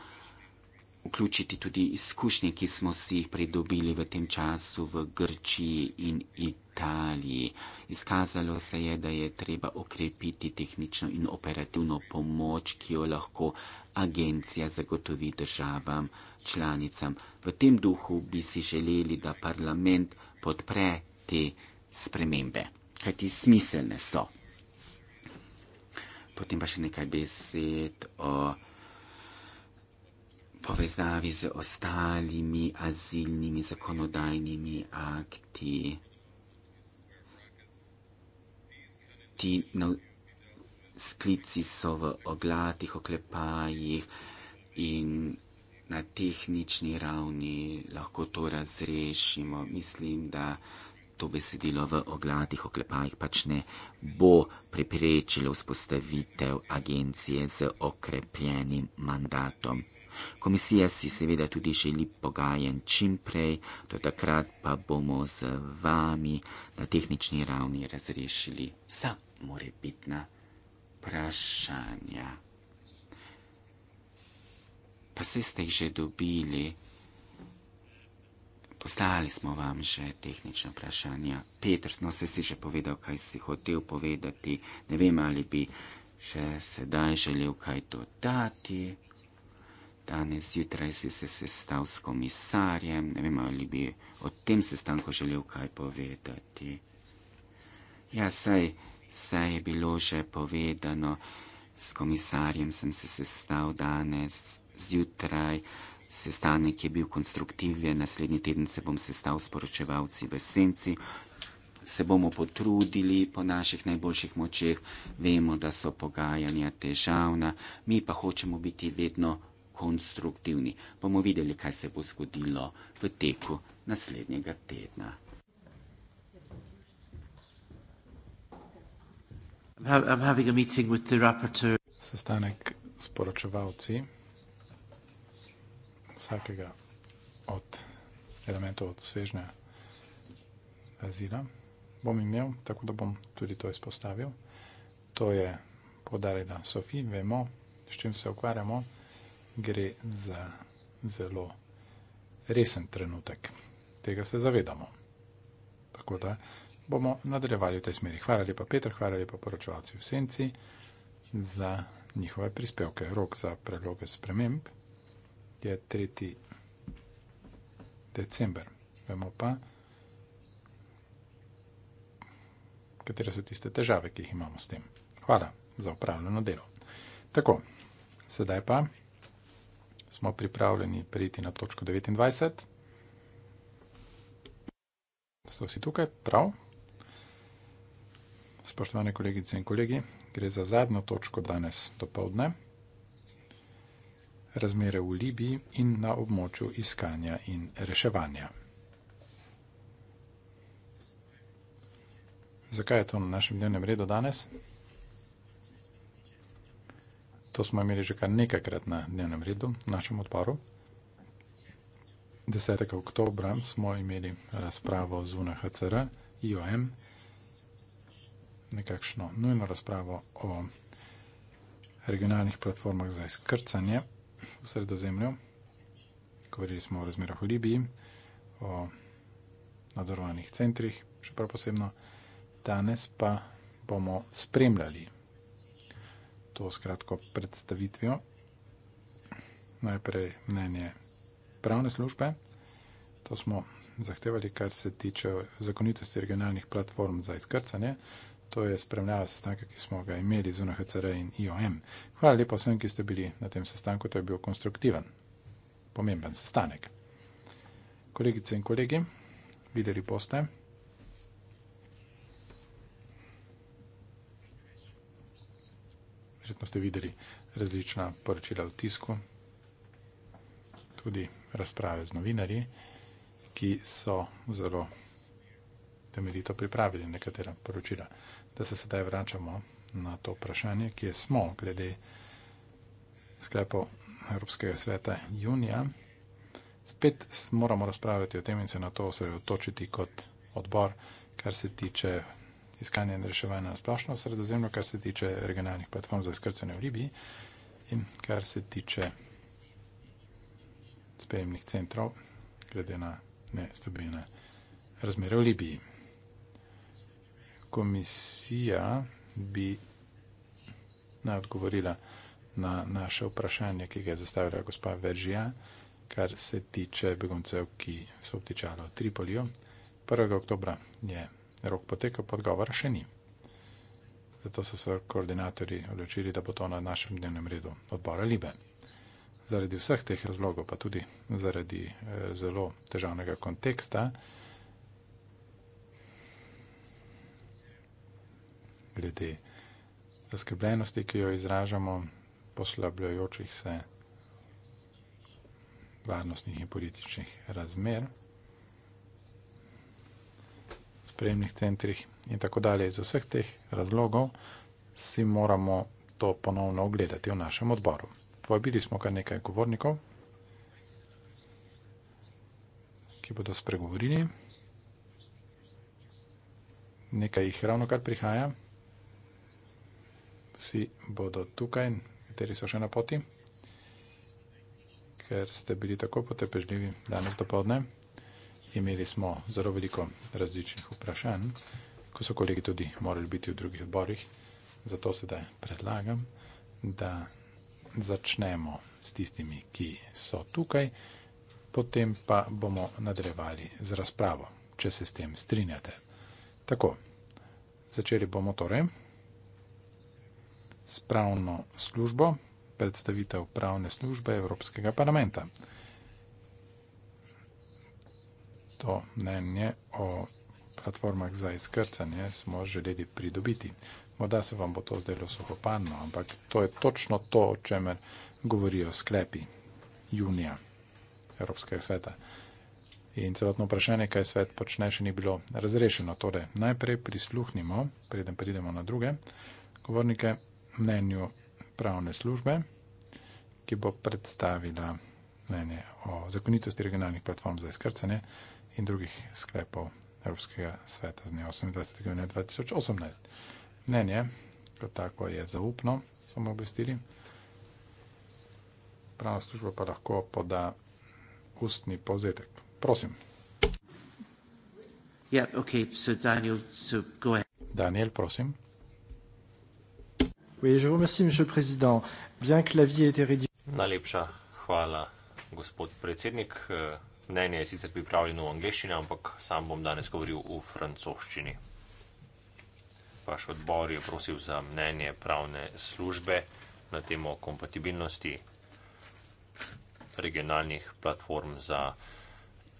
vključiti tudi izkušnje, ki smo si jih pridobili v tem času v Grčiji in Italiji. Izkazalo se je, da je treba okrepiti tehnično in operativno pomoč, ki jo lahko agencija zagotovi državam članicam. V tem duhu bi si želeli, da parlament podpre te spremembe, kajti smiselne so. Potem pa še nekaj besed o povezavi z ostalimi azilnimi zakonodajnimi akti. Ti no, sklici so v oglatih oklepajih in na tehnični ravni lahko to razrešimo. Mislim, da to besedilo v oglatih oklepajih pač ne bo preprečilo vzpostavitev agencije z okrepljenim mandatom. Komisija si seveda tudi želi pogajanj čim prej, do takrat pa bomo z vami na tehnični ravni razrešili vsa morebitna vprašanja. Pa vse ste jih že dobili, poslali smo vam že tehnične vprašanja. Petr, no se si že povedal, kaj si hotel povedati, ne vem ali bi. Še sedaj želel kaj dodati danes zjutraj si se sestal s komisarjem, ne vem, ali bi o tem sestanku želel kaj povedati. Ja, saj, saj je bilo že povedano, s komisarjem sem se sestal danes zjutraj, sestanek je bil konstruktiven, naslednji teden se bom sestal s poročevalci v senci, se bomo potrudili po naših najboljših močeh, vemo, da so pogajanja težavna, mi pa hočemo biti vedno konstruktivni. Pa bomo videli, kaj se bo zgodilo v teku naslednjega tedna. Sestanek s poročevalci vsakega od elementov od svežnja azila bom imel, tako da bom tudi to izpostavil. To je podarila Sofi, vemo, s čim se ukvarjamo gre za zelo resen trenutek. Tega se zavedamo. Tako da bomo nadaljevali v tej smeri. Hvala lepa, Petr, hvala lepa, poročevalci v Senci, za njihove prispevke. Rok za predloge sprememb je 3. december. Vemo pa, katere so tiste težave, ki jih imamo s tem. Hvala za upravljeno delo. Tako, sedaj pa smo pripravljeni preiti na točko 29. Ste vsi tukaj? Prav. Spoštovane kolegice in kolegi, gre za zadnjo točko danes do povdne. Razmere v Libiji in na območju iskanja in reševanja. Zakaj je to na našem dnevnem redu danes? to smo imeli že kar nekajkrat na dnevnem redu, našem odporu. 10. oktobra smo imeli eh, razpravo z UNHCR, IOM, nekakšno nujno razpravo o regionalnih platformah za izkrcanje v sredozemlju. Govorili smo o razmerah v Libiji, o nadzorovanih centrih, še prav posebno. Danes pa bomo spremljali to skratko predstavitvijo. Najprej mnenje pravne službe, to smo zahtevali, kar se tiče zakonitosti regionalnih platform za izkrcanje. To je spremljala sestanka, ki smo ga imeli z UNHCR in IOM. Hvala lepa vsem, ki ste bili na tem sestanku, to je bil konstruktiven, pomemben sestanek. Kolegice in kolegi, videli boste. verjetno ste videli različna poročila v tisku, tudi razprave z novinarji, ki so zelo temeljito pripravili nekatera poročila. Da se sedaj vračamo na to vprašanje, ki je smo glede sklepov Evropskega sveta junija. Spet moramo razpravljati o tem in se na to osredotočiti kot odbor, kar se tiče iskanje in reševanje na splošno sredozemlju, kar se tiče regionalnih platform za skrcanje v Libiji in kar se tiče sprejemnih centrov, glede na nestabilne razmere v Libiji. Komisija bi naj odgovorila na naše vprašanje, ki ga je zastavila gospa Veržija, kar se tiče beguncev, ki so obtičali v Tripoliju. 1. oktobra je rok poteka, pa odgovora še ni. Zato so se koordinatorji odločili, da bo to na našem dnevnem redu odbora Libe. Zaradi vseh teh razlogov, pa tudi zaradi eh, zelo težavnega konteksta, glede zaskrbljenosti, ki jo izražamo, poslabljajočih se varnostnih in političnih razmer sprejemnih centrih in tako dalje. Iz vseh teh razlogov si moramo to ponovno ogledati v našem odboru. Povabili smo kar nekaj govornikov, ki bodo spregovorili. Nekaj jih ravno kar prihaja. Vsi bodo tukaj, kateri so še na poti, ker ste bili tako potrpežljivi danes do povdne imeli smo zelo veliko različnih vprašanj, ko so kolegi tudi morali biti v drugih odborih. Zato sedaj predlagam, da začnemo s tistimi, ki so tukaj, potem pa bomo nadrevali z razpravo, če se s tem strinjate. Tako, začeli bomo torej s pravno službo, predstavitev pravne službe Evropskega parlamenta to mnenje o platformah za izkrcanje smo želeli pridobiti. Morda se vam bo to zdelo suhoparno, ampak to je točno to, o čemer govorijo sklepi junija Evropskega sveta. In celotno vprašanje, kaj svet počne, še ni bilo razrešeno. Torej, najprej prisluhnimo, preden pridemo na druge govornike, mnenju pravne službe, ki bo predstavila mnenje o zakonitosti regionalnih platform za izkrcanje in drugih sklepov Evropskega sveta z dne 28. junija 2018. Mnenje, kot tako je zaupno, so mu obvestili. Pravna služba pa lahko poda ustni povzetek. Prosim. Yeah, ja, okay, so Daniel, so go ahead. Daniel, prosim. Oui, je vous remercie, monsieur le président. Bien que la vie ait été rédigée. Najlepša hvala, gospod predsednik mnenje je sicer pripravljeno v angleščini, ampak sam bom danes govoril v francoščini. Vaš odbor je prosil za mnenje pravne službe na temo kompatibilnosti regionalnih platform za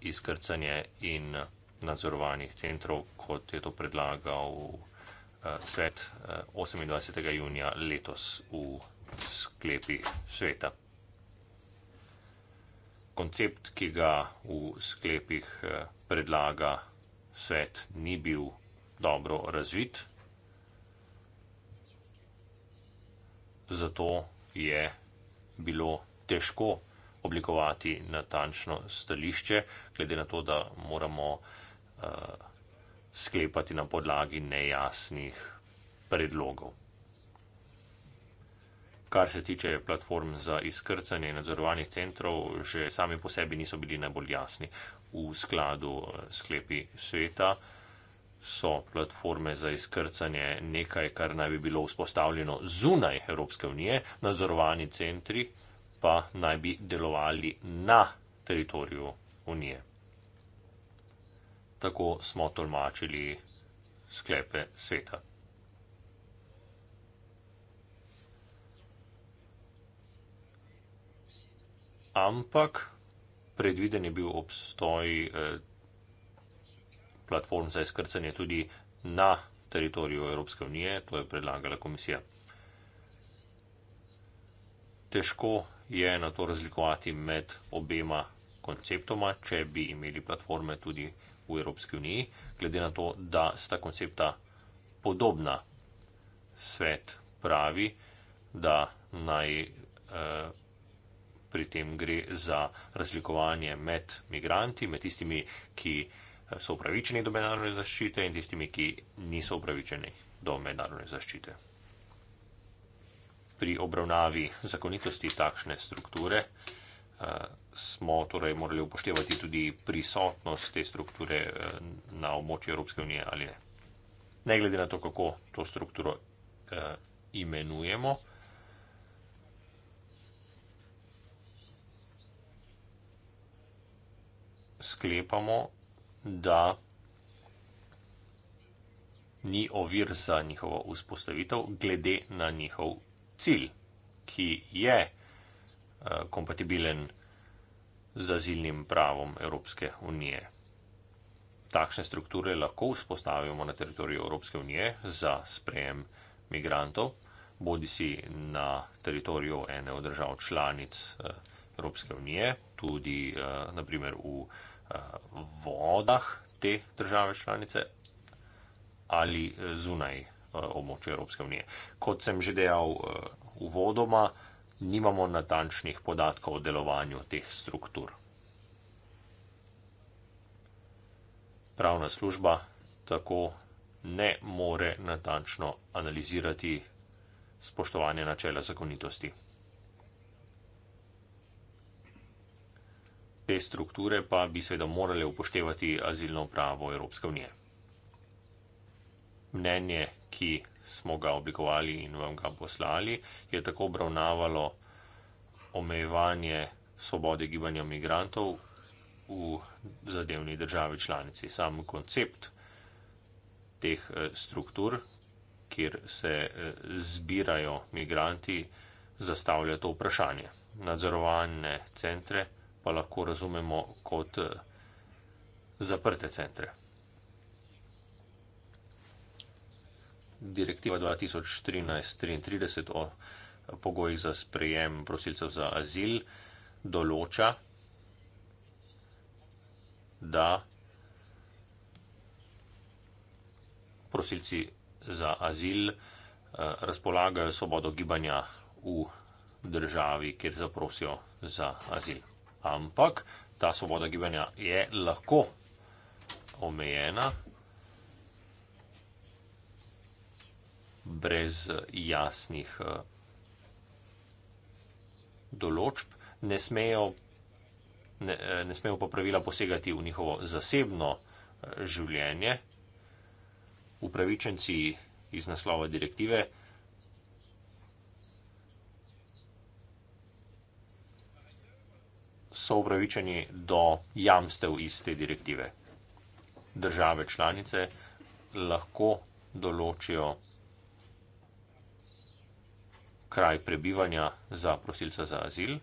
izkrcanje in nadzorovanih centrov, kot je to predlagal eh, svet 28. Eh, junija letos v sklepi sveta koncept, ki ga v sklepih eh, predlaga svet, ni bil dobro razvit. Zato je bilo težko oblikovati natančno stališče, glede na to, da moramo uh, sklepati na podlagi nejasnih predlogov. Kar se tiče platform za izkrcanje in nadzorovanje centrov, že sami po sebi niso bili najbolj jasni. V skladu eh, sklepi sveta so platforme za izkrcanje nekaj, kar naj bi bilo vzpostavljeno zunaj Evropske unije, nadzorovani centri pa naj bi delovali na teritoriju unije. Tako smo tolmačili sklepe sveta. ampak predviden je bil obstoj eh, platform za izkrcanje tudi na teritoriju Evropske unije, to je predlagala komisija. Težko je na to razlikovati med obema konceptoma, če bi imeli platforme tudi v Evropski uniji, glede na to, da sta koncepta podobna. Svet pravi, da naj eh, pri tem gre za razlikovanje med migranti, med tistimi, ki eh, so upravičeni do mednarodne zaščite in tistimi, ki niso upravičeni do mednarodne zaščite. Pri obravnavi zakonitosti takšne strukture eh, smo torej morali upoštevati tudi prisotnost te strukture eh, na območju Evropske unije ali ne. Ne glede na to, kako to strukturo imenujemo, sklepamo, da ni ovir za njihovo vzpostavitev, glede na njihov cilj, ki je eh, kompatibilen z azilnim pravom Evropske unije. Takšne strukture lahko vzpostavimo na teritoriju Evropske unije za sprejem migrantov, bodi si na teritoriju ene od držav članic eh, Evropske unije, tudi eh, naprimer v Eh, vodah te države članice ali eh, zunaj eh, območja Evropske unije. Kot sem že dejal uvodoma, nimamo natančnih podatkov o delovanju teh struktur. Pravna služba tako ne more natančno analizirati spoštovanje načela zakonitosti. Te strukture pa bi seveda morale upoštevati azilno pravo Evropske unije. Mnenje, ki smo ga oblikovali in vam ga poslali, je tako obravnavalo omejevanje svobode gibanja migrantov v zadevni državi članici. Sam koncept teh eh, struktur, kjer se eh, zbirajo migranti, zastavlja to vprašanje. Nadzorovane centre pa lahko razumemo kot eh, zaprte centre. Direktiva 2013-33 o pogojih za sprejem prosilcev za azil določa, da prosilci za azil eh, razpolagajo svobodo gibanja v državi, kjer zaprosijo za azil ampak ta svoboda gibanja je lahko omejena brez eh, jasnih eh, določb. Ne smejo, ne, eh, ne smejo pa pravila posegati v njihovo zasebno življenje. Upravičenci iz naslova direktive so upravičeni do jamstev iz te direktive. Države članice lahko določijo kraj prebivanja za prosilca za azil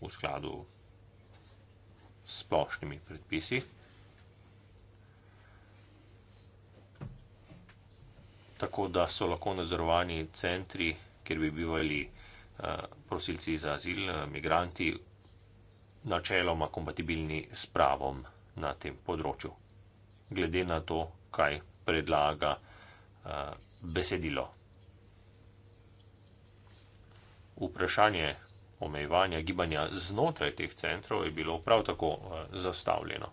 v skladu s splošnimi predpisi. Tako da so lahko nadzorovani centri, kjer bi bivali prosilci za azil, eh, migranti, načeloma kompatibilni s pravom na tem področju, glede na to, kaj predlaga eh, besedilo. Vprašanje omejevanja gibanja znotraj teh centrov je bilo prav tako eh, zastavljeno.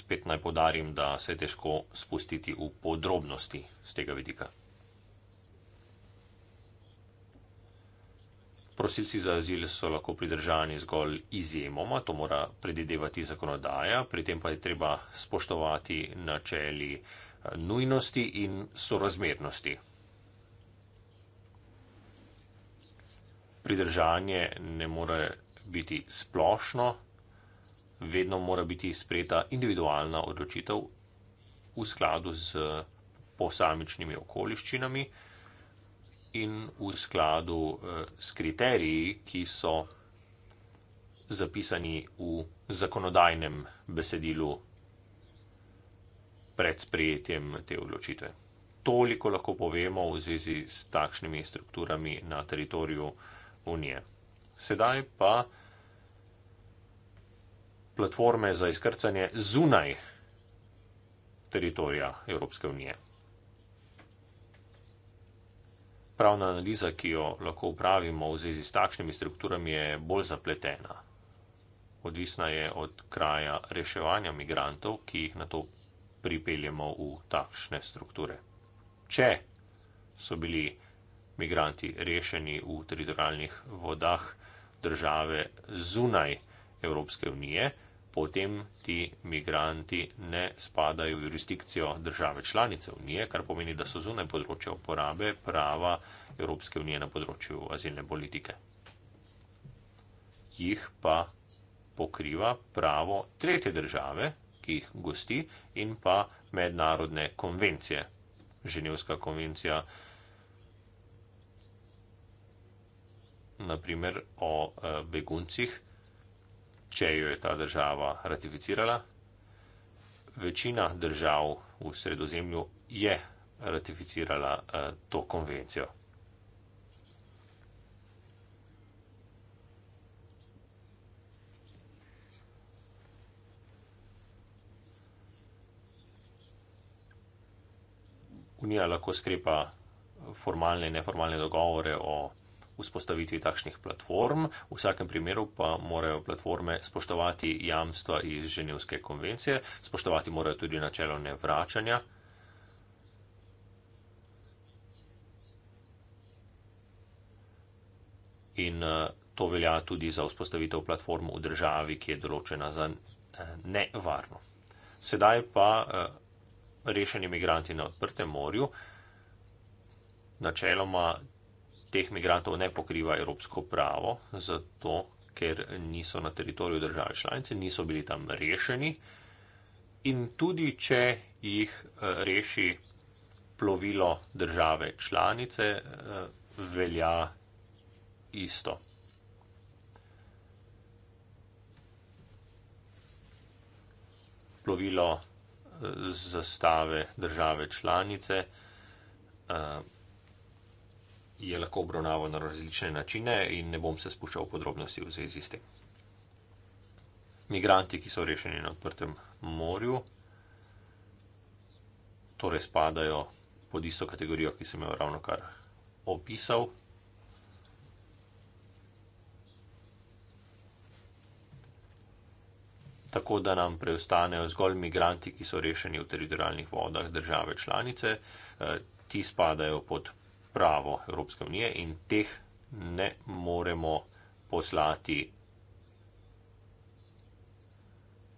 Spet naj podarim, da se je težko spustiti v podrobnosti z tega vidika. Prosilci za azil so lahko pridržani zgolj izjemoma, to mora predvidevati zakonodaja, pri tem pa je treba spoštovati načeli eh, nujnosti in sorazmernosti. Pridržanje ne more biti splošno, vedno mora biti sprejeta individualna odločitev v skladu z posamičnimi okoliščinami in v skladu eh, s kriteriji, ki so zapisani v zakonodajnem besedilu pred sprejetjem te odločitve. Toliko lahko povemo v zvezi s takšnimi strukturami na teritoriju Unije. Sedaj pa platforme za izkrcanje zunaj teritorija Evropske unije. pravna analiza, ki jo lahko upravimo v zvezi s takšnimi strukturami, je bolj zapletena. Odvisna je od kraja reševanja migrantov, ki jih na to pripeljemo v takšne strukture. Če so bili migranti rešeni v teritorijalnih vodah države zunaj Evropske unije, potem ti migranti ne spadajo v jurisdikcijo države članice unije, kar pomeni, da so zunaj področja uporabe prava Evropske unije na področju azilne politike. Jih pa pokriva pravo tretje države, ki jih gosti, in pa mednarodne konvencije. Ženevska konvencija, naprimer o eh, beguncih, če jo je ta država ratificirala. Večina držav v sredozemlju je ratificirala eh, to konvencijo. Unija lahko skrepa formalne in neformalne dogovore o vzpostavitvi takšnih platform, v vsakem primeru pa morajo platforme spoštovati jamstva iz Ženevske konvencije, spoštovati morajo tudi načelo nevračanja. In eh, to velja tudi za vzpostavitev platform v državi, ki je določena za eh, nevarno. Sedaj pa eh, rešeni migranti na odprtem morju. Načeloma teh migrantov ne pokriva evropsko pravo, zato ker niso na teritoriju države članice, niso bili tam rešeni. In tudi, če jih eh, reši plovilo države članice, eh, velja isto. Plovilo eh, zastave države članice. Uh, je lahko obravnavo na različne načine in ne bom se spuščal v podrobnosti v zvezi s tem. Migranti, ki so rešeni na odprtem morju, torej spadajo pod isto kategorijo, ki sem jo ravno kar opisal. Tako da nam preostanejo zgolj migranti, ki so rešeni v teritorijalnih vodah države članice, eh, ti spadajo pod pravo Evropske unije in teh ne moremo poslati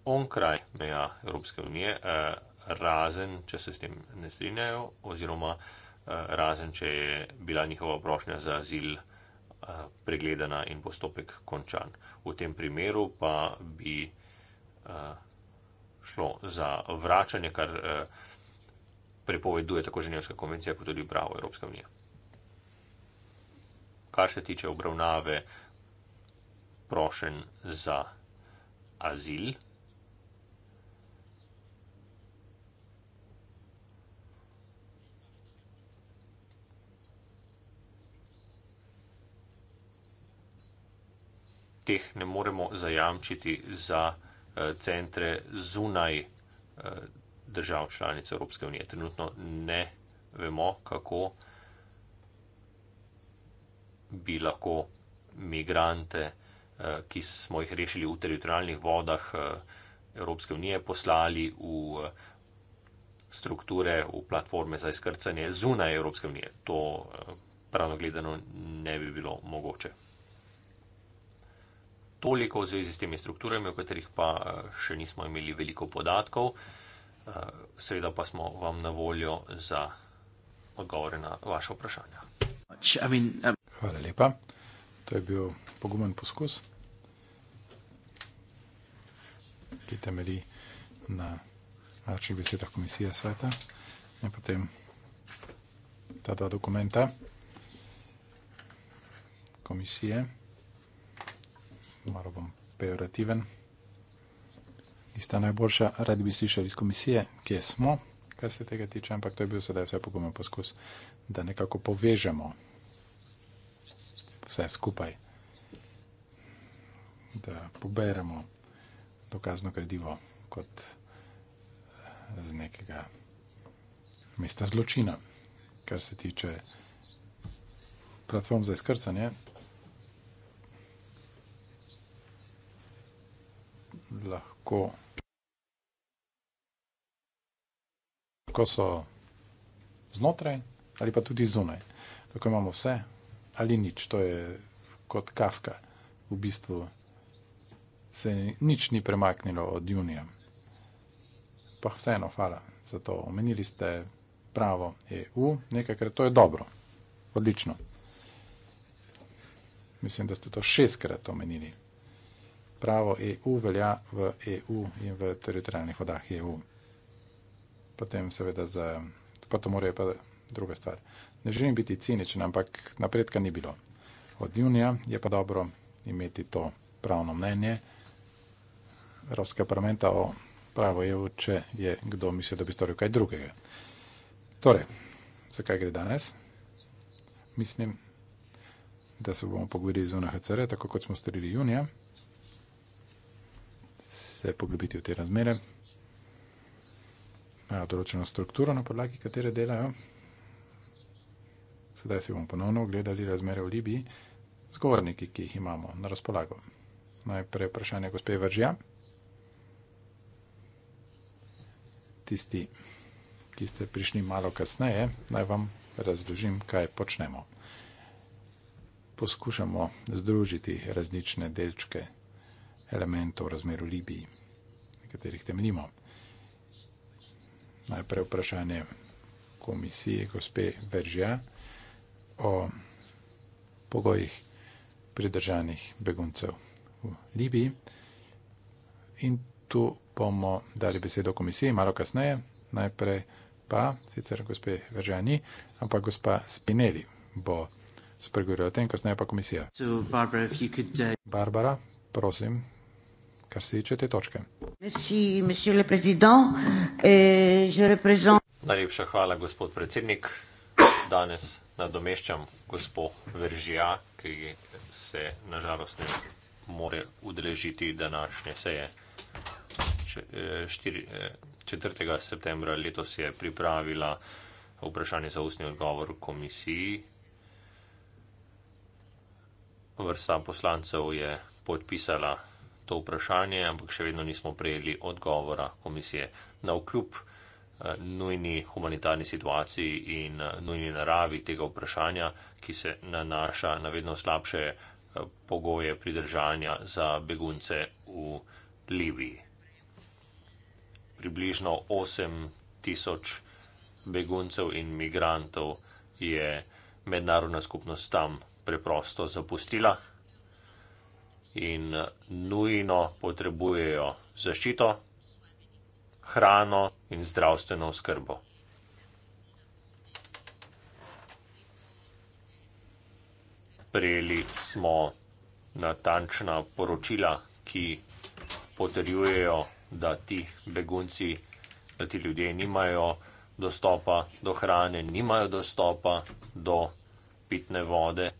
onkraj meja Evropske unije, eh, razen, če se s tem ne strinjajo, oziroma eh, razen, če je bila njihova prošnja za azil eh, pregledana in postopek končan. V tem primeru pa bi šlo za vračanje, kar prepoveduje tako Ženevska konvencija, kot tudi pravo Evropske unije kar se tiče obravnave prošen za azil. Teh ne moremo zajamčiti za eh, centre zunaj eh, držav članic Evropske unije. Trenutno ne vemo, kako bi lahko migrante, eh, ki smo jih rešili v teritorijalnih vodah eh, Evropske unije, poslali v eh, strukture, v platforme za izkrcanje zunaj Evropske unije. To pravno gledano ne bi bilo mogoče. Toliko v zvezi s temi strukturami, o katerih pa še nismo imeli veliko podatkov. Seveda pa smo vam na voljo za odgovore na vaše vprašanja. I mean, um... Hvala lepa. To je bil pogumen poskus, ki temelji na naših besedah Komisije sveta in potem ta dva dokumenta Komisije. Malo bom pejorativen. Nista najboljša, radi bi slišali iz komisije, kje smo, kar se tega tiče, ampak to je bil sedaj vse pogumen poskus, da nekako povežemo vse skupaj, da poberemo dokazno gradivo kot z nekega mesta zločina, kar se tiče platform za izkrcanje. Lahko so znotraj ali pa tudi zunaj. Tako imamo vse, ali nič. To je kot Kafka. V bistvu se nič ni premaknilo od junija. Pa vseeno, hvala za to. Omenili ste pravo EU, nekaj, kar to je dobro. Odlično. Mislim, da ste to šestkrat omenili. Pravo EU velja v EU in v teritorijalnih vodah EU. Potem seveda za... Pa to morajo pa druga stvar. Ne želim biti ciničen, ampak napredka ni bilo. Od junija je pa dobro imeti to pravno mnenje. Evropska parlamenta o pravo EU, če je kdo mislil, da bi storil kaj drugega. Torej, zakaj gre danes? Mislim, da se bomo pogovorili z UNHCR, tako kot smo storili junija, se poglobiti v te razmere, imajo določeno strukturo, na podlagi katere delajo. Sedaj si bomo ponovno ogledali razmere v Libiji z govorniki, ki jih imamo na razpolago. Najprej vprašanje gospe Vržja. Tisti, ki ste prišli malo kasneje, naj vam razložim, kaj počnemo. Poskušamo združiti različne delčke elementov razmeru Libiji, na katerih temeljimo. Najprej vprašanje komisije gospe Veržja o pogojih pridržanih beguncev v Libiji. In tu bomo dali besedo komisiji malo kasneje, najprej pa, sicer gospe Veržani, ampak gospa Spinelli bo spregovorila o tem, kasneje pa komisija. So, Barbara, could, uh... Barbara, prosim, kar se tiče te točke. Merci, monsieur le président. Eh, je represent... Najlepša hvala, gospod predsednik danes nadomeščam gospod Veržija, ki se nažalost ne more udeležiti današnje seje. E, Štir, 4. E, septembra letos je pripravila vprašanje za ustni odgovor komisiji. Vrsta poslancev je podpisala to vprašanje, ampak še vedno nismo prejeli odgovora komisije. Na vkljub nujni humanitarni situaciji in eh, nujni naravi tega vprašanja, ki se nanaša na vedno slabše eh, pogoje pridržanja za begunce v Libiji. Približno 8 tisoč beguncev in migrantov je mednarodna skupnost tam preprosto zapustila in eh, nujno potrebujejo zaščito hrano in zdravstveno oskrbo. Prejeli smo natančna poročila, ki potrjujejo, da ti begunci, da ti ljudje nimajo dostopa do hrane, nimajo dostopa do pitne vode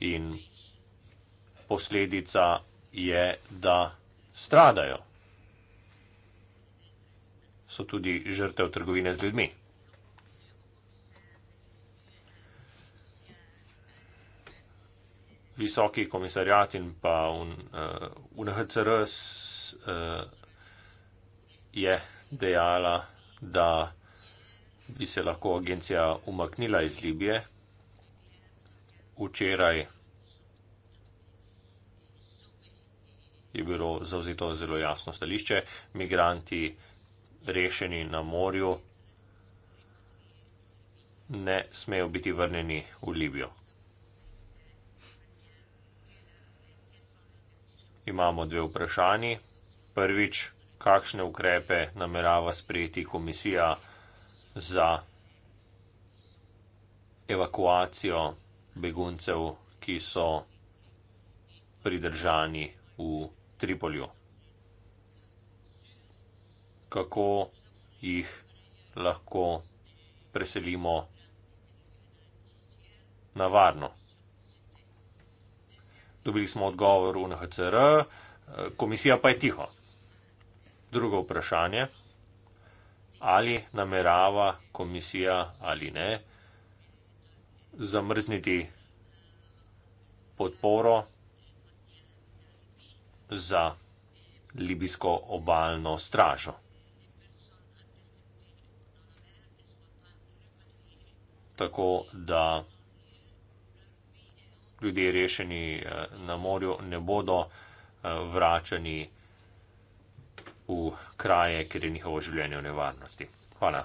in posledica je, da stradajo so tudi žrtev trgovine z ljudmi. Visoki komisarjat in pa eh, UNHCR uh, je dejala, da bi se lahko agencija umaknila iz Libije. Včeraj je bilo zauzeto zelo jasno stališče. Migranti uh, rešeni na morju, ne smejo biti vrnjeni v Libijo. Imamo dve vprašanji. Prvič, kakšne ukrepe namerava sprejeti komisija za evakuacijo beguncev, ki so pridržani v Tripolju? kako jih lahko preselimo na varno. Dobili smo odgovor UNHCR, komisija pa je tiho. Drugo vprašanje, ali namerava komisija ali ne zamrzniti podporo za libijsko obalno stražo. tako da ljudje rešeni eh, na morju ne bodo eh, vračani v kraje, kjer je njihovo življenje v nevarnosti. Hvala.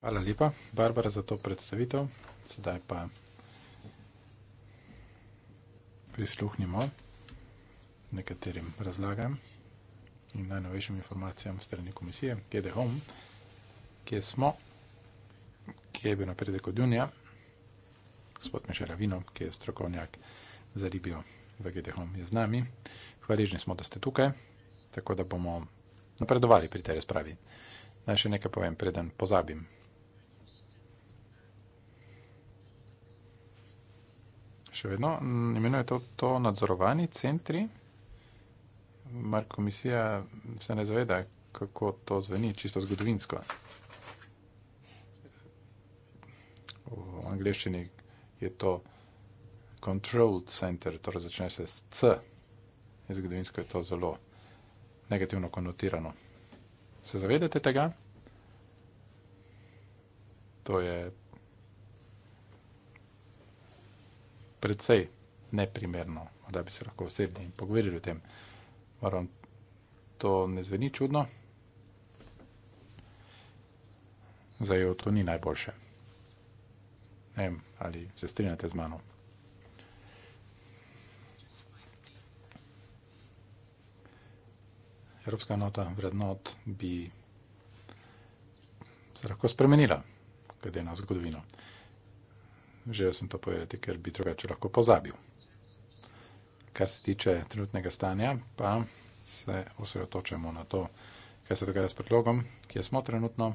Hvala lepa, Barbara, za to predstavitev. Sedaj pa prisluhnimo nekaterim razlagam in najnovejšim informacijam strani komisije GDHOM, kjer smo ki je bil na predeku Dunja, gospod Mišel Avino, ki je strokovnjak za ribijo v GDH-om, je z nami. Hvaležni smo, da ste tukaj, tako da bomo napredovali pri tej razpravi. Naj še nekaj povem, preden pozabim. Še vedno mm, imenuje to, to nadzorovani centri. Mar komisija se ne zaveda, kako to zveni, čisto zgodovinsko. angliščini je to controlled center, torej začne se s C. In zgodovinsko je to zelo negativno konotirano. Se zavedate tega? To je precej neprimerno, da bi se lahko osebni in pogovarjali o tem. Moram, to ne zveni čudno. Zdaj, e to ni najboljše. Ne vem, ali se strinjate z mano. Evropska nota vrednot bi se lahko spremenila, glede na zgodovino. Želel sem to povedati, ker bi drugače lahko pozabil. Kar se tiče trenutnega stanja, pa se osredotočamo na to, kaj se dogaja s predlogom, kje smo trenutno,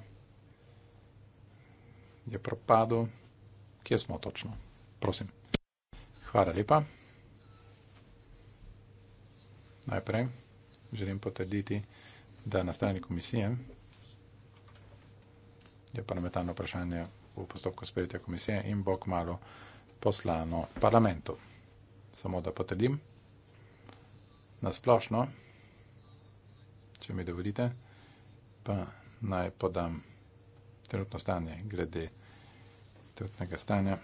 je propadlo kje smo točno. Prosim. Hvala lepa. Najprej želim potrditi, da na strani komisije je parlamentarno vprašanje v postopku sprejetja komisije in bo kmalo poslano parlamentu. Samo da potrdim, na splošno, če mi dovolite, pa naj podam trenutno stanje glede trenutnega stanja.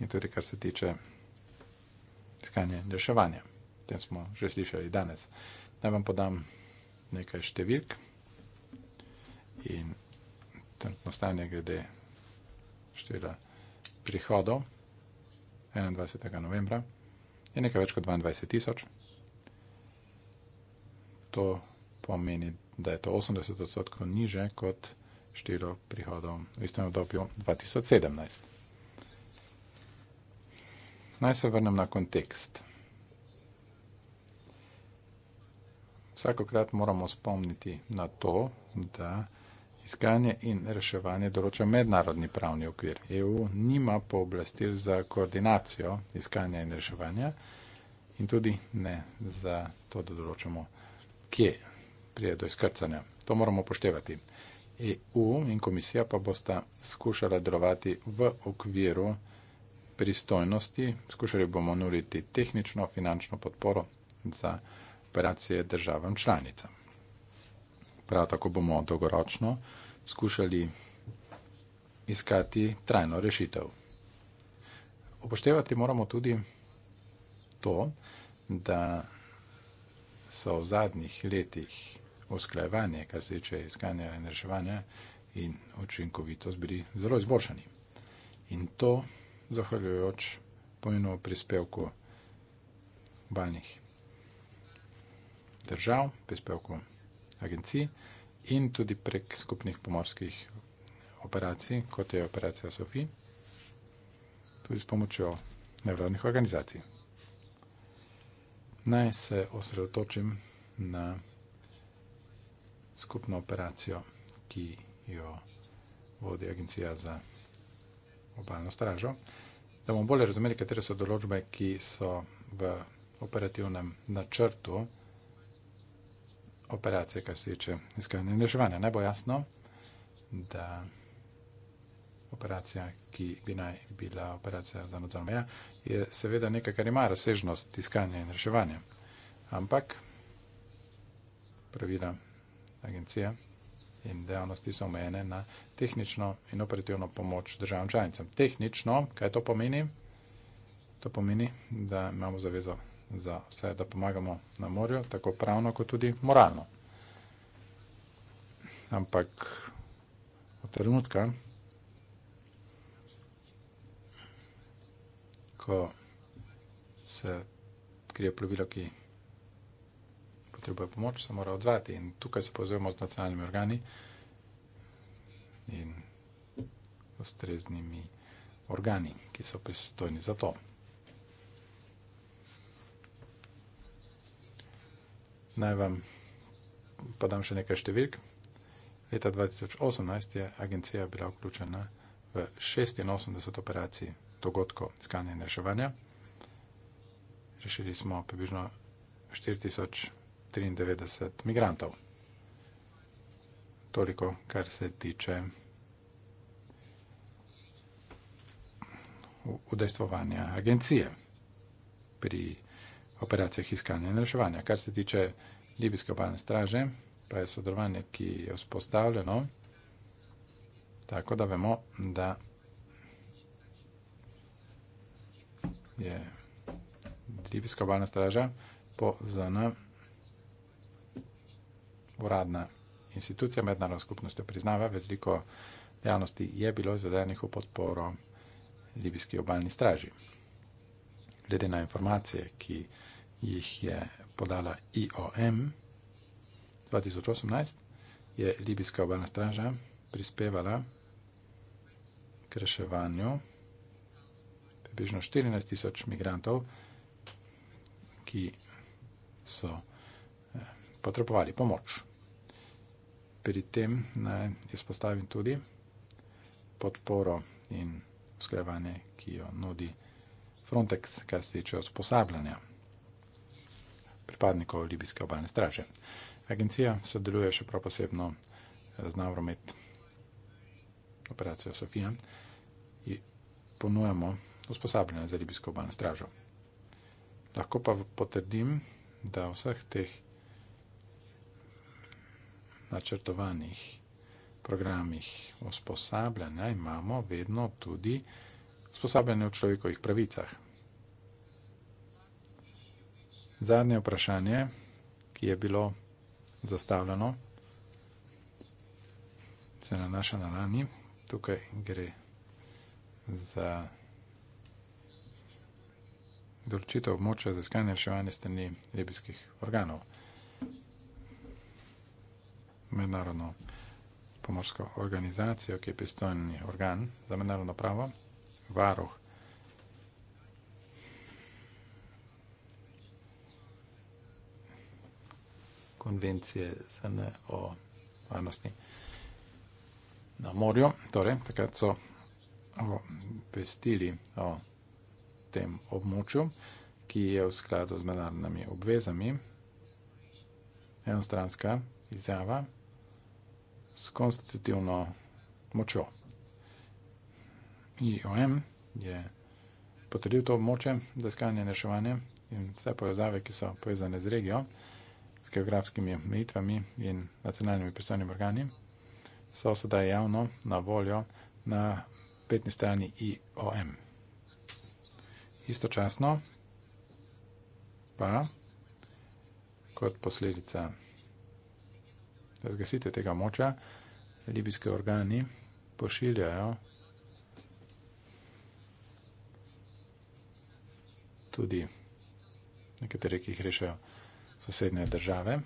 In tudi kar se tiče iskanja in reševanja. O tem smo že slišali danes. Naj vam podam nekaj številk in trenutno stanje glede števila prihodov 21. novembra je nekaj več kot 22 tisoč. To pomeni, da je to 80 odstotkov niže kot 2020 število prihodov v istem obdobju 2017. Naj se vrnem na kontekst. Vsakokrat moramo spomniti na to, da iskanje in reševanje določa mednarodni pravni okvir. EU nima pooblastil za koordinacijo iskanja in reševanja in tudi ne za to, da določamo, kje prije do izkrcanja. To moramo poštevati. EU in komisija pa bosta skušala delovati v okviru pristojnosti. Skušali bomo nuriti tehnično, finančno podporo za operacije državam članicam. Prav tako bomo dolgoročno skušali iskati trajno rešitev. Upoštevati moramo tudi to, da so v zadnjih letih osklajevanje, kar se tiče iskanja in reševanja in učinkovitost, bili zelo izboljšani. In to zahvaljujoč pomenu prispevku obaljnih držav, prispevku agencij in tudi prek skupnih pomorskih operacij, kot je operacija SOFI, tudi s pomočjo nevladnih organizacij. Naj se osredotočim na skupno operacijo, ki jo vodi Agencija za obaljno stražo. Da bomo bolje razumeli, katere so določbe, ki so v operativnem načrtu operacije, kar se tiče iskanja in reševanja. Naj bo jasno, da operacija, ki bi naj bila operacija za nadzor meja, je seveda nekaj, kar ima razsežnost iskanja in reševanja. Ampak pravila agencija in dejavnosti so omejene na tehnično in operativno pomoč državam članicam. Tehnično, kaj to pomeni? To pomeni, da imamo zavezo za vse, da pomagamo na morju, tako pravno kot tudi moralno. Ampak od trenutka, ko se krije plovilo, ki potrebuje pomoč, se mora odzvati. In tukaj se povezujemo z nacionalnimi organi in ustreznimi organi, ki so pristojni za to. Naj vam podam še nekaj številk. Leta 2018 je agencija bila vključena v 86 operacij dogodkov skanja in reševanja. Rešili smo približno 4000 93 migrantov. Toliko, kar se tiče udejstvovanja agencije pri operacijah iskanja in reševanja. Kar se tiče Libijske obalne straže, pa je sodelovanje, ki je vzpostavljeno, tako da vemo, da je Libijska obalna straža po ZNP uradna institucija mednarodno skupnostjo priznava, veliko dejavnosti je bilo izvedenih v podporo libijski obaljni straži. Glede na informacije, ki jih je podala IOM 2018, je libijska obaljna straža prispevala k reševanju približno 14 tisoč migrantov, ki so eh, potrebovali pomoč pri tem naj izpostavim tudi podporo in usklajevanje, ki jo nudi Frontex, kar se tiče usposabljanja pripadnikov Libijske obalne straže. Agencija sodeluje še prav posebno eh, z Navromet operacijo Sofija in ponujemo usposabljanje za Libijsko obalno stražo. Lahko pa potrdim, da vseh teh načrtovanih programih usposabljanja imamo vedno tudi usposabljanje o človekovih pravicah. Zadnje vprašanje, ki je bilo zastavljeno, se nanaša na lani. Tukaj gre za določitev območja za iskanje reševanje strani ribijskih organov mednarodno pomorsko organizacijo, ki je pristojni organ za mednarodno pravo, varuh. konvencije SN o varnosti na morju. Torej, takrat so obvestili o tem območju, ki je v skladu z mednarodnimi obvezami enostranska izjava s konstitutivno močjo. IOM je potrdil to območje za iskanje in reševanje in vse povezave, ki so povezane z regijo, s geografskimi mejitvami in nacionalnimi predstavnimi organi, so sedaj javno na voljo na petni strani IOM. Istočasno pa kot posledica razglasitev tega moča, libijske organi pošiljajo tudi nekatere, ki jih rešajo sosednje države,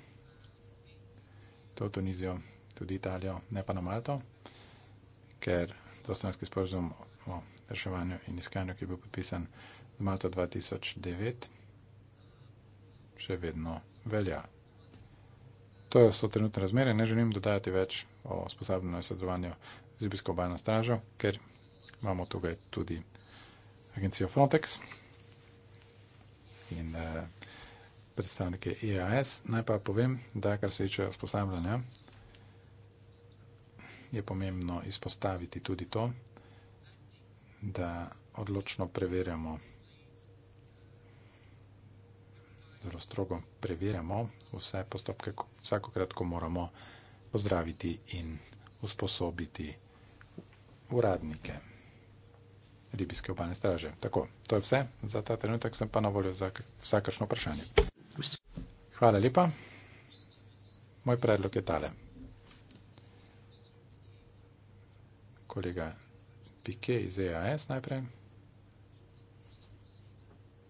to Tunizijo, tudi Italijo, ne pa na Malto, ker dostanski sporozum o reševanju in iskanju, ki je bil podpisan v Malto 2009, še vedno velja to so trenutne razmere. Ne želim dodajati več o sposobnosti sodelovanja z Libijsko obaljno stražo, ker imamo tukaj tudi agencijo Frontex in uh, predstavnike EAS. Naj pa povem, da kar se tiče usposabljanja, je pomembno izpostaviti tudi to, da odločno preverjamo zelo strogo preverjamo vse postopke, vsakokrat, ko moramo pozdraviti in usposobiti uradnike ribiške obalne straže. Tako, to je vse za ta trenutek, sem pa na voljo za vsakršno vprašanje. Hvala lepa. Moj predlog je tale. Kolega Pike iz EAS najprej,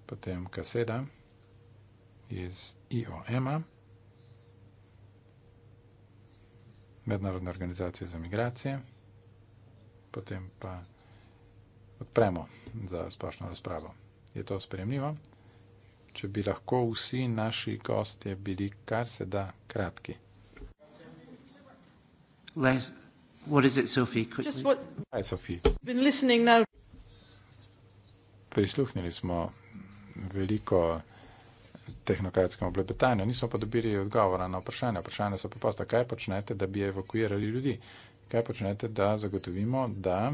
potem Kaseda iz IOM-a, Mednarodne organizacije za migracije, potem pa odpremo za splošno razpravo. Je to spremljivo? Če bi lahko vsi naši gostje bili kar se da kratki. Les, what is it, Sophie? Just what... Hi, Sophie. Been listening now. Prisluhnili smo veliko tehnokratskemu blebetanju, nismo pa dobili odgovora na vprašanje. Vprašanje so pa posta, kaj počnete, da bi evakuirali ljudi? Kaj počnete, da zagotovimo, da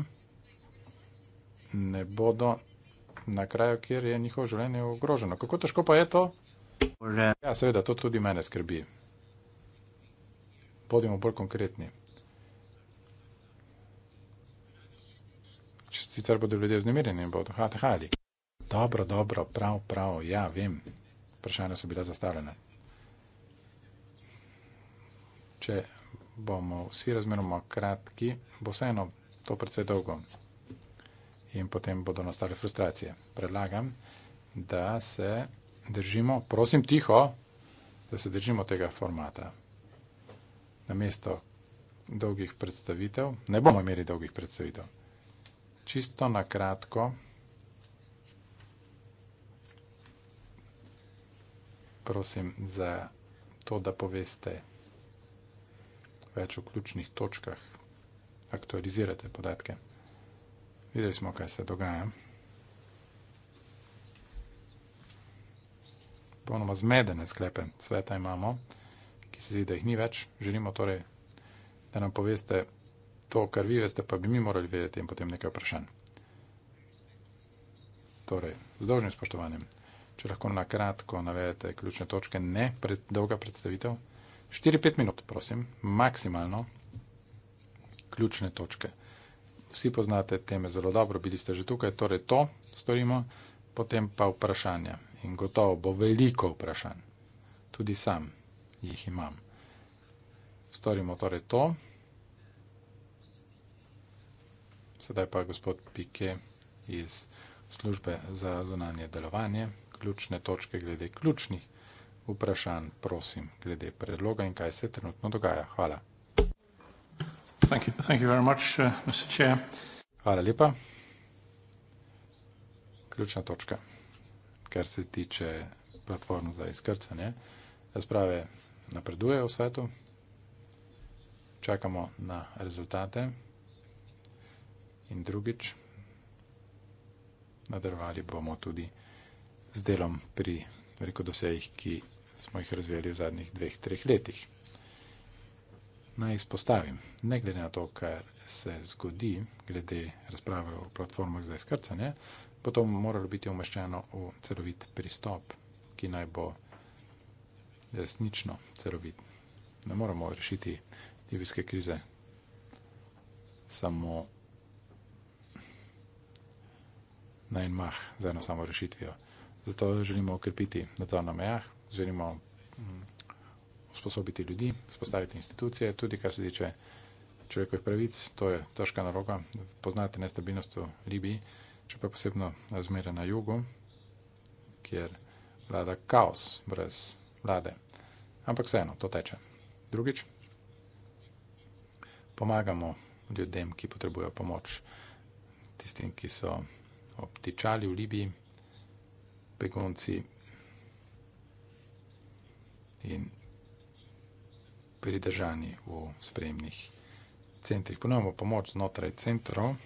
ne bodo na kraju, kjer je njihovo življenje ogroženo? Kako težko pa je to? Ja, seveda, to tudi mene skrbi. Bodimo bolj konkretni. Sicer bodo ljudje vznemirjeni in bodo hatehali. Dobro, dobro, prav, prav, ja, vem vprašanja so bila zastavljena. Če bomo vsi razmeroma kratki, bo vseeno to predvsej dolgo in potem bodo nastale frustracije. Predlagam, da se držimo, prosim tiho, da se držimo tega formata. Na mesto dolgih predstavitev, ne bomo imeli dolgih predstavitev, čisto na kratko, prosim za to, da poveste več o ključnih točkah, aktualizirate podatke. Videli smo, kaj se dogaja. Ponoma zmedene sklepe sveta imamo, ki se zdi, da jih ni več. Želimo torej, da nam poveste to, kar vi veste, pa bi mi morali vedeti in potem nekaj vprašanj. Torej, z dožnim spoštovanjem če lahko na kratko navedete ključne točke, ne pred dolga predstavitev. 4-5 minut, prosim, maksimalno ključne točke. Vsi poznate teme zelo dobro, bili ste že tukaj, torej to storimo, potem pa vprašanja. In gotovo bo veliko vprašanj, tudi sam jih imam. Storimo torej to. Sedaj pa gospod Pike iz službe za zunanje delovanje ključne točke glede ključnih vprašanj, prosim, glede predloga in kaj se trenutno dogaja. Hvala. Thank you. Thank you very much, uh, Mr. Chair. Hvala lepa. Ključna točka, kar se tiče platform za izkrcanje. Razprave napreduje v svetu. Čakamo na rezultate. In drugič, nadaljevali bomo tudi z delom pri dosejih, ki smo jih razvijali v zadnjih dveh, treh letih. Naj izpostavim, ne glede na to, kar se zgodi, glede razprave o platformah za izkrcanje, bo to moralo biti umeščeno v celovit pristop, ki naj bo resnično celovit. Ne moramo rešiti libijske krize samo na en mah, z eno samo rešitvijo. Zato želimo okrepiti nadzor na mejah, želimo mm, usposobiti ljudi, spostaviti institucije, tudi kar se tiče človekovih pravic, to je težka naloga. Poznate nestabilnost v Libiji, če pa posebno razmere na jugu, kjer vlada kaos brez vlade. Ampak vseeno, to teče. Drugič, pomagamo ljudem, ki potrebujejo pomoč, tistim, ki so obtičali v Libiji begunci in pridržani v spremnih centrih. Ponovimo pomoč znotraj centrov,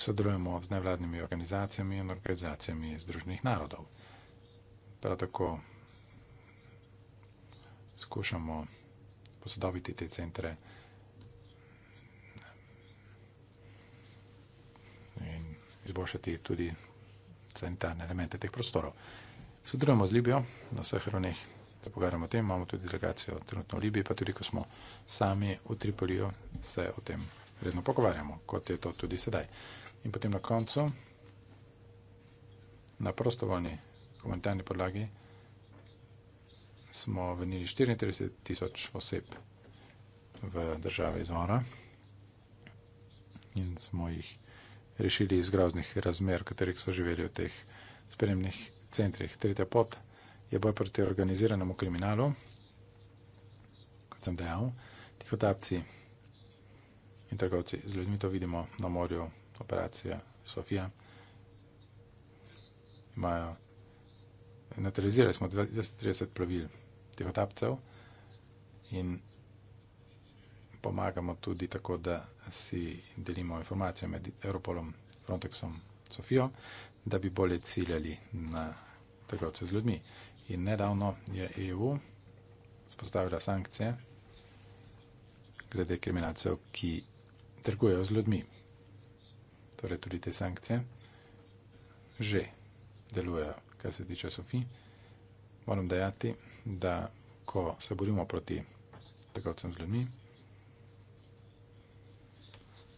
sodelujemo z nevladnimi organizacijami in organizacijami Združenih narodov. Prav tako skušamo posodobiti te centre in izboljšati tudi za interne elemente teh prostorov. Sodelujemo z Libijo na vseh ravneh, se pogovarjamo o tem, imamo tudi delegacijo trenutno v Libiji, pa tudi ko smo sami v Tripoliju, se o tem redno pogovarjamo, kot je to tudi sedaj. In potem na koncu, na prostovoljni humanitarni podlagi, smo vrnili 34 tisoč oseb v države izvora in smo jih rešili iz groznih razmer, v katerih so živeli v teh spremnih centrih. Tretja pot je boj proti organiziranemu kriminalu, kot sem dejal, tihotapci in trgovci. Z ljudmi to vidimo na morju, operacija Sofija. Imajo, naturalizirali smo 230 pravil tihotapcev in pomagamo tudi tako, da si delimo informacije med Europolom, Frontexom, Sofijo, da bi bolje ciljali na trgovce z ljudmi. In nedavno je EU spostavila sankcije glede kriminalcev, ki trgujejo z ljudmi. Torej tudi te sankcije že delujejo, kar se tiče Sofije. Moram dejati, da ko se borimo proti trgovcem z ljudmi,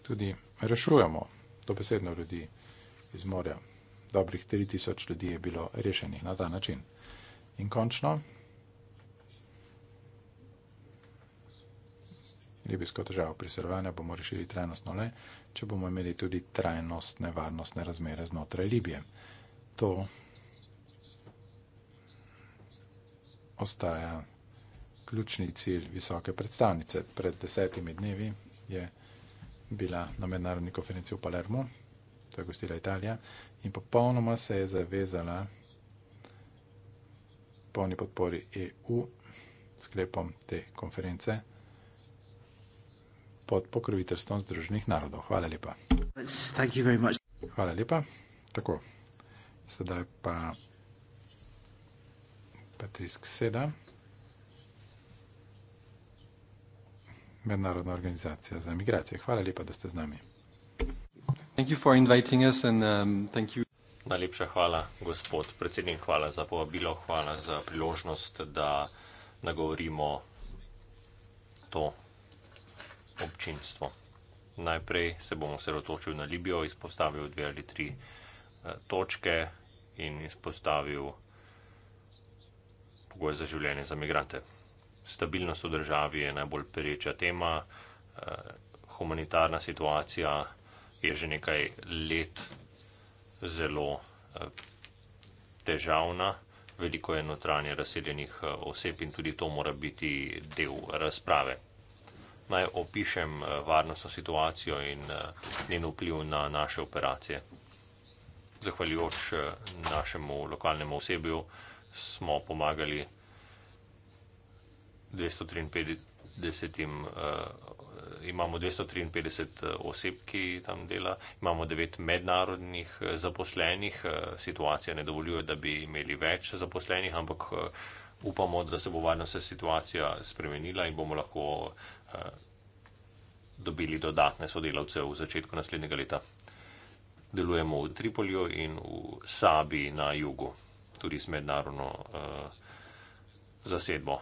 tudi rešujemo, dobesedno ljudi iz morja. Dobrih 3000 ljudi je bilo rešenih na ta način. In končno, libijsko državo priseljevanja bomo rešili trajnostno le, če bomo imeli tudi trajnostne varnostne razmere znotraj Libije. To ostaja ključni cilj visoke predstavnice. Pred desetimi dnevi je bila na mednarodni konferenci v Palermo, to je gostila Italija, in popolnoma se je zavezala polni podpori EU sklepom te konference pod pokroviteljstvom Združenih narodov. Hvala lepa. Hvala lepa. Tako, sedaj pa Patrisk Seda. Mednarodna organizacija za migracije. Hvala lepa, da ste z nami. Thank you for inviting us and um, thank you. Najlepša hvala, gospod predsednik, hvala za povabilo, hvala za priložnost, da nagovorimo to občinstvo. Najprej se bomo osredotočil na Libijo, izpostavil dve ali tri eh, točke in izpostavil pogoje za življenje za migrante stabilnost v državi je najbolj pereča tema. Eh, humanitarna situacija je že nekaj let zelo eh, težavna. Veliko je notranje razseljenih eh, oseb in tudi to mora biti del razprave. Naj opišem varnostno situacijo in njen vpliv na naše operacije. Zahvaljujoč našemu lokalnemu osebju smo pomagali 253, uh, eh, imamo 253 eh, oseb, ki tam dela, imamo 9 mednarodnih eh, zaposlenih, situacija ne dovoljuje, da bi imeli več zaposlenih, ampak upamo, da se bo varnostna situacija spremenila in bomo lahko uh, dobili dodatne sodelavce v začetku naslednjega leta. Delujemo v Tripolju in v Sabi na jugu, tudi s mednarodno uh, zasedbo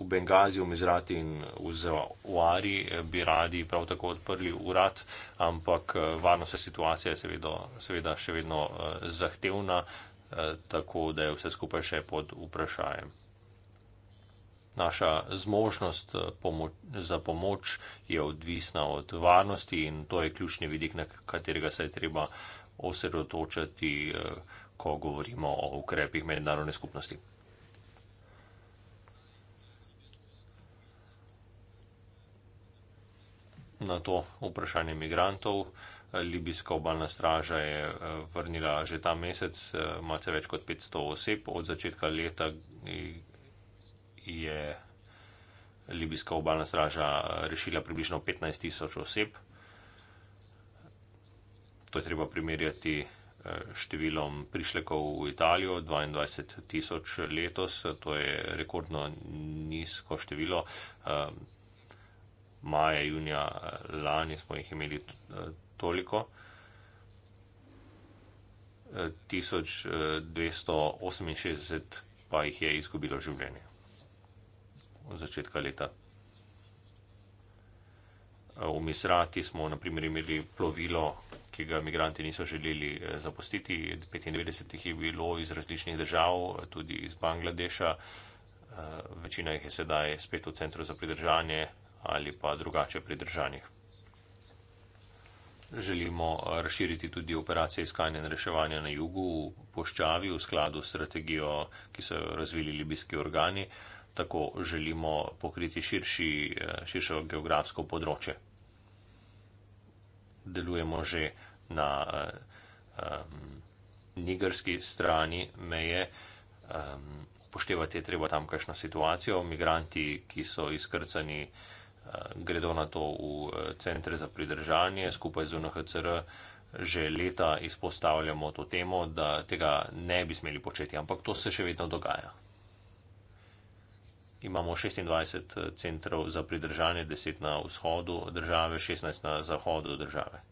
v Bengazi, v Mizrati in v Zawari eh, bi radi prav tako odprli urad, ampak eh, varnostna situacija je seveda, seveda še vedno eh, zahtevna, tako da je vse skupaj še pod vprašajem. Naša zmožnost pomoč, za pomoč je odvisna od varnosti in to je ključni vidik, na katerega se je treba osredotočati, ko govorimo o ukrepih mednarodne skupnosti. na to vprašanje migrantov. Libijska obalna straža je eh, vrnila že ta mesec eh, malce več kot 500 oseb. Od začetka leta eh, je Libijska obalna straža rešila približno 15 tisoč oseb. To je treba primerjati številom prišlekov v Italijo, 22 tisoč letos, to je rekordno nizko število maja, junija, eh, lani smo jih imeli eh, toliko. 1268 eh, pa jih je izgubilo življenje od začetka leta. V Misrati smo naprimer imeli plovilo, ki ga imigranti niso želeli zapustiti. 95 jih je bilo iz različnih držav, tudi iz Bangladeša. Večina jih je sedaj spet v centru za pridržanje, ali pa drugače pridržanih. Želimo razširiti tudi operacije iskanja in reševanja na jugu v poščavi v skladu s strategijo, ki so jo razvili libijski organi. Tako želimo pokriti širši, eh, širšo geografsko področje. Delujemo že na um, eh, nigerski strani meje. Um, upoštevati je treba tamkajšno situacijo. Migranti, ki so izkrcani. Eh, gredo na to v eh, centre za pridržanje, skupaj z UNHCR že leta izpostavljamo to temo, da tega ne bi smeli početi, ampak to se še vedno dogaja. Imamo 26 eh, centrov za pridržanje, 10 na vzhodu države, 16 na zahodu države.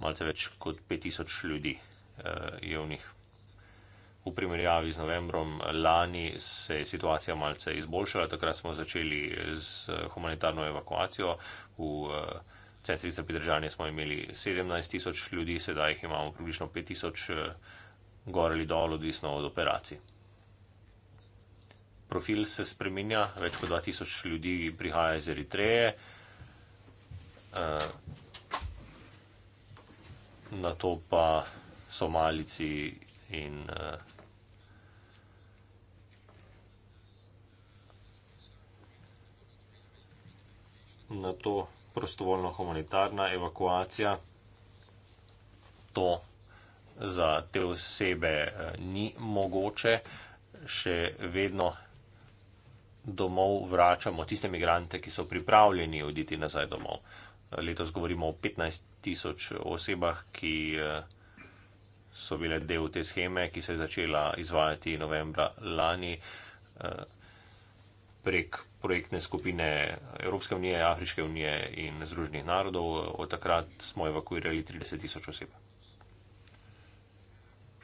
Malce več kot 5000 ljudi je v njih. V primerjavi z novembrom lani se je situacija malce izboljšala, takrat smo začeli z eh, humanitarno evakuacijo. V eh, centrih za pridržanje smo imeli 17 tisoč ljudi, sedaj jih imamo približno 5 tisoč, eh, gor ali dol, odvisno od operacij. Profil se spreminja, več kot 2000 ljudi prihaja iz Eritreje. Na to pa Somalici in uh, na to prostovoljno humanitarna evakuacija. To za te osebe uh, ni mogoče, še vedno domov vračamo tiste migrante, ki so pripravljeni oditi nazaj domov. Letos govorimo o 15 tisoč osebah, ki uh, so bile del te scheme, ki se je začela izvajati novembra lani eh, prek projektne skupine Evropske unije, Afriške unije in Združenih narodov. Od takrat smo evakuirali 30 tisoč oseb.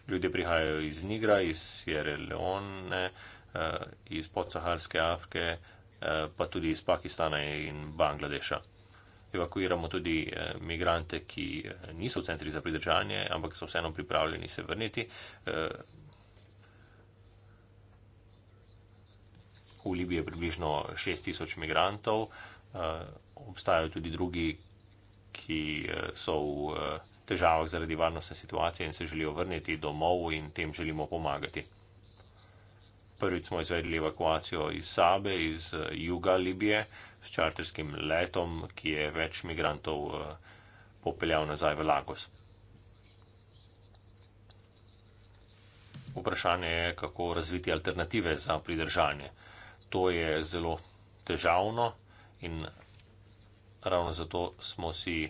Ljudje prihajajo iz Nigra, iz Sierra Leone, eh, iz podsaharske Afrike, eh, pa tudi iz Pakistana in Bangladeša evakuiramo tudi eh, migrante, ki eh, niso v centri za pridržanje, ampak so vseeno pripravljeni se vrniti. Eh, v Libiji je približno 6000 migrantov, obstajajo tudi drugi, ki so v težavah zaradi varnostne situacije in se želijo vrniti domov in tem želimo pomagati prvič smo izvedli evakuacijo iz Sabe, iz eh, juga Libije, s čarterskim letom, ki je več migrantov eh, popeljal nazaj v Lagos. Vprašanje je, kako razviti alternative za pridržanje. To je zelo težavno in ravno zato smo si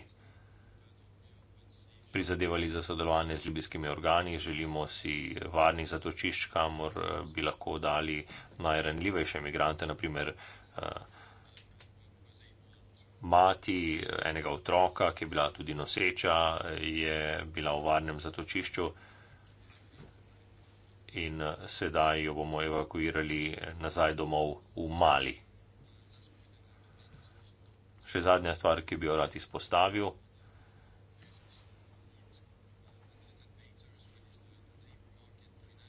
prizadevali za sodelovanje z libijskimi organi, želimo si varnih zatočišč, kamor eh, bi lahko dali najranljivejše imigrante, naprimer eh, mati eh, enega otroka, ki je bila tudi noseča, je bila v varnem zatočišču in sedaj jo bomo evakuirali nazaj domov v Mali. Še zadnja stvar, ki bi jo rad izpostavil.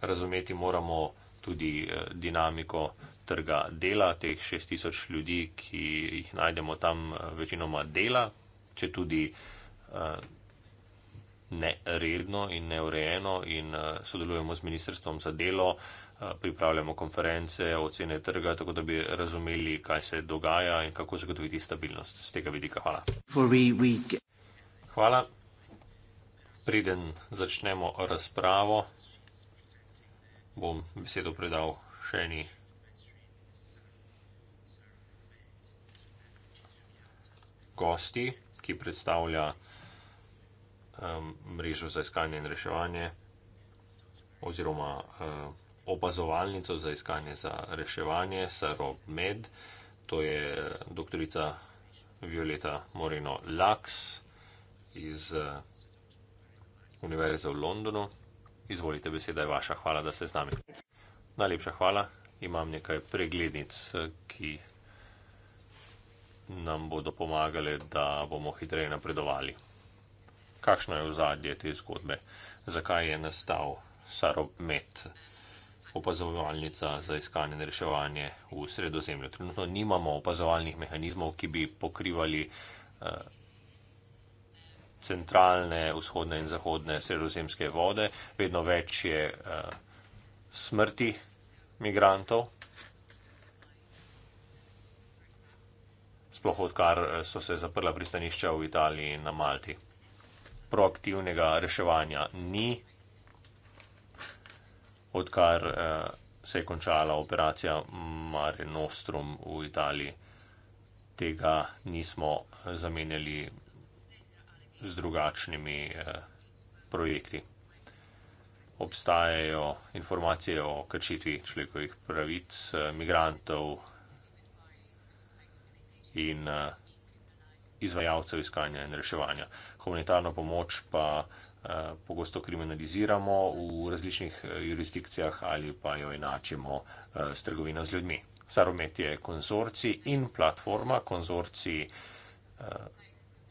razumeti moramo tudi eh, dinamiko trga dela, teh 6000 ljudi, ki jih najdemo tam eh, večinoma dela, če tudi eh, neredno in neurejeno in sodelujemo z Ministrstvom za delo, pripravljamo konference, ocene trga, tako da bi razumeli, kaj se dogaja in kako zagotoviti stabilnost. Z tega vidika hvala. Hvala. Preden začnemo razpravo, bom besedo predal še eni. Gosti, ki predstavlja um, mrežo za iskanje in reševanje, oziroma uh, opazovalnico za iskanje in reševanje, Sarob Med, to je doktorica Violeta Moreno Laks iz uh, Univerze v Londonu. Izvolite, beseda je vaša. Hvala, da ste z nami. Najlepša hvala. Imam nekaj preglednic, ki nam bodo pomagale, da bomo hitreje napredovali. Kakšno je ozadje te zgodbe? Zakaj je nastal Saromet, opazovalnica za iskanje in reševanje v sredozemlju? Trenutno nimamo opazovalnih mehanizmov, ki bi pokrivali. Uh, centralne, vzhodne in zahodne sredozemske vode, vedno več je uh, smrti migrantov. Sploh odkar eh, so se zaprla pristanišča v Italiji in na Malti. Proaktivnega reševanja ni, odkar uh, se je končala operacija Mare Nostrum v Italiji. Tega nismo zamenjali z drugačnimi eh, projekti. Obstajajo informacije o kršitvi človekovih pravic, eh, migrantov in eh, izvajalcev iskanja in reševanja. Humanitarno pomoč pa pogosto kriminaliziramo v različnih jurisdikcijah ali pa jo enačimo s trgovino z ljudmi. Saromet je konzorci in platforma konzorci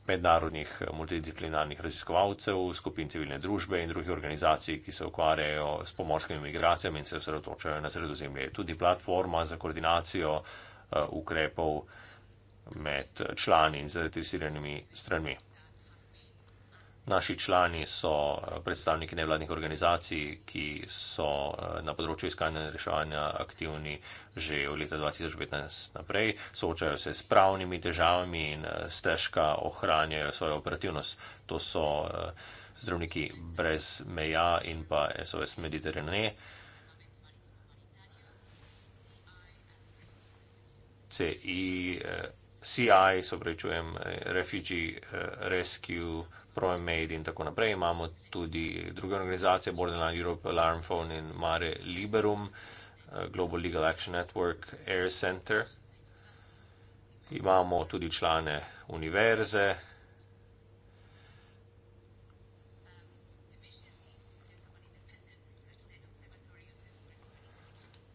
mednarodnih eh, multidisciplinarnih raziskovalcev, skupin civilne družbe in drugih organizacij, ki se ukvarjajo s pomorskimi migracijami in se osredotočajo na sredozemlje. Tudi platforma za koordinacijo eh, ukrepov med člani in zainteresiranimi stranmi. Naši člani so eh, predstavniki nevladnih organizacij, ki so eh, na področju iskanja in reševanja aktivni že od leta 2015 naprej, soočajo se s pravnimi težavami in eh, stežka ohranjajo svojo operativnost. To so zdravniki brez meja in pa SOS Mediterane. CI, CI, se opravičujem, Refugee Rescue. ProMade in tako naprej. Imamo tudi druge organizacije, Borderline Europe, Alarm Phone in Mare Liberum, eh, Global Legal Action Network, Air Center. Imamo tudi člane univerze.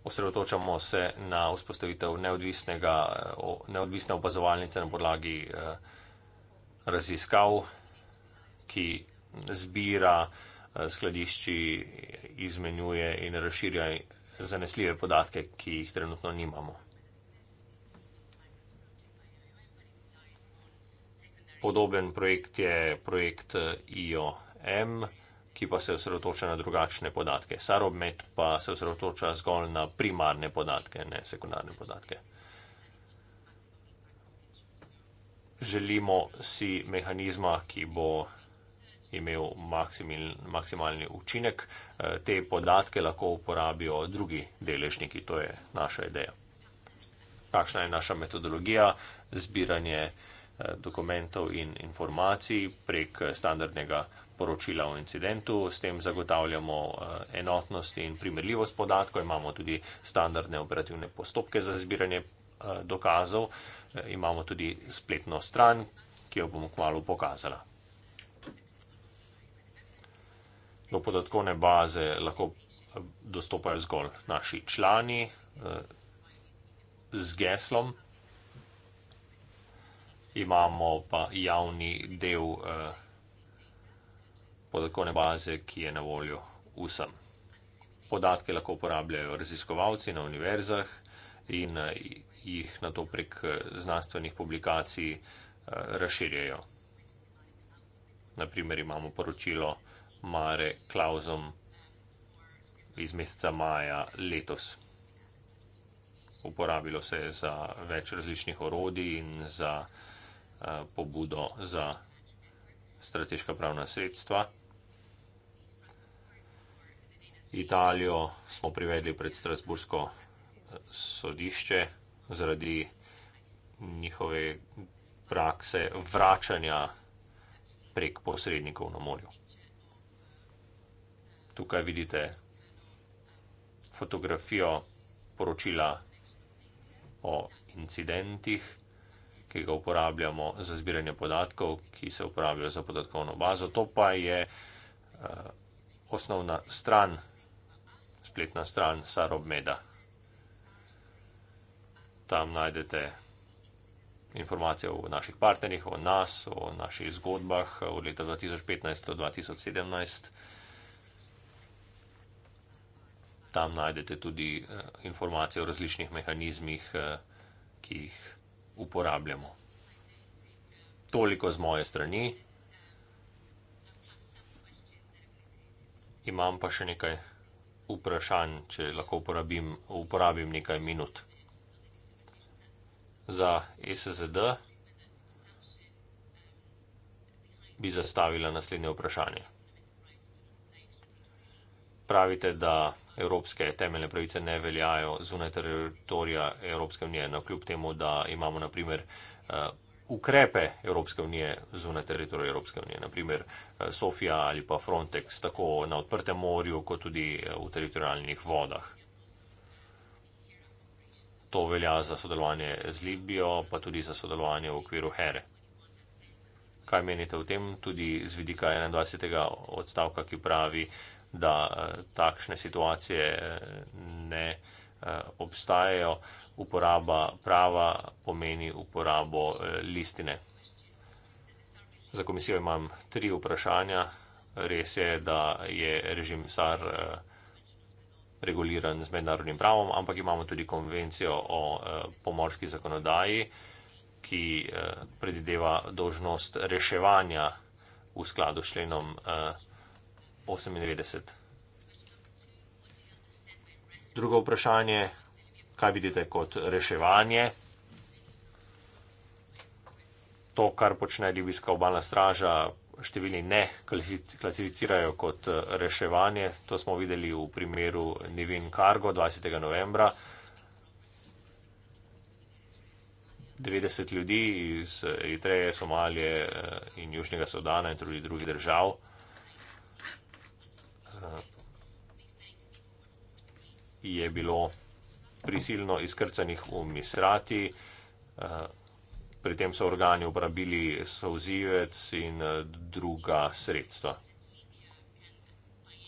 Osredotočamo se na vzpostavitev neodvisne opazovalnice na podlagi eh, raziskav ki zbira, eh, skladišči, izmenjuje in razširja zanesljive podatke, ki jih trenutno nimamo. Podoben projekt je projekt eh, IOM, ki pa se osredotoča na drugačne podatke. Sarobmet pa se osredotoča zgolj na primarne podatke, ne sekundarne podatke. Želimo si mehanizma, ki bo imel maksimil, maksimalni učinek. Eh, te podatke lahko uporabijo drugi deležniki, to je naša ideja. Kakšna je naša metodologija zbiranje eh, dokumentov in informacij prek standardnega poročila o incidentu. S tem zagotavljamo eh, enotnost in primerljivost podatkov. Imamo tudi standardne operativne postopke za zbiranje dokazov. Imamo tudi spletno stran, ki jo bom kmalo pokazala. do no, podatkovne baze lahko eh, dostopajo zgolj naši člani eh, z geslom. Imamo pa javni del eh, podatkovne baze, ki je na voljo vsem. Podatke lahko uporabljajo raziskovalci na univerzah in jih na to prek znanstvenih publikacij razširjajo. Naprimer imamo poročilo Mare Klausom iz meseca maja letos. Uporabilo se je za več različnih orodij in za eh, pobudo za strateška pravna sredstva. Italijo smo privedli pred Strasbursko eh, sodišče zaradi njihove prakse vračanja prek posrednikov na morju. Tukaj vidite fotografijo poročila o incidentih, ki ga uporabljamo za zbiranje podatkov, ki se uporabljajo za podatkovno bazo. To pa je uh, osnovna stran, spletna stran Sarobmeda. Tam najdete informacije o naših partnerjih, o nas, o naših zgodbah eh, od leta 2015 do 2017 tam najdete tudi eh, informacije o različnih mehanizmih, eh, ki jih uporabljamo. Toliko z moje strani. Imam pa še nekaj vprašanj, če lahko uporabim, uporabim nekaj minut. Za SSD bi zastavila naslednje vprašanje. Pravite, da evropske temeljne pravice ne veljajo zunaj teritorija Evropske unije, na no, kljub temu, da imamo naprimer eh, ukrepe Evropske unije zunaj teritorija Evropske unije, naprimer eh, Sofia ali pa Frontex, tako na odprtem morju, kot tudi eh, v teritorijalnih vodah. To velja za sodelovanje z Libijo, pa tudi za sodelovanje v okviru Here. Kaj menite o tem, tudi z vidika 21. odstavka, ki pravi, da eh, takšne situacije eh, ne eh, obstajajo. Uporaba prava pomeni uporabo listine. Za komisijo imam tri vprašanja. Res je, da je režim SAR reguliran z mednarodnim pravom, ampak imamo tudi konvencijo o pomorski zakonodaji, ki predideva dožnost reševanja v skladu s členom 98. Drugo vprašanje, kaj vidite kot reševanje? To, kar počne Libijska obalna straža, številni ne klasificirajo kot reševanje. To smo videli v primeru Nivin Cargo 20. novembra. 90 ljudi iz Eritreje, Somalije eh, in Južnega Sodana in tudi drugih držav je bilo prisilno izkrcanih v misrati. Eh, pri tem so organi uporabili sozivec in eh, druga sredstva.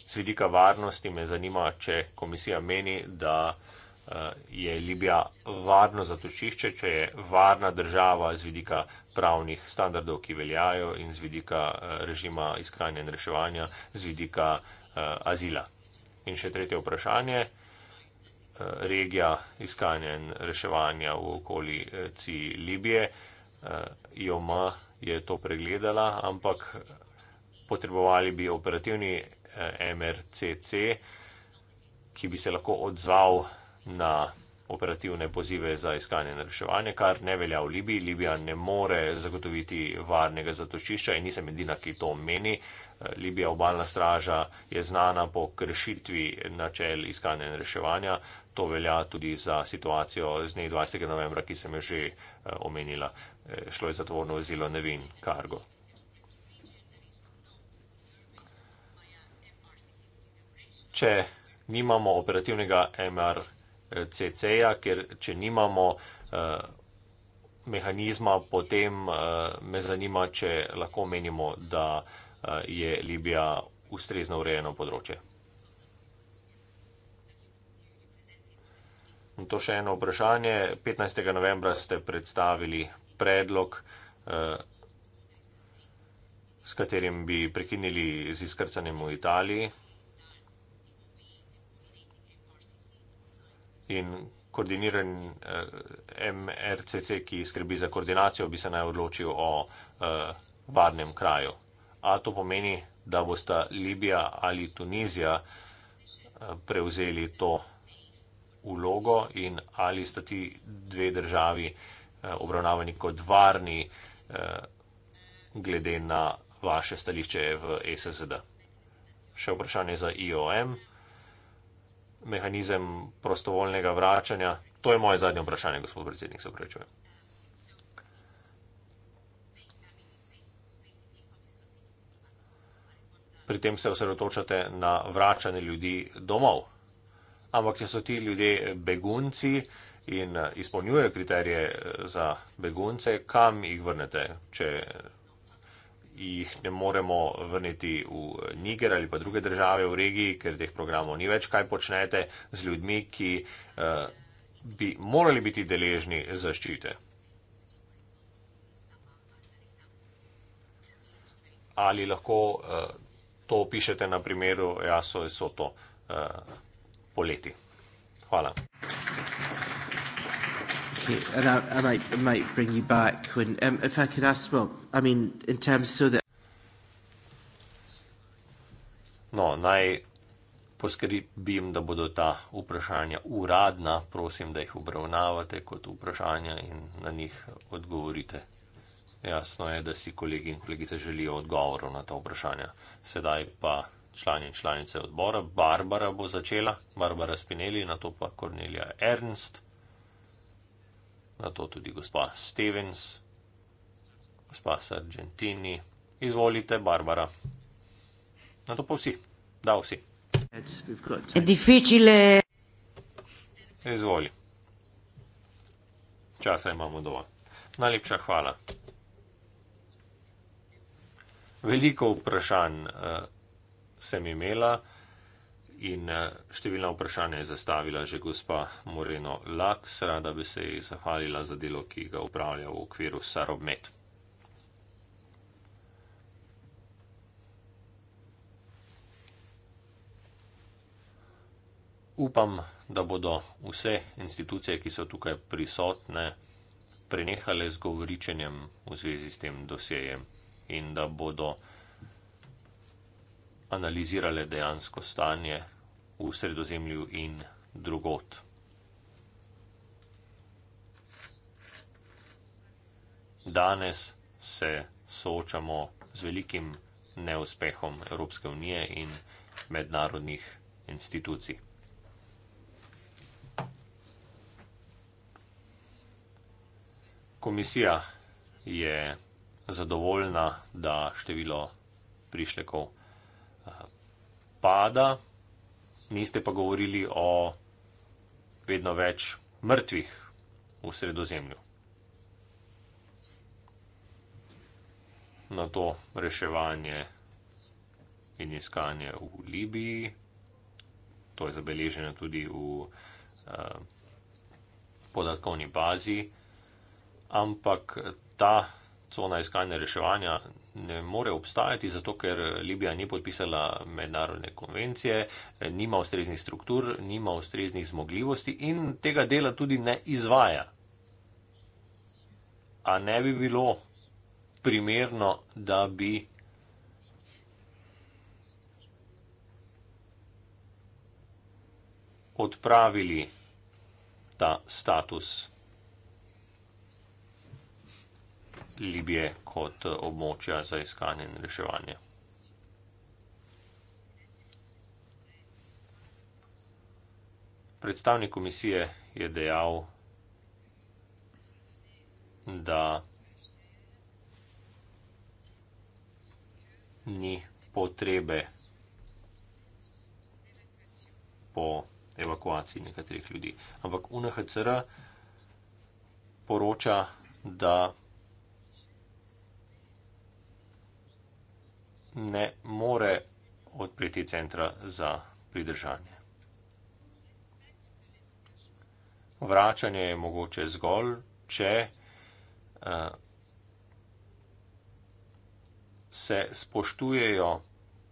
Z vidika varnosti me zanima, če komisija meni, da eh, je Libija varno zatočišče, če je varna država z vidika pravnih standardov, ki veljajo in z vidika režima iskanja in reševanja, z vidika Eh, azila. In še tretje vprašanje. Eh, regija iskanja in reševanja v okolici eh, Libije. IOMA je to pregledala, ampak potrebovali bi operativni MRCC, ki bi se lahko odzval na operativne pozive za iskanje in reševanje, kar ne velja v Libiji. Libija ne more zagotoviti varnega zatočišča in nisem edina, ki to meni. Libija obalna straža je znana po kršitvi načel iskanja in reševanja. To velja tudi za situacijo z dne 20. novembra, ki sem jo že eh, omenila. Eh, šlo je za tovorno vozilo Nevin Cargo. Če nimamo operativnega MRCC-ja, ker če nimamo eh, mehanizma, potem me zanima, če lahko menimo, da Eh, je Libija ustrezno urejeno področje. In to še eno vprašanje. 15. novembra ste predstavili predlog, eh, s katerim bi prekinili z izkrcanjem v Italiji in koordiniran eh, MRCC, ki skrbi za koordinacijo, bi se naj odločil o varnem kraju. A to pomeni, da bosta Libija ali Tunizija eh, prevzeli to ulogo in ali sta ti dve državi eh, obravnavani kot varni eh, glede na vaše stališče v e SSD. Še vprašanje za IOM, mehanizem prostovoljnega vračanja. To je moje zadnje vprašanje, gospod predsednik, se upravičujem. pri tem se osredotočate na vračanje ljudi domov. Ampak, če so ti ljudje begunci in eh, izpolnjujejo kriterije eh, za begunce, kam jih vrnete, če jih ne moremo vrniti v eh, Niger ali pa druge države v regiji, ker teh programov ni več, kaj počnete z ljudmi, ki bi morali biti deležni zaščite. Ali lahko to opišete na primeru Jaso in Soto uh, eh, poleti. Hvala. No, naj poskrbim, da bodo ta vprašanja uradna, prosim, da jih obravnavate kot vprašanja in na njih odgovorite. Jasno je, da si kolegi in kolegice želijo odgovorov na ta vprašanja. Sedaj pa člani in članice odbora. Barbara bo začela, Barbara Spinelli, na to pa Kornelija Ernst, na to tudi gospa Stevens, gospa Sargentini. Izvolite, Barbara. Na to pa vsi. Da, vsi. Difficile. Izvoli. Časa imamo dovolj. Najlepša hvala veliko vprašanj uh, sem imela in uh, številna vprašanja je zastavila že gospa Moreno Laks. Rada bi se ji zahvalila za delo, ki ga upravlja v okviru Sarobmet. Upam, da bodo vse institucije, ki so tukaj prisotne, prenehale z govoričenjem v zvezi s tem dosjejem in da bodo analizirale dejansko stanje v sredozemlju in drugot. Danes se soočamo z velikim neuspehom Evropske unije in mednarodnih institucij. Komisija je zadovoljna, da število prišlekov eh, pada, niste pa govorili o vedno več mrtvih v sredozemlju. Na to reševanje in iskanje v Libiji, to je zabeleženo tudi v eh, podatkovni bazi, ampak ta cona iskanja reševanja ne more obstajati, zato ker Libija ni podpisala mednarodne konvencije, nima ustreznih struktur, nima ustreznih zmogljivosti in tega dela tudi ne izvaja. A ne bi bilo primerno, da bi odpravili ta status? Libije kot območja za iskanje in reševanje. Predstavnik komisije je dejal, da ni potrebe po evakuaciji nekaterih ljudi. Ampak UNHCR poroča, da ne more odpreti centra za pridržanje. Vračanje je mogoče zgolj, če eh, se spoštujejo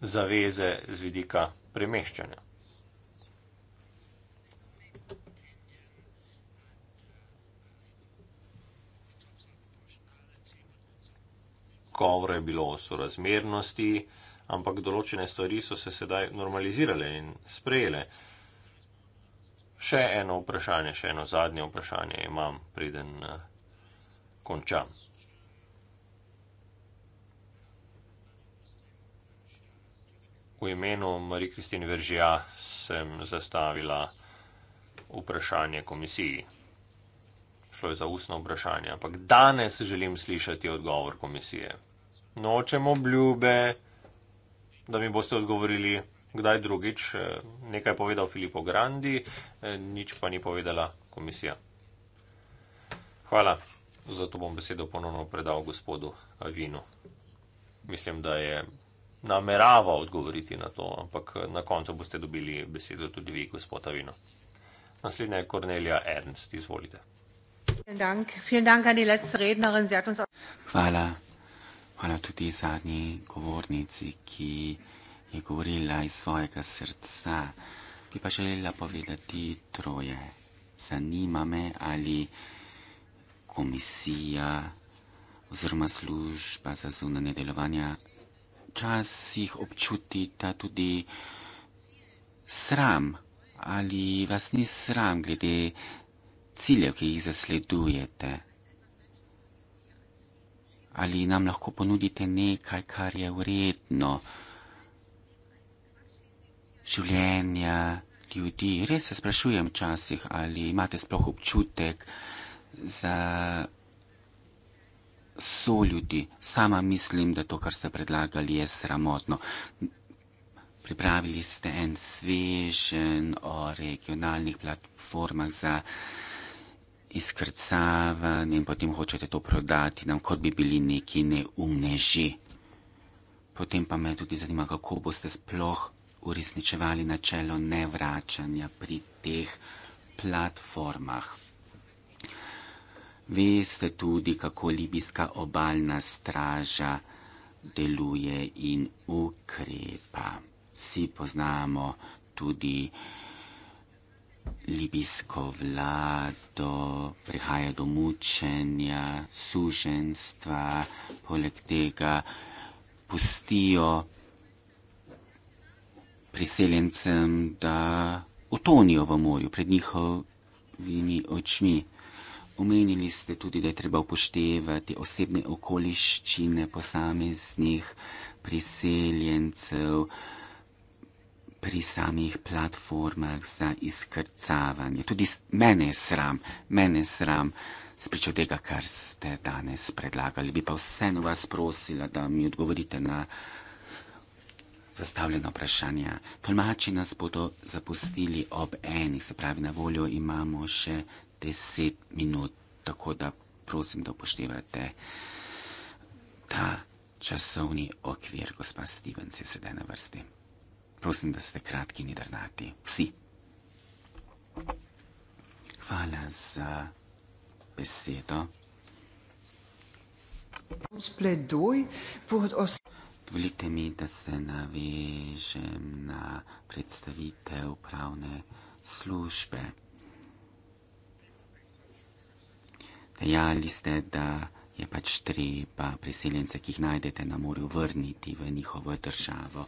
zaveze z vidika premeščanja. govora je bilo o sorazmernosti, ampak določene stvari so se sedaj normalizirale in sprejele. Še eno vprašanje, še eno zadnje vprašanje imam, preden eh, končam. V imenu Marije Kristine Veržija sem zastavila vprašanje komisiji. Šlo je za ustno vprašanje, ampak danes želim slišati odgovor komisije nočem obljube, da mi boste odgovorili, kdaj drugič. Eh, nekaj je povedal Filipo Grandi, eh, nič pa ni povedala komisija. Hvala, zato bom besedo ponovno predal gospodu Avinu. Mislim, da je namerava odgovoriti na to, ampak eh, na koncu boste dobili besedo tudi vi, gospod Avino. Naslednja je Kornelija Ernst, izvolite. Hvala. Hvala tudi zadnji govornici, ki je govorila iz svojega srca. Bi pa želela povedati troje. Zanima me, ali komisija oziroma služba za zunanje delovanja včasih občutita tudi sram ali vas ni sram glede ciljev, ki jih zasledujete ali nam lahko ponudite nekaj, kar je vredno življenja ljudi. Res se sprašujem včasih, ali imate sploh občutek za so ljudi. Sama mislim, da to, kar ste predlagali, je sramotno. Pripravili ste en svežen o regionalnih platformah za izkrcavan in potem hočete to prodati nam, kot bi bili neki neumneži. Potem pa me tudi zanima, kako boste sploh uresničevali načelo nevračanja pri teh platformah. Veste tudi, kako libijska obaljna straža deluje in ukrepa. Vsi poznamo tudi libijsko vlado, prihaja do mučenja, suženstva, poleg tega pustijo priseljencem, da utonijo v morju pred njihovimi očmi. Omenili ste tudi, da je treba upoštevati osebne okoliščine posameznih priseljencev pri samih platformah za izkrcavanje. Tudi mene je sram, mene je sram spričo tega, kar ste danes predlagali. Bi pa vseeno vas prosila, da mi odgovorite na zastavljena vprašanja. Tolmači nas bodo zapustili ob eni, se pravi na voljo imamo še deset minut, tako da prosim, da upoštevate ta časovni okvir, gospa Stevens je sedaj na vrsti. Prosim, da ste kratki in drznati. Vsi. Hvala za besedo. Dovolite mi, da se navežem na predstavitev pravne službe. Dejali ste, da je pač treba priseljence, ki jih najdete na morju, vrniti v njihovo državo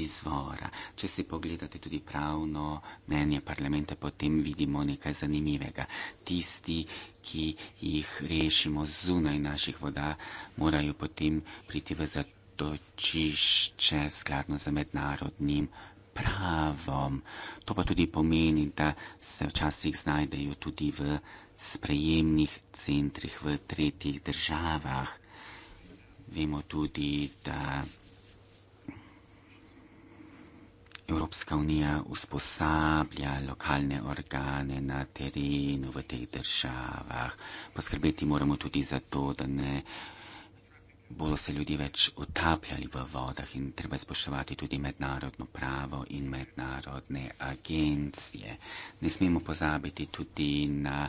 izvora. Če si pogledate tudi pravno mnenje parlamenta, potem vidimo nekaj zanimivega. Tisti, ki jih rešimo zunaj naših voda, morajo potem priti v zatočišče skladno z mednarodnim. Pravom. To pa tudi pomeni, da se včasih znajdejo tudi v sprejemnih centrih v tretjih državah. Vemo tudi, da Evropska unija usposablja lokalne organe na terenu v teh državah. Poskrbeti moramo tudi za to, da ne bodo se ljudje več utapljali v vodah in treba spoštovati tudi mednarodno pravo in mednarodne agencije. Ne smemo pozabiti tudi na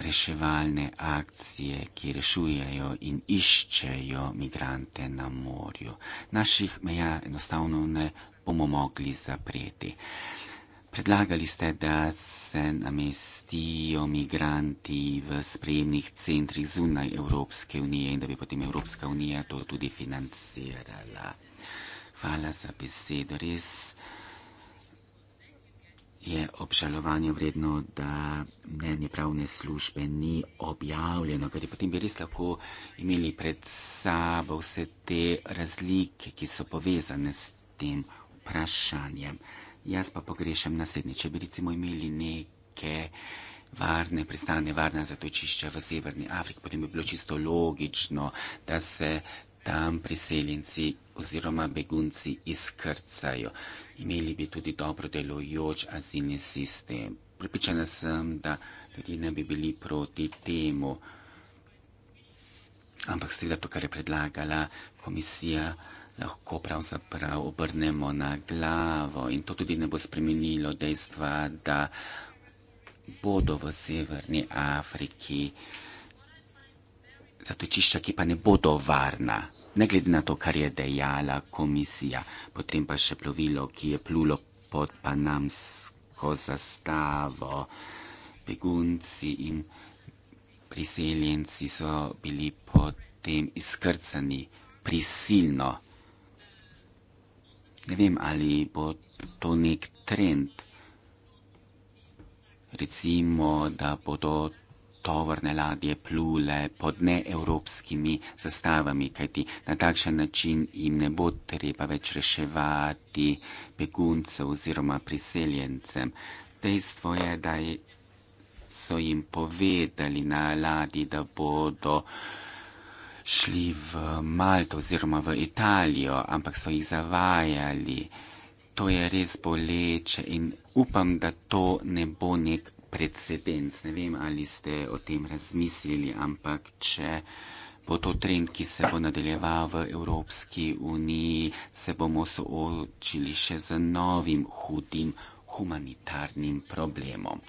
reševalne akcije, ki rešujejo in iščejo migrante na morju. Naših meja enostavno ne bomo mogli zapreti. Predlagali ste, da se namestijo migranti v sprejemnih centrih zunaj Evropske unije in da bi potem Evropska unija to tudi financirala. Hvala za besedo. Res je obžalovanje vredno, da mnenje pravne službe ni objavljeno, ker potem bi res lahko imeli pred sabo vse te razlike, ki so povezane s tem vprašanjem. Jaz pa pogrešam naslednje, če bi recimo imeli neke varne pristane, varna zatočišča v Severni Afriki, potem bi bilo čisto logično, da se tam priseljenci oziroma begunci izkrcajo imeli bi tudi dobro delujoč azilni sistem. Pripričana sem, da ljudje ne bi bili proti temu. Ampak seveda to, kar je predlagala komisija, lahko pravzaprav obrnemo na glavo in to tudi ne bo spremenilo dejstva, da bodo v severni Afriki zatočišča, ki pa ne bodo varna ne glede na to, kar je dejala komisija, potem pa še plovilo, ki je plulo pod panamsko zastavo, begunci in priseljenci so bili potem izkrcani prisilno. Ne vem, ali bo to nek trend. Recimo, da bodo tovorne ladje plule pod neevropskimi zastavami, kajti na takšen način jim ne bo treba več reševati beguncev oziroma priseljencem. Dejstvo je, da so jim povedali na ladji, da bodo šli v Malto oziroma v Italijo, ampak so jih zavajali. To je res boleče in upam, da to ne bo nek precedens. Ne vem, ali ste o tem razmislili, ampak če bo to trend, ki se bo nadaljeval v Evropski uniji, se bomo soočili še z novim hudim humanitarnim problemom.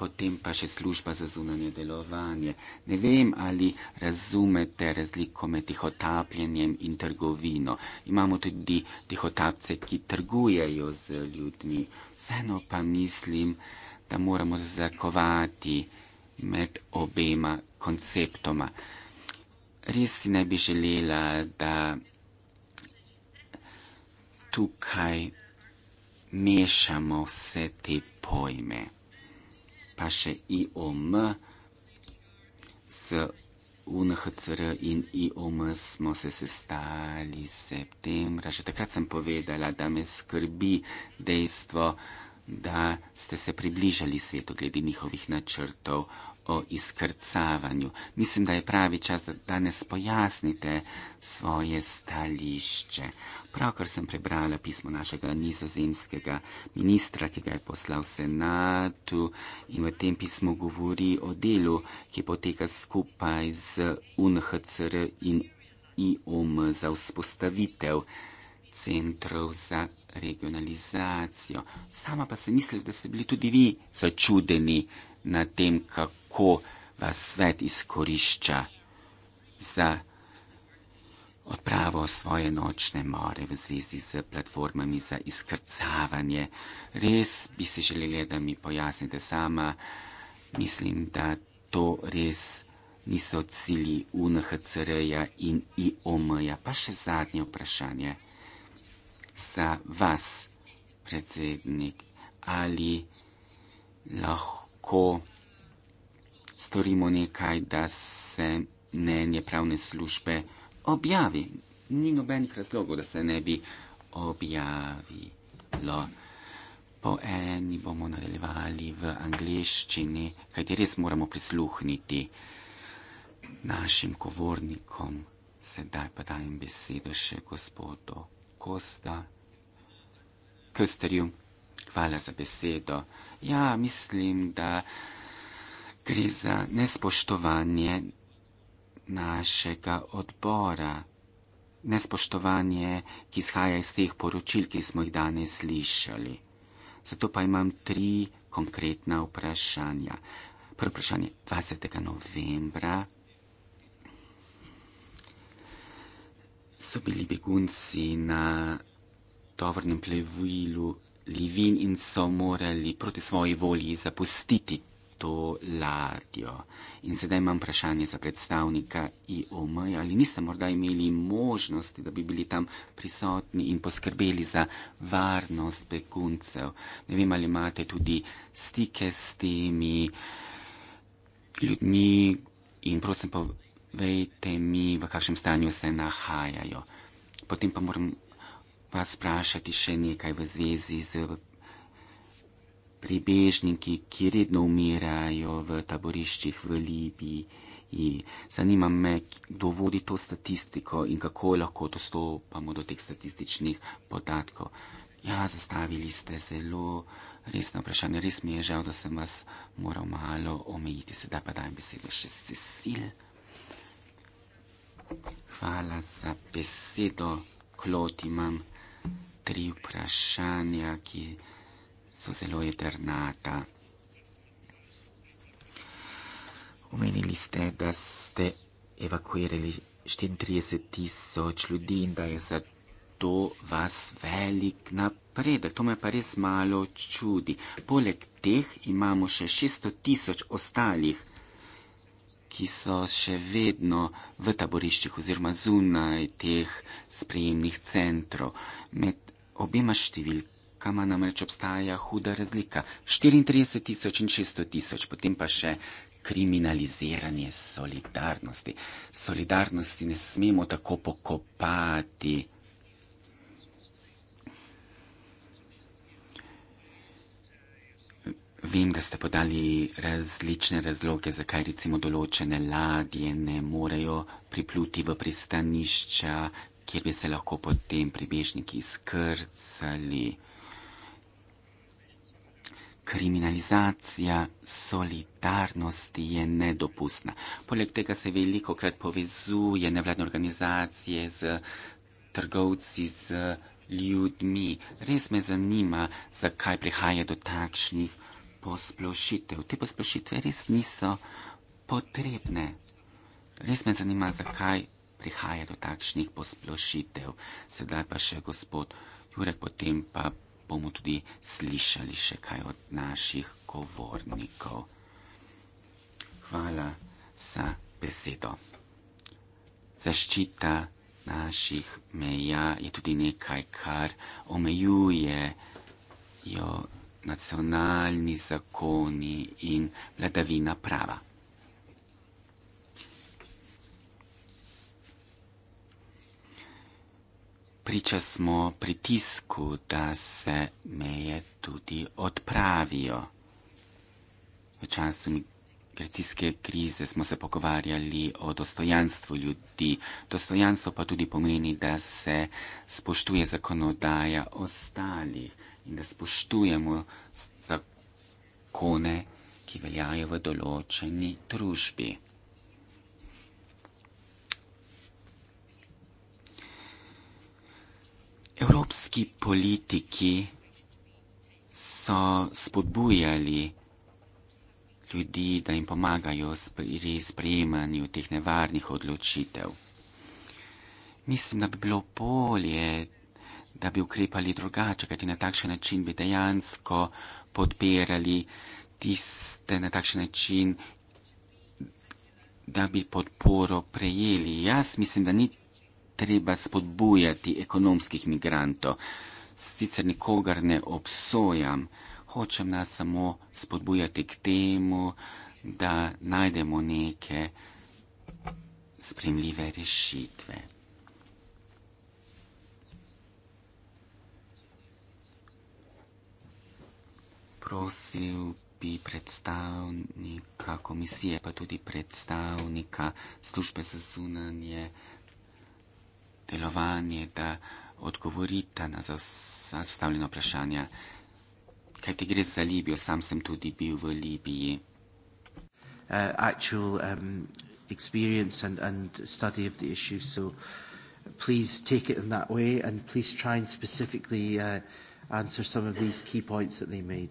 Potem pa še služba za zunanje delovanje. Ne vem, ali razumete razliko med tihotapljenjem in trgovino. Imamo tudi tihotapce, ki trgujejo z ljudmi. Vseeno pa mislim, da da moramo zakovati med obema konceptoma. Res si ne bi želela, da tukaj mešamo vse te pojme. Pa še IOM z UNHCR in IOM smo se sestali septembra. Že takrat sem povedala, da me skrbi dejstvo, da ste se približali svetu glede njihovih načrtov o izkrcavanju. Mislim, da je pravi čas, da danes pojasnite svoje stališče. Pravkar sem prebrala pismo našega nizozemskega ministra, ki ga je poslal senatu in v tem pismu govori o delu, ki poteka skupaj z UNHCR in IOM za vzpostavitev centrov za regionalizacijo. Sama pa sem mislila, da ste bili tudi vi začudeni na tem, kako vas svet izkorišča za odpravo svoje nočne more v zvezi z platformami za izkrcavanje. Res bi si želela, da mi pojasnite sama. Mislim, da to res niso cilji UNHCR-ja in IOM-ja. Pa še zadnje vprašanje za vas, predsednik, ali lahko storimo nekaj, da se mnenje pravne službe objavi. Ni nobenih razlogov, da se ne bi objavilo. Po eni bomo nadaljevali v angleščini, kajti res moramo prisluhniti našim govornikom. Sedaj pa dajem besedo še gospodu Kosta. Kösterju, hvala za besedo. Ja, mislim, da gre za nespoštovanje našega odbora. Nespoštovanje, ki izhaja iz teh poročil, ki smo jih danes slišali. Zato pa imam tri konkretna vprašanja. Prvo vprašanje 20. novembra so bili begunci na tovornem plevilu Livin in so morali proti svoji volji zapustiti to ladjo. In sedaj imam vprašanje za predstavnika IOM, ali niste morda imeli možnosti, da bi bili tam prisotni in poskrbeli za varnost beguncev. Ne vem, ali imate tudi stike s temi ljudmi in prosim pa vejte mi, v kakšnem stanju se nahajajo. Potem pa moram vas vprašati še nekaj v zvezi z pribežniki, ki redno umirajo v taboriščih v Libiji. Zanima me, kdo vodi to statistiko in kako lahko dostopamo do teh statističnih podatkov. Ja, zastavili ste zelo resno vprašanje. Res mi je žal, da sem vas moral malo omejiti. Sedaj pa dajem besedo še Cecilia. Hvala za besedo, Klot. Imam tri vprašanja, ki so zelo jedrnata. Omenili ste, da ste evakuirali štiriintrideset tisoč ljudi in da je za to vas velik napredek. To me pa res malo čudi. Poleg teh imamo še šeststo tisoč ostalih ki so še vedno v taboriščih oziroma zunaj teh sprejemnih centrov. Med obima številkama namreč obstaja huda razlika. 34 tisoč in 600 tisoč, potem pa še kriminaliziranje solidarnosti. Solidarnosti ne smemo tako pokopati. Vem, da ste podali različne razloge, zakaj recimo določene ladje ne morejo pripluti v pristanišča, kjer bi se lahko potem pribežniki skrcali. Kriminalizacija solidarnosti je nedopustna. Poleg tega se veliko krat povezuje nevladne organizacije z trgovci, z ljudmi. Res me zanima, zakaj prihaja do takšnih posplošitev. Te posplošitve res niso potrebne. Res me zanima, zakaj prihaja do takšnih posplošitev. Sedaj pa še gospod Jurek, potem pa bomo tudi slišali še kaj od naših govornikov. Hvala za besedo. Zaščita naših meja je tudi nekaj, kar omejuje jo nacionalni zakoni in vladavina prava. Priča smo pritisku, da se meje tudi odpravijo. V času grecijske krize smo se pogovarjali o dostojanstvu ljudi. Dostojanstvo pa tudi pomeni, da se spoštuje zakonodaja ostalih da spoštujemo zakone, ki veljajo v določeni družbi. Evropski politiki so spodbujali ljudi, da jim pomagajo pri sprejemanju teh nevarnih odločitev. Mislim, da bi bilo bolje, da bi ukrepali drugače, kajti na takšen način bi dejansko podpirali tiste na takšen način, da bi podporo prejeli. Jaz mislim, da ni treba spodbujati ekonomskih migrantov. Sicer nikogar ne obsojam, hočem nas samo spodbujati k temu, da najdemo neke spremljive rešitve. prosil bi predstavnika komisije, pa tudi predstavnika službe za zunanje delovanje, da odgovorite na zastavljeno vprašanje. Kaj ti gre za Libijo? Sam sem tudi bil v Libiji. Uh, actual um, experience and, and study of the issue. So please take it in that way and please try and specifically uh, answer some of these key points that they made.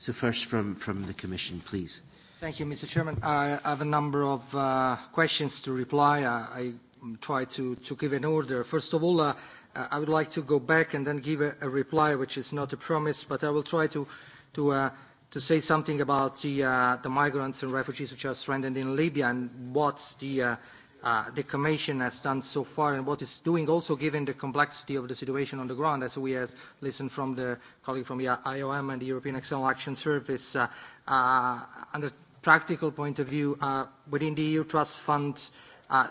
So first from, from the Commission, please. Thank you, Mr. Chairman. I have a number of uh, questions to reply. I, I try to, to give an order. First of all, uh, I would like to go back and then give a, a reply, which is not a promise, but I will try to, to, uh, to say something about the, uh, the migrants and refugees which are stranded in Libya and what the uh, Uh, the Commission has done so far and what it's doing also given the complexity of the situation on the ground as we have listened from the colleague from the IOM and the European External Action Service uh, uh, on the practical point of view uh, within the EU Trust Fund uh,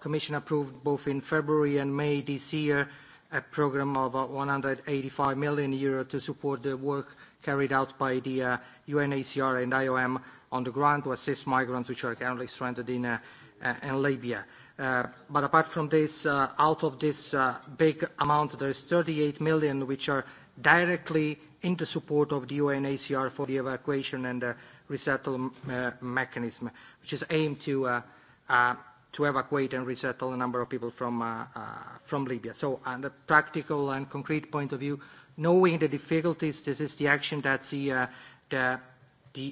Commission approved both in February and May this year a program of uh, 185 million euro to support the work carried out by the uh, UNHCR and IOM on the ground to assist migrants which are currently stranded in uh, Uh, and Libya. Uh, apart from this, uh, out of this big amount, there is 38 million which are directly into support of the UNHCR for the evacuation and the resettlement mechanism, which is aimed to evacuate and resettle a number of people from Libya. On the practical and concrete point of view, knowing the difficulties, this is the action that the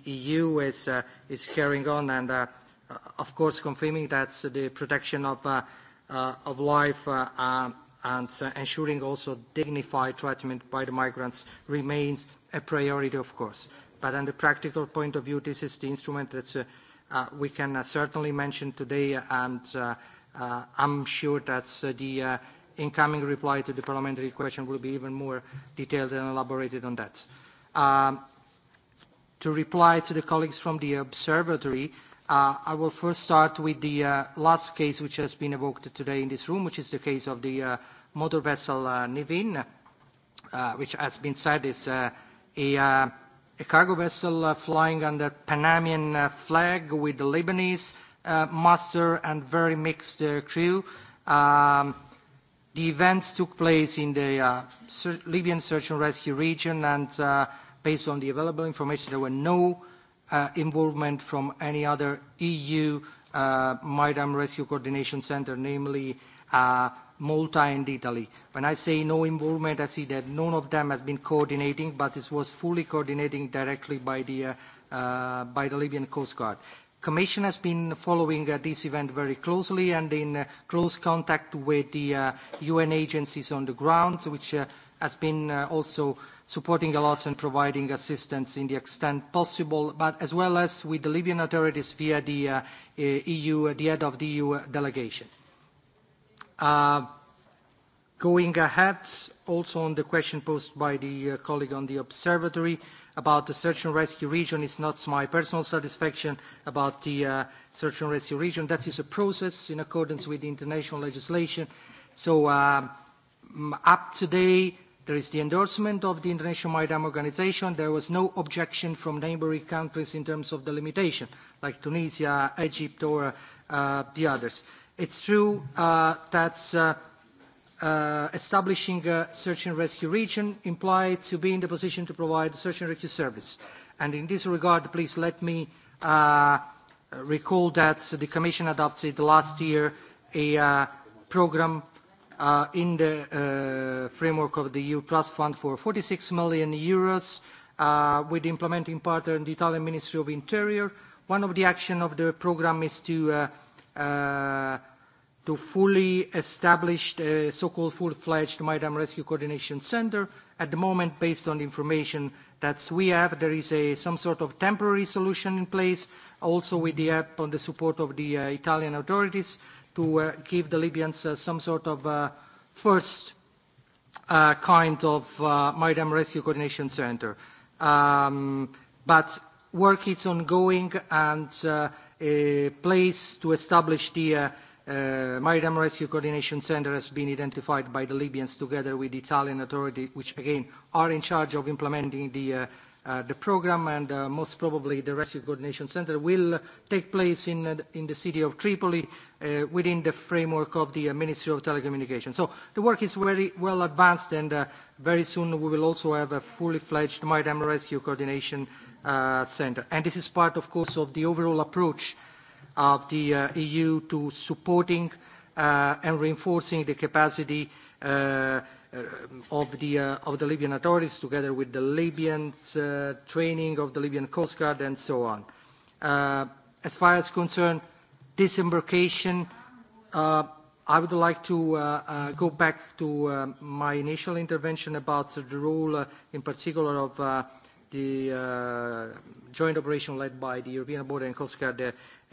EU e is carrying on, and Uh, of course confirming that the protection of uh, uh, life um, and ensuring also dignified treatment by the migrants remains a priority, of course. On the practical point of view, this is the instrument that we can certainly mention today, and I'm sure that the incoming reply to the parliamentary question will be even more detailed and elaborated on that. Um, to reply to the colleagues from the observatory, Uh, I will first start with the uh, last case which has been evoked today in this room, which is the case of the uh, motor vessel Nivin, which has been said is a cargo vessel flying under Panamanian flag with the Lebanese master and very mixed crew. Um, the events took place in the Libyan search and rescue region, and based on the available information, there were no Uh, involvement from any other EU uh, maritime rescue coordination center, namely uh, Malta and Italy. When I say no involvement, I see that none of them has been coordinating, but this was fully coordinating directly by the, uh, uh, by the Libyan Coast Guard. Commission has been following uh, this event very closely and in uh, close contact with the uh, UN agencies on the ground, which uh, has been uh, also uh, supporting a lot and providing assistance in the extent possible, but as well as with the Libyan authorities via the uh, uh, EU, uh, the head of the EU delegation. Going ahead, also on the question posed by the colleague on the observatory about the search and rescue region, it's not my personal satisfaction about the search and rescue region. That is a process in accordance with international legislation. Um, up to date, There is the endorsement of the International Maritime Organization. There was no objection from neighboring countries in terms of the limitation, like Tunisia, Egypt, or uh, the others. It's true uh, that uh, uh, establishing a search and rescue region implied to be in the position to provide search and rescue service. And in this regard, please let me uh, recall that the Commission adopted last year a uh, program Uh, in the uh, framework of the EU Trust Fund for 46 million euros, uh, with implementing partner and the Italian Ministry of the Interior. One of the action of the program is to fully establish the so-called full-fledged Maritime Rescue Coordination Center. At the moment, based on the information that we have, there is some sort of temporary solution in place, also with the help and the support of the Italian authorities to uh, give the Libyans uh, some sort of uh, first uh, kind of uh, maritime rescue coordination center. Um, but work is ongoing and uh, a place to establish the uh, uh, maritime rescue coordination center has been identified by the Libyans together with the Italian authorities, which again are in charge of implementing the uh, Uh, the program and uh, most probably the rescue coordination center will take place in, uh, in the city of Tripoli uh, within the framework of the uh, Ministry of Telecommunications. So the work is very well advanced and uh, very soon we will also have a fully fledged maritime rescue coordination uh, center. And this is part of course of the overall approach of the uh, EU to supporting uh, and reinforcing the capacity uh, Uh, of the uh, of the Libyan authorities together with the Libyan uh, training of the Libyan Coast Guard and so on. Uh, as far as concern disembarkation, uh, I would like to uh, uh, go back to uh, my initial intervention about the role uh, in particular of uh, the uh, joint operation led by the European Border and Coast Guard uh,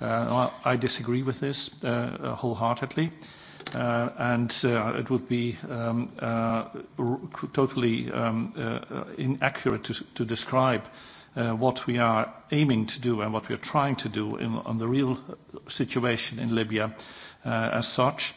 Uh, I disagree with this uh, uh, wholeheartedly. It would be um, totally um, inaccurate to describe what we are aiming to do and what we are trying to do on the real situation in Libya as such.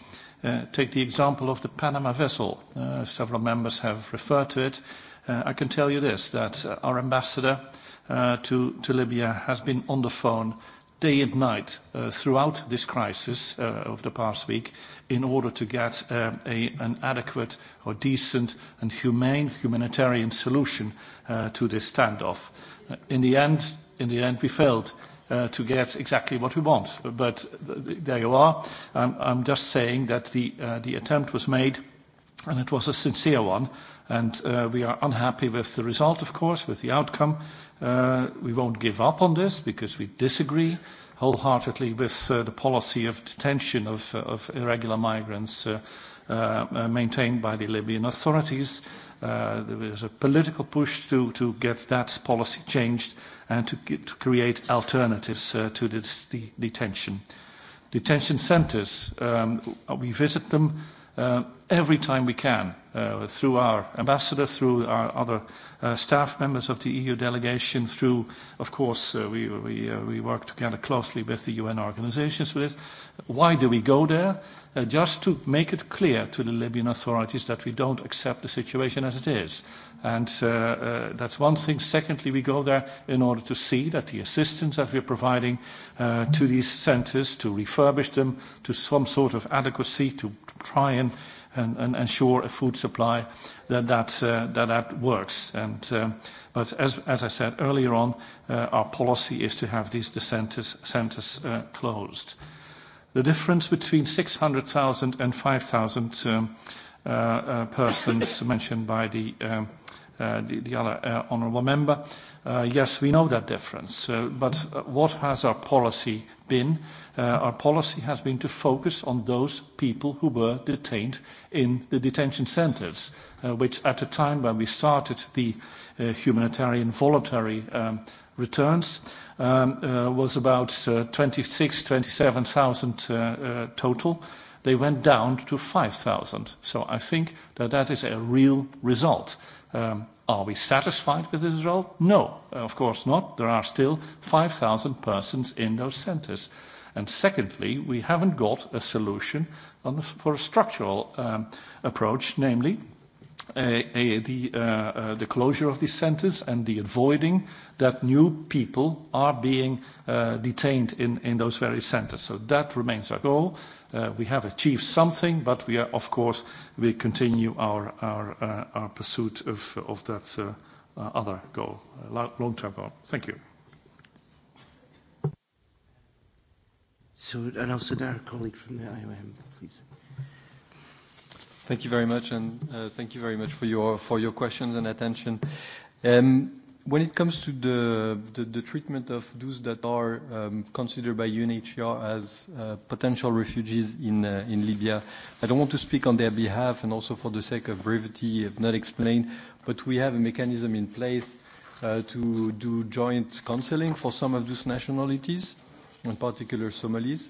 Take the example of the Panama vessel. Several members have referred to it. I can tell you this, that our ambassador to Libya has been on the phone day and night uh, throughout this crisis uh, of the past week in order to get uh, a, an adequate or decent and humane humanitarian solution uh, to this standoff. Uh, in, the end, in the end, we failed uh, to get exactly what we want, but th there you are. I'm, I'm just saying that the, uh, the attempt was made and it was a sincere one, and uh, we are unhappy with the result, of course, with the outcome. Uh, we won't give up on this because we disagree wholeheartedly with uh, the policy of detention of, uh, of irregular migrants uh, uh, uh maintained by the Libyan authorities. Uh, there is a political push to, to get that policy changed and to, get, to create alternatives uh, to this, the detention. Detention centres, um, we visit them uh, every time we can uh, through our ambassador, through our other uh, staff members of the EU delegation, through, of course, uh, we, we, uh, we work together closely with the UN organizations for this. Why do we go there? uh, just to make it clear to the Libyan authorities that we don't accept the situation as it is. And uh, uh, that's one thing. Secondly, we go there in order to see that the assistance that we're providing uh, to these centres, to refurbish them to some sort of adequacy, to try and, and, and ensure a food supply, that that's, uh, that, that works. And, um, but as, as I said earlier on, uh, our policy is to have these the centres, centres uh, closed. Uh, the difference between 600,000 and 5,000 um, uh, uh, persons mentioned by the, um, uh, the, the other uh, honourable member. Uh, yes, we know that difference, uh, but uh, what has our policy been? Uh, our policy has been to focus on those people who were detained in the detention centres, uh, which at a time when we started the uh, humanitarian voluntary um, returns, uh, Um, uh, was about 26,000-27,000 uh, uh, total. They went down to 5,000. So I think that that is a real result. Um, are we satisfied with the result? No, of course not. There are still 5,000 persons in those centers. And secondly, we haven't got a solution for a structural um, approach, namely a, a, the, uh, uh, the closure of these centers and the avoiding that new people are being uh, detained in, in those very centers. So that remains our goal. Uh, we have achieved something, but we are, of course, we continue our, our, uh, our pursuit of, of that uh, uh, other goal, uh, long-term goal. Thank you. So, and also, our colleague from the IOM, please. Thank you very much, and uh, thank you very much for your for your questions and attention. Um, when it comes to the the, the treatment of those that are um, considered by UNHCR as uh, potential refugees in uh, in Libya, I don't want to speak on their behalf, and also for the sake of brevity, if not explained, but we have a mechanism in place. Uh, to do joint counseling for some of those nationalities, in particular Somalis. Uh,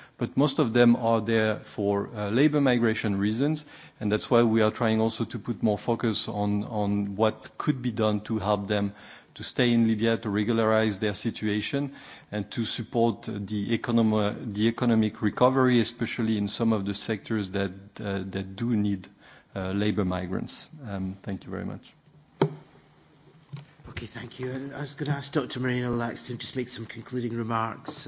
but most of them are there for uh, labor migration reasons, and that's why we are trying also to put more focus on what could be done to help them to stay in Libya, to regularize their situation, and to support the economic recovery, especially in some of the sectors that uh, do need uh, labor migrants. Um, thank you very much. Okay, thank you. I was gonna ask Dr. Marina Laxton to just make some concluding remarks,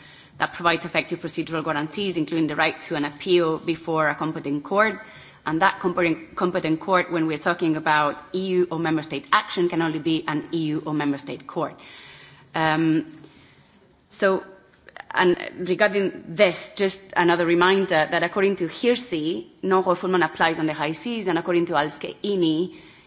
that provides effective procedural guarantees, including the right to an appeal before a competent court. And that competent, competent court, when we're talking about EU or member state action, can only be an EU or member state court. Um, so, and regarding this, just another reminder that according to Hirsi, no reform applies on the high seas, and according to Alske Ini, uh,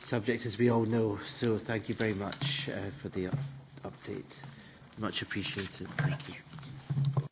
subject, as we all know. So thank you very much uh, for the update. Much appreciated. Thank you.